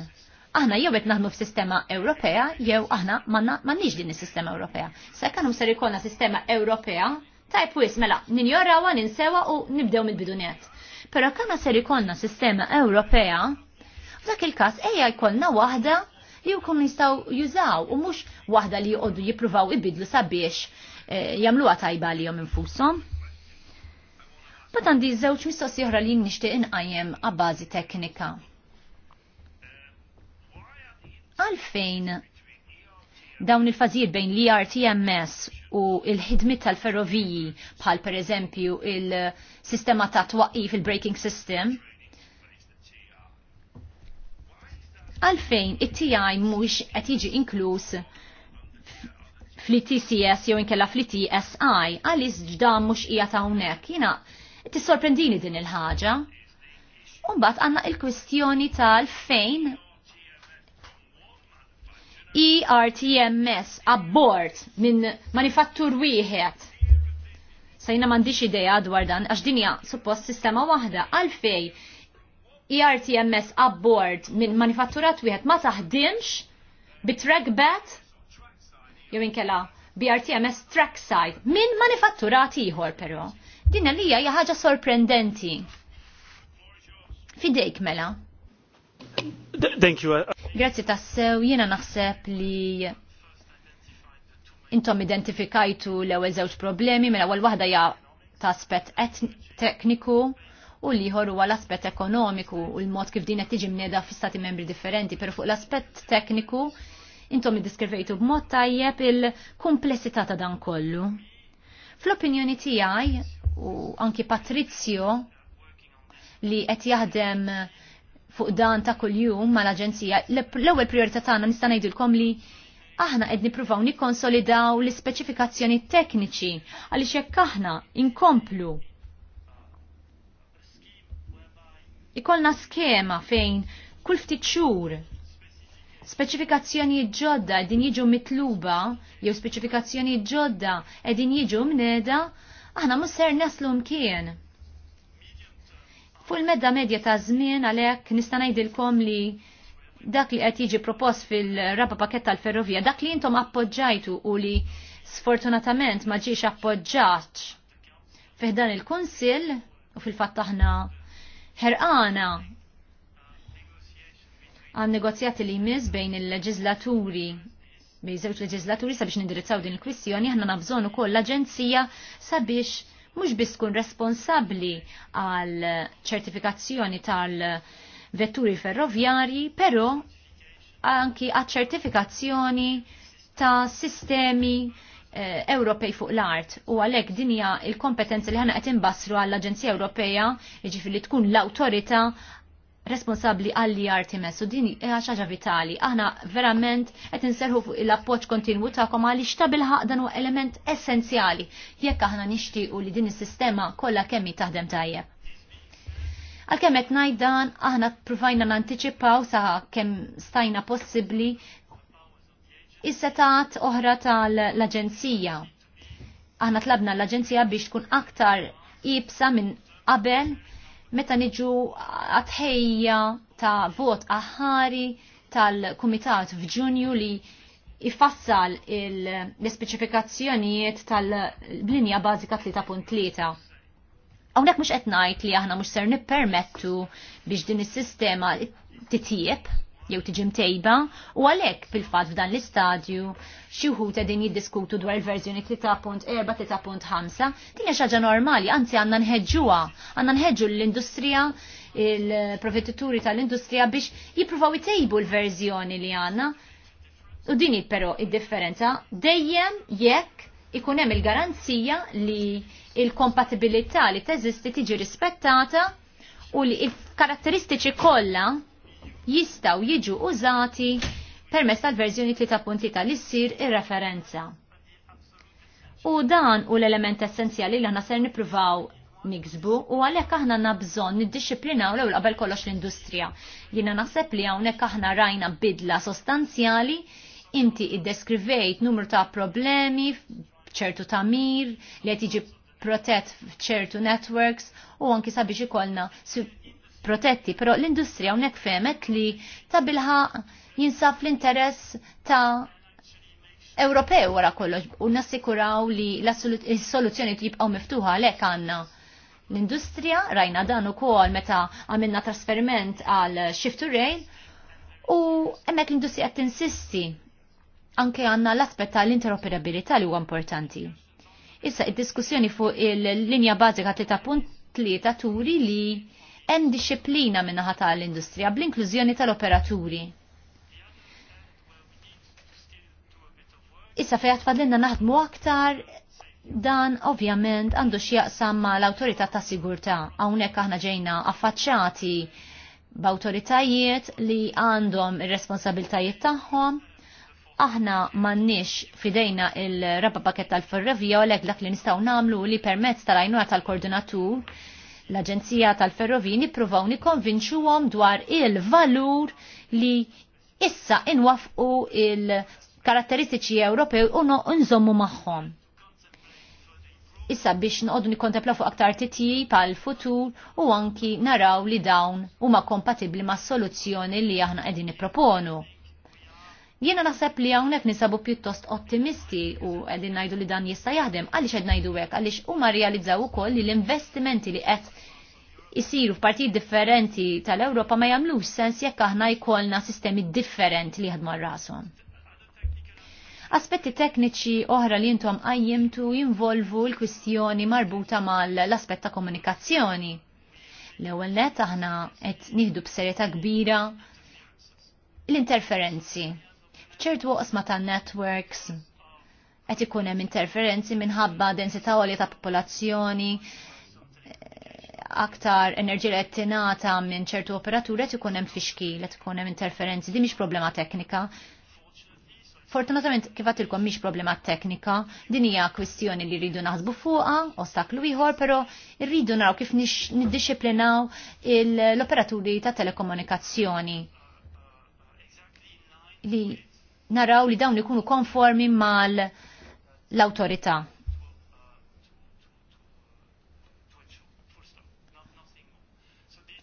Aħna jew qed naħdmu f'sistema Ewropea jew aħna m'għandniex din is-sistema Ewropea. Sekk ser ikolna sistema Ewropea, tajb wis mela ninjorawha, ninsewa u nibdew mill-bidunet. Però kemm ser ikolna sistema Ewropea, f'dak il-każ ejja jkollna waħda li jkun jistgħu jużaw u mhux waħda li jqogħdu jippruvaw ibidlu sabiex eh, jagħmluha tajba għalihom infushom. Bat għandi żewġ mistoqsi oħra li nixtieq inqajjem għabbażi teknika. Għalfejn dawn il fazir bejn l-IRTMS u il-ħidmit tal-ferroviji bħal per eżempju il-sistema ta' twaqqif il-braking system għalfejn it-TI mux qed jiġi inkluż fl-TCS jew inkella fl-TSI għalis ġdam mux ija ta' unek jina tissorprendini din il-ħaġa Umbat għanna il-kwistjoni tal-fejn ERTMS abbord minn manifattur wieħed. Sajna m'għandix idea dwar dan għax dinja suppost sistema waħda għalfej ERTMS abbord minn manifatturat wieħed ma taħdimx bi trackbat jew inkella BRTMS trackside minn manifatturat ieħor però. Dinja li hija ħaġa sorprendenti. Fidejk mela. Thank you. Grazzi tassew, jiena naħseb li intom identifikajtu l-ewwel żewġ problemi, mela ewwel waħda hija ta' aspett tekniku u liħor huwa l-aspett ekonomiku u l-mod kif din qed tiġi mneda fi stati membri differenti, però fuq l-aspett tekniku intom iddiskrivejtu b'mod tajjeb il-kumplessità ta' dan kollu. Fl-opinjoni tiegħi u anki Patrizio li qed jaħdem fuq dan ta' kuljum mal-Aġenzija, l-ewwel priorità tagħna nista' ngħidilkom li aħna qed nippruvaw nikkonsolidaw l-ispeċifikazzjoni tekniċi għaliex jekk aħna inkomplu ikolna skema fejn kull ftit xhur speċifikazzjoni ġodda edin jiġu mitluba, jew speċifikazzjoni ġodda edin jiġu mneda, aħna musser naslu mkien. Fuq il-medda medja ta' żmien għalhekk nista' ngħidilkom li dak li qed jiġi propost fil-raba pakett tal-ferrovija, dak li intom appoġġajtu u li sfortunatament ma ġiex appoġġat fiħdan il-Kunsill u fil-fatt aħna ħerqana għan negozjati li jmiss bejn il-leġizlaturi bejn żewġ leġizlaturi sabiex nindirizzaw din il-kwistjoni aħna nabżonu ukoll l-Aġenzija sabiex mhux biss kun responsabbli għal ċertifikazzjoni tal-vetturi ferroviari, però anki għal ċertifikazzjoni ta' sistemi eh, Ewropej fuq l-art u għalek dinja il-kompetenza li ħana qed imbasru għall-Aġenzija Ewropeja, jiġifieri tkun l-awtorità responsabli għalli Artemis u din hija ħaġa vitali. Aħna verament qed inserħu fuq l-appoġġ kontinwu tagħkom għaliex ta' bilħaq dan huwa element essenzjali jekk aħna nixtiequ li din is-sistema kollha kemm taħdem tajjeb. Għalkemm qed ngħid dan aħna ppruvajna nanticipaw sa kemm stajna possibbli is-setat oħra tal-Aġenzija. Aħna tlabna l-Aġenzija biex tkun aktar jibsa minn qabel meta niġu għatħejja ta' vot aħari tal-Kumitat f'Ġunju li ifassal l-ispeċifikazzjonijiet tal-linja bażika 3.3. Hawnhekk mhux qed ngħid li aħna mhux ser nippermettu biex din is-sistema titjieb jew tiġi mtejba u għalhekk fil-fatt f'dan l-istadju xi wħud qegħdin jiddiskutu dwar il-verżjoni 3.4-3.5 din hija ħaġa normali, anzi għandna nħeġġuha, għandna nħeġġu l-industrija il-profettituri tal-industrija biex jippruvaw itejbu l-verżjoni li għandna. U din però id-differenza dejjem jekk ikun hemm il-garanzija li il-kompatibilità li teżisti tiġi rispettata u li il-karatteristiċi kollha jistaw jiġu użati permess tal-verżjoni 3.3 tal issir ir-referenza. U dan u l-element essenzjali li għana ser nippruvaw niksbu u għalhekk aħna għandna bżonn niddixxiplinaw l-ewwel qabel kollox l-industrija. Jiena naħseb li hawnhekk aħna rajna bidla sostanzjali inti iddeskrivejt numru ta' problemi ċertu tamir li qed jiġi protett f'ċertu networks u anki sabiex ikollna protetti, però l-industrija unek femet li tabilħa jinsaf l-interess ta' Ewropew wara kollox u nassikuraw li l-soluzzjoni tibqaw miftuħa għalhekk għandna l-industrija rajna dan ukoll meta għamilna trasferiment għal shift to rail u hemmhekk l-industrija qed tinsisti anke għandna l-aspett tal-interoperabilità li huwa importanti. Issa id-diskussjoni fuq il-linja bażika 3.3 turi li hemm disciplina naħa tal-industrija bl-inklużjoni tal-operaturi. Issa fejn fadlinna naħdmu aktar dan ovvjament għandu x'jaqsam ma l-awtorità ta' sigurtà hawnhekk aħna ġejna affaċċati b'awtoritajiet li għandhom ir-responsabiltajiet tagħhom aħna m'għandniex fidejna il-rabba pakett tal-ferrovija u għalek dak li nistgħu nagħmlu li permezz tal-għajnuna tal-koordinatur L-Aġenzija tal-Ferrovini provaw għom dwar il-valur li issa inwafqu il-karatteristiċi Ewropew u nżommu magħhom. Issa biex nqoddu nikontempla fuq aktar titji pal futur u anki naraw li dawn huma kompatibbli ma' soluzzjoni li aħna qegħdin nipproponu. Jiena naħseb li hawnhekk nisabu pjuttost ottimisti u qegħdin ngħidu li dan jista' jaħdem għaliex qed ngħidu hekk għaliex huma rrealizzaw ukoll li l-investimenti li qed isiru f'partijiet differenti tal-Ewropa ma jagħmlux sens jekk aħna jkollna sistemi differenti li jħadmu rashom. Aspetti tekniċi oħra li intom għajjimtu jinvolvu l-kwistjoni marbuta mal-aspett ta' komunikazzjoni. L-ewwel net aħna qed nieħdu b'serjetà kbira l-interferenzi ċertu qosma ta' networks qed ikun hemm interferenzi minħabba densità għolja ta' popolazzjoni, aktar enerġija qed tingħata minn ċertu operaturi qed ikun hemm fixkil, qed ikun hemm interferenzi, di mhix problema teknika. Fortunatament kif għatilkom mhix problema teknika, din hija kwistjoni li rridu naħsbu fuqha, ostaklu ieħor, però rridu naraw kif niddixxiplinaw l-operaturi ta' telekomunikazzjoni li naraw li dawn ikunu konformi mal l-autorità.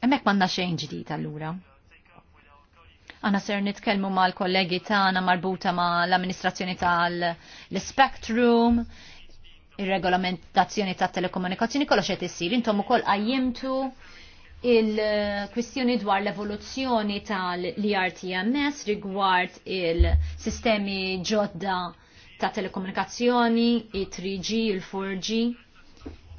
Emmek manna xejn ġdid allura. Għana ser nitkelmu mal kollegi tagħna marbuta ma l-amministrazzjoni tal-Spectrum, ir-regolamentazzjoni tat telekomunikazzjoni kollox qed issir. Intom ukoll qajjimtu il-kwistjoni dwar l-evoluzzjoni tal-IRTMS rigward il-sistemi ġodda ta' telekomunikazzjoni, i3G, il-4G.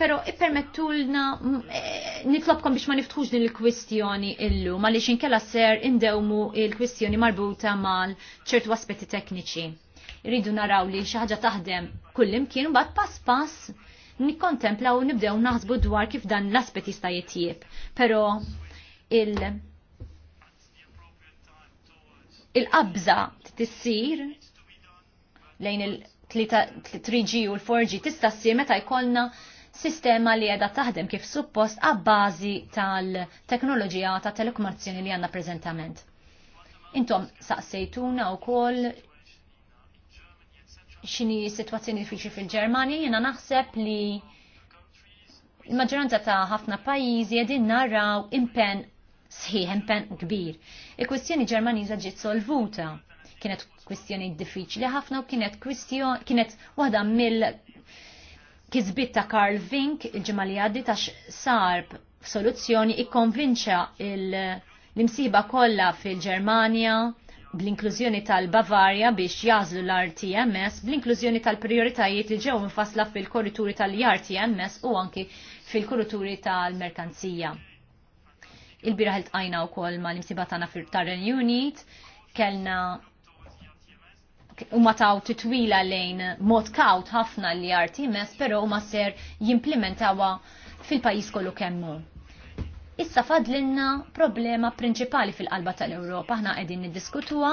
Pero ippermettulna eh, nitlobkom biex ma niftħux din il-kwistjoni illu, ma li xinkella ser indewmu il-kwistjoni marbuta mal ċertu aspetti tekniċi. Ridu naraw li xaħġa taħdem kullimkien, bat pas pass nikkontempla u nibdew naħsbu dwar kif dan l-aspet jista' jitjieb. Però il- il-qabża tissir lejn il-3G u l-4G tista' ssir meta jkollna sistema li qiegħda taħdem kif suppost għabbażi tal-teknoloġija ta' telekomunikazzjoni li għandna preżentament. Intom saqsejtuna wkoll xini situazzjoni diffiċli fil-Ġermanja, jena naħseb li il-maġġoranza ta' ħafna pajjiżi qegħdin narraw impen sħiħ, impen kbir. Il-kwistjoni Ġermaniża ġiet solvuta. Kienet kwistjoni diffiċli ħafna u kienet kwistjoni kienet waħda mill kizbit ta' Karl Vink il ġimgħa li għaddi ta' sarb soluzzjoni ikkonvinċa l-imsiba kollha fil-Ġermanja, bl-inklużjoni tal-Bavarja biex jażlu l-RTMS, bl-inklużjoni tal-prioritajiet li ġew infasla fil-korrituri tal-RTMS u anki fil-korrituri tal-merkanzija. Il-bira għajna u koll ma l-imsiba tagħna fil-Tarren Unit, kellna u ma taw titwila lejn mod kaut ħafna li RTMS, pero u ma ser jimplementawa fil-pajis kollu kemmu Issa fadlinna problema prinċipali fil-qalba tal-Ewropa, ħna qegħdin niddiskutuha,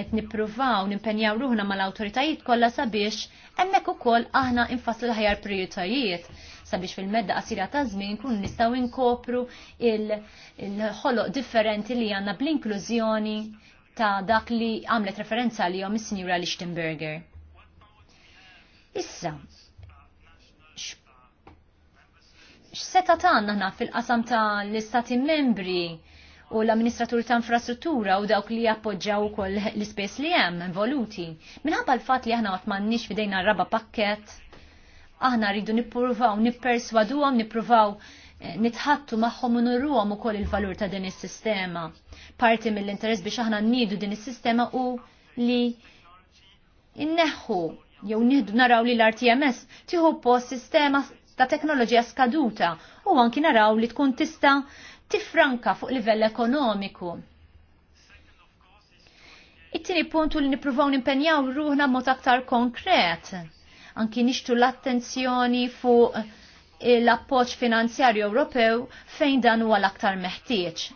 qed nippruvaw nimpenjaw ruħna mal-awtoritajiet kollha sabiex hemmhekk ukoll aħna infasslu l-ħajar prijoritajiet sabiex fil-medda qasira ta' żmien kun nistgħu inkopru il-ħoloq differenti li għandna bl-inklużjoni ta' dak li għamlet referenza li jom is-sinjura Lichtenberger. Issa, x'seta tagħna għanna fil-qasam ta' l-istati membri u l-amministratur ta' infrastruttura u dawk li jappoġġaw ukoll l-ispejs li hemm involuti. Minħabba l-fatt li aħna qatt m'għandniex fidejna raba pakkett, aħna rridu nippruvaw nipperswaduhom, nippruvaw eh, nitħattu magħhom u nurruhom ukoll il-valur ta' din is-sistema. Parti mill-interess biex aħna nnidu din is-sistema u li inneħħu jew nieħdu naraw li l-RTMS tieħu post sistema ta' teknoloġija skaduta u anki naraw li tkun tista tifranka fuq livell ekonomiku. It-tieni puntu li nippruvaw nimpenjaw ruħna mod aktar konkret. Anki nixtu l-attenzjoni fuq l-appoġġ finanzjarju Ewropew fejn dan huwa l-aktar meħtieġ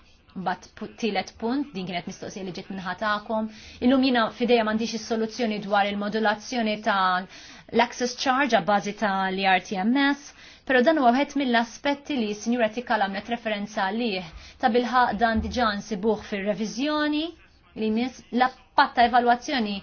bat tielet punt, din kienet mistoqsija li ġiet minnħatakom. Illum jina fideja is soluzzjoni dwar il-modulazzjoni ta' l-access charge a bazi ta' li RTMS, pero dan huwa wieħed mill-aspetti li sinjura Tikal għamlet referenza għalih ta' bilħaq dan diġan sibuħ fir-reviżjoni li mis l-appatta evalwazzjoni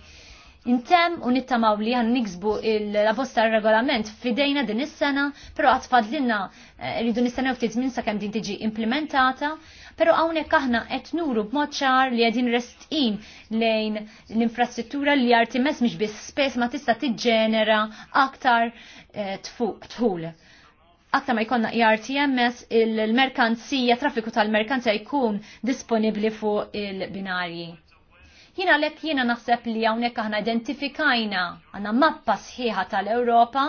intem u nittamaw li għan niksbu la avosta regolament fidejna din is-sena, pero għatfad l-inna eh, rridu nistennew ftit minn sakemm din tiġi implementata, pero hawnhekk aħna qed nuru b'mod ċar li qegħdin restqin lejn l-infrastruttura li artimes mhix biss spess ma tista' tiġġenera aktar eh, tħul. Aktar ma jkollna IRTMS e il-merkanzija, traffiku tal-merkanzija jkun disponibli fuq il-binarji Jina lek jina naħseb li hawnhekk aħna identifikajna għanna mappa sħiħa tal-Ewropa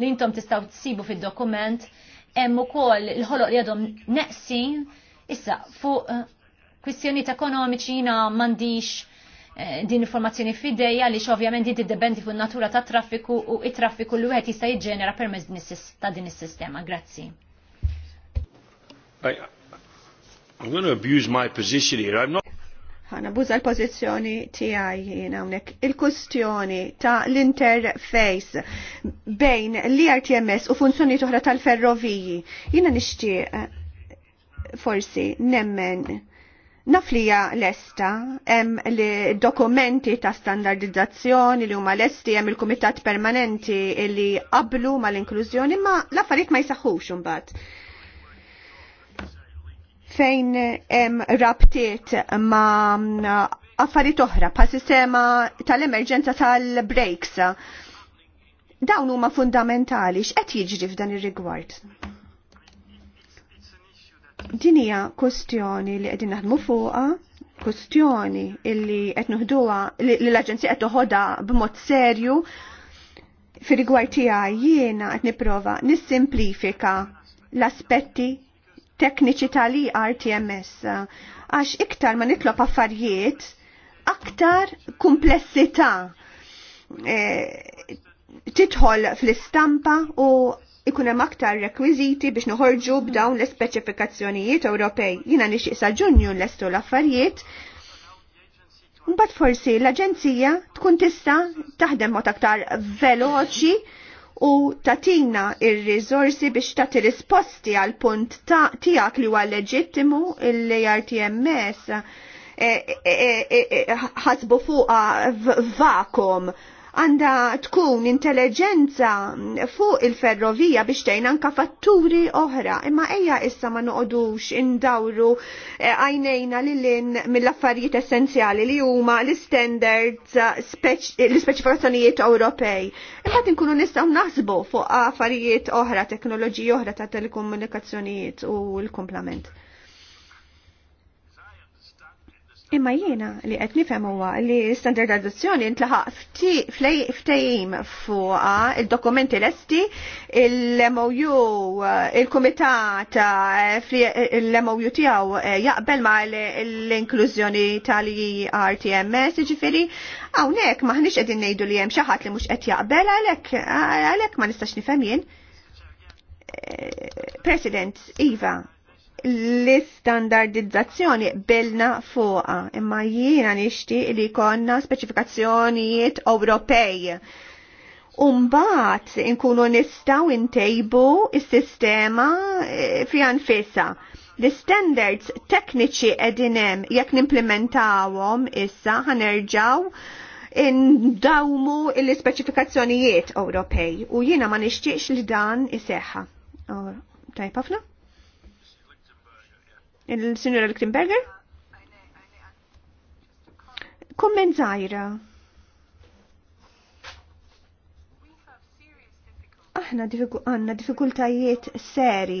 li intom tistgħu tsibu fid-dokument hemm ukoll il-ħoloq li għadhom neqsin issa fuq eh, kwistjonijiet ekonomiċi jina mandiċ eh, din informazzjoni fideja li ovvjament di tiddependi fuq natura ta' traffiku u it-traffiku li wieħed jista' jiġġenera permezz ta' din is-sistema. Grazzi.
I'm going to abuse my position here. I'm not ħana buża l-pozizjoni tiegħi jien hawnhekk il-kustjoni ta' l-interface bejn l-IRTMS u funzjoni oħra tal-ferroviji. Jiena nixtieq eh, forsi nemmen naflija lesta hemm li dokumenti ta' standardizzazzjoni li huma lesti hemm il-kumitat permanenti li qablu mal-inklużjoni ma l-affarijiet ma jisaħħux imbagħad fejn hemm rabtiet ma' affarijiet oħra pa' sistema tal-emerġenza tal-breaks. Dawn huma fundamentali x'qed jiġri f'dan ir-rigward. Din hija kwestjoni li qegħdin naħdmu fuqha, kwestjoni li qed nuħduha li l-aġenzija qed toħodha b'mod serju fir rigward tiegħi jiena qed nipprova nissimplifika l-aspetti tekniċi tal RTMS eh, Għax iktar ma nitlob affarijiet, aktar komplessità eh, titħol fl-istampa u ikunem hemm aktar rekwiżiti biex noħorġu b'dawn l espeċifikazzjonijiet Ewropej. Jiena nixtieq ġunju l-estu l-affarijiet. Mbagħad forsi l-aġenzija tkun tista' taħdem mod aktar veloċi u tatina il-rizorsi biex tati risposti għal punt tijak li huwa leġittimu il artms e, e, e, ħasbu fuqa vakum għanda tkun intelligenza fuq il-ferrovija biex tejna anka fatturi oħra, imma ejja issa ma noqodux indawru eh, għajnejna lilin mill-affarijiet essenzjali li huma l-standards eh, eh, l-ispeċifikazzjonijiet Ewropej. Imbagħad inkunu nistgħu naħsbu fuq affarijiet oħra, teknoloġiji oħra ta' telekomunikazzjonijiet u l-komplement. Imma jiena li qed nifhem huwa li standardizzazzjoni intlaħaq ftejim fuq il-dokumenti lesti il-MOU il-Kumitat eh, l mou tiegħu eh, jaqbel ma l-inklużjoni tal-RTMS ġifieri hawnhekk maħniex qegħdin ngħidu li hemm xi ħadd li mhux qed jaqbel għalhekk għalhekk ma nistax nifhem jien. Eh, President Iva, l-istandardizzazzjoni bilna fuqa imma jiena nixtieq li konna speċifikazzjonijiet Ewropej. Umbat inkunu nistaw intejbu is-sistema fihan eh, fissa l-standards tekniċi edinem jekk nimplementawom issa ħanerġaw indawmu l-ispeċifikazzjonijiet Ewropej u jiena ma nixtieqx li dan iseħħa. Oh, Tajb ħafna? il signora Lichtenberger? Komment zaħira. Aħna għanna diffikultajiet seri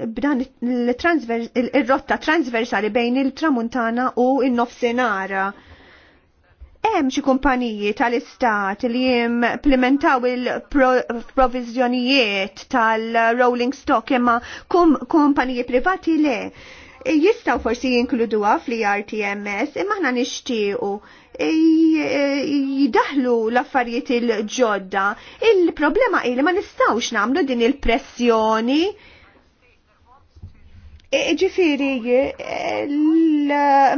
b'dan il-rotta transversali bejn il-tramuntana u il-nofsenara. il tramuntana u il tramuntana u il nofsenara Hemm xi kumpaniji tal-istat li implementaw il-provizjonijiet tal-rolling stock imma kumpaniji privati le. Jistaw forsi jinkluduwa fl-RTMS imma aħna nixtiequ jidaħlu l-affarijiet il-ġodda. Il-problema ili ma nistawx nagħmlu din il-pressjoni Ġifiri,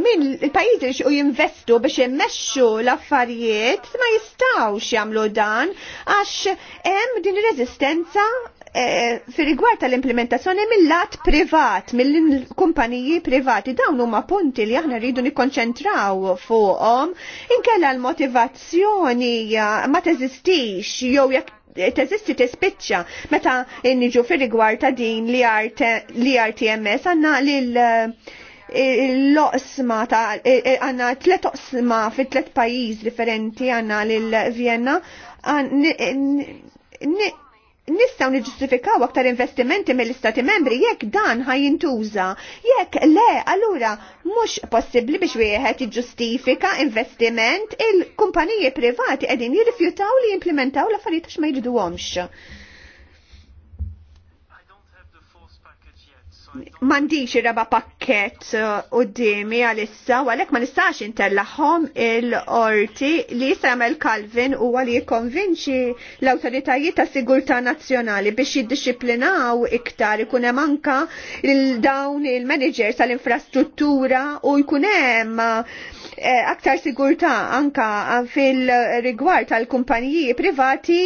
min il-pajizi li u jinvestu biex jimmexxu l-affarijiet ma jistawx jagħmlu dan għax hemm din ir-reżistenza eh, fi rigward tal-implementazzjoni mill-lat privat, mill-kumpaniji privati, dawn huma punti li aħna rridu nikkonċentraw fuqhom, inkella l-motivazzjoni eh, ma teżistix jew jekk teżisti tispiċċa meta inniġu fir-rigward ta' din li RTMS għandna lil eh, l-oqsma ta' eh, eh, għanna tlet oqsma fit tlet pajjiż differenti għanna lil Vienna nistaw niġustifikaw aktar investimenti mill-istati membri jekk dan ħajintuża. Jekk le, allura mhux possibbli biex wieħed jiġġustifika investiment il-kumpaniji privati qegħdin jirrifjutaw li jimplementaw l-affarijiet għax ma jridduhomx. mandiċi raba pakket u uh, dimi għalissa, u għalek ma nistax intellaħom il-orti li samel Calvin u li konvinċi l-autoritajiet ta' sigurta nazjonali biex jiddisciplinaw iktar ikun manka il-dawn il-managers tal-infrastruttura u jkunem eh, aktar sigurta anka fil-rigward tal-kumpaniji privati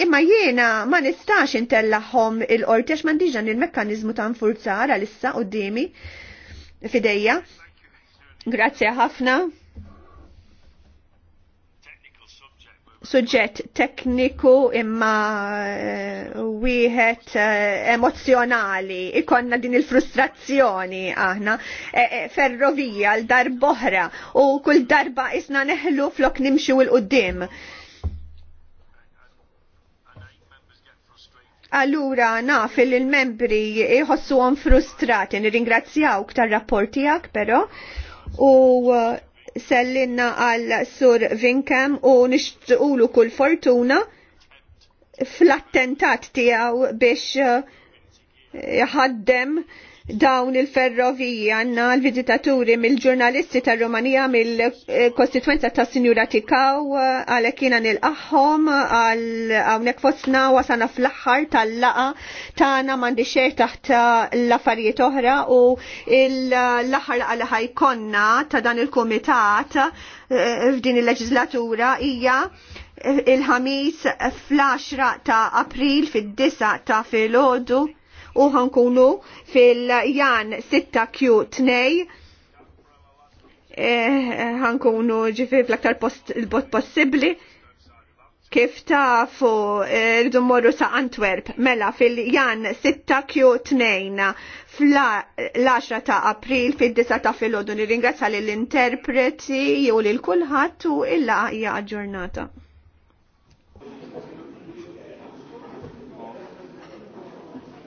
Imma jiena ma nistax intellaħħom il qortex għax mandiġan il-mekkanizmu ta' nfurzara għal-issa u fidejja. Grazie ħafna. suġġett tekniku imma eh, wieħed eh, emozjonali, ikonna din il-frustrazzjoni aħna, eh, ferrovija l-darboħra u kull darba isna neħlu flok nimxu l-qoddim. Allura naf li l-membri jħossuhom frustrati, nirringrazzjawk tar-rapportijak però u uh, sellinna għal sur Vinkem u nishtuqlu kull fortuna fl-attentat tiegħu biex uh, ħaddem uh, dawn il-ferroviji għanna l-vizitaturi mill-ġurnalisti ta' Romania mill-kostituenza ta' Sinjura Tikaw għalek kiena nil-qaħħom għawnek fosna wasana fl-axħar tal-laqa tana mandi xer taħt l-affarijiet oħra u l-axħar għal ħajkonna ta' dan il-komitat eh, f'din il-leġislatura hija il-ħamis fl-10 ta' april fid disa ta' filgħodu u ħankunu fil-jan 6Q2 eh, ħankunu ġifi fl-aktar il-bot possibli kif tafu eh, rridu morru sa' Antwerp mela fil-jan 6Q2 fl-10 ta' april fil-9 ta' fil-ħodu nirringrazza l-interpreti jew l-kulħat u illa hija ġurnata.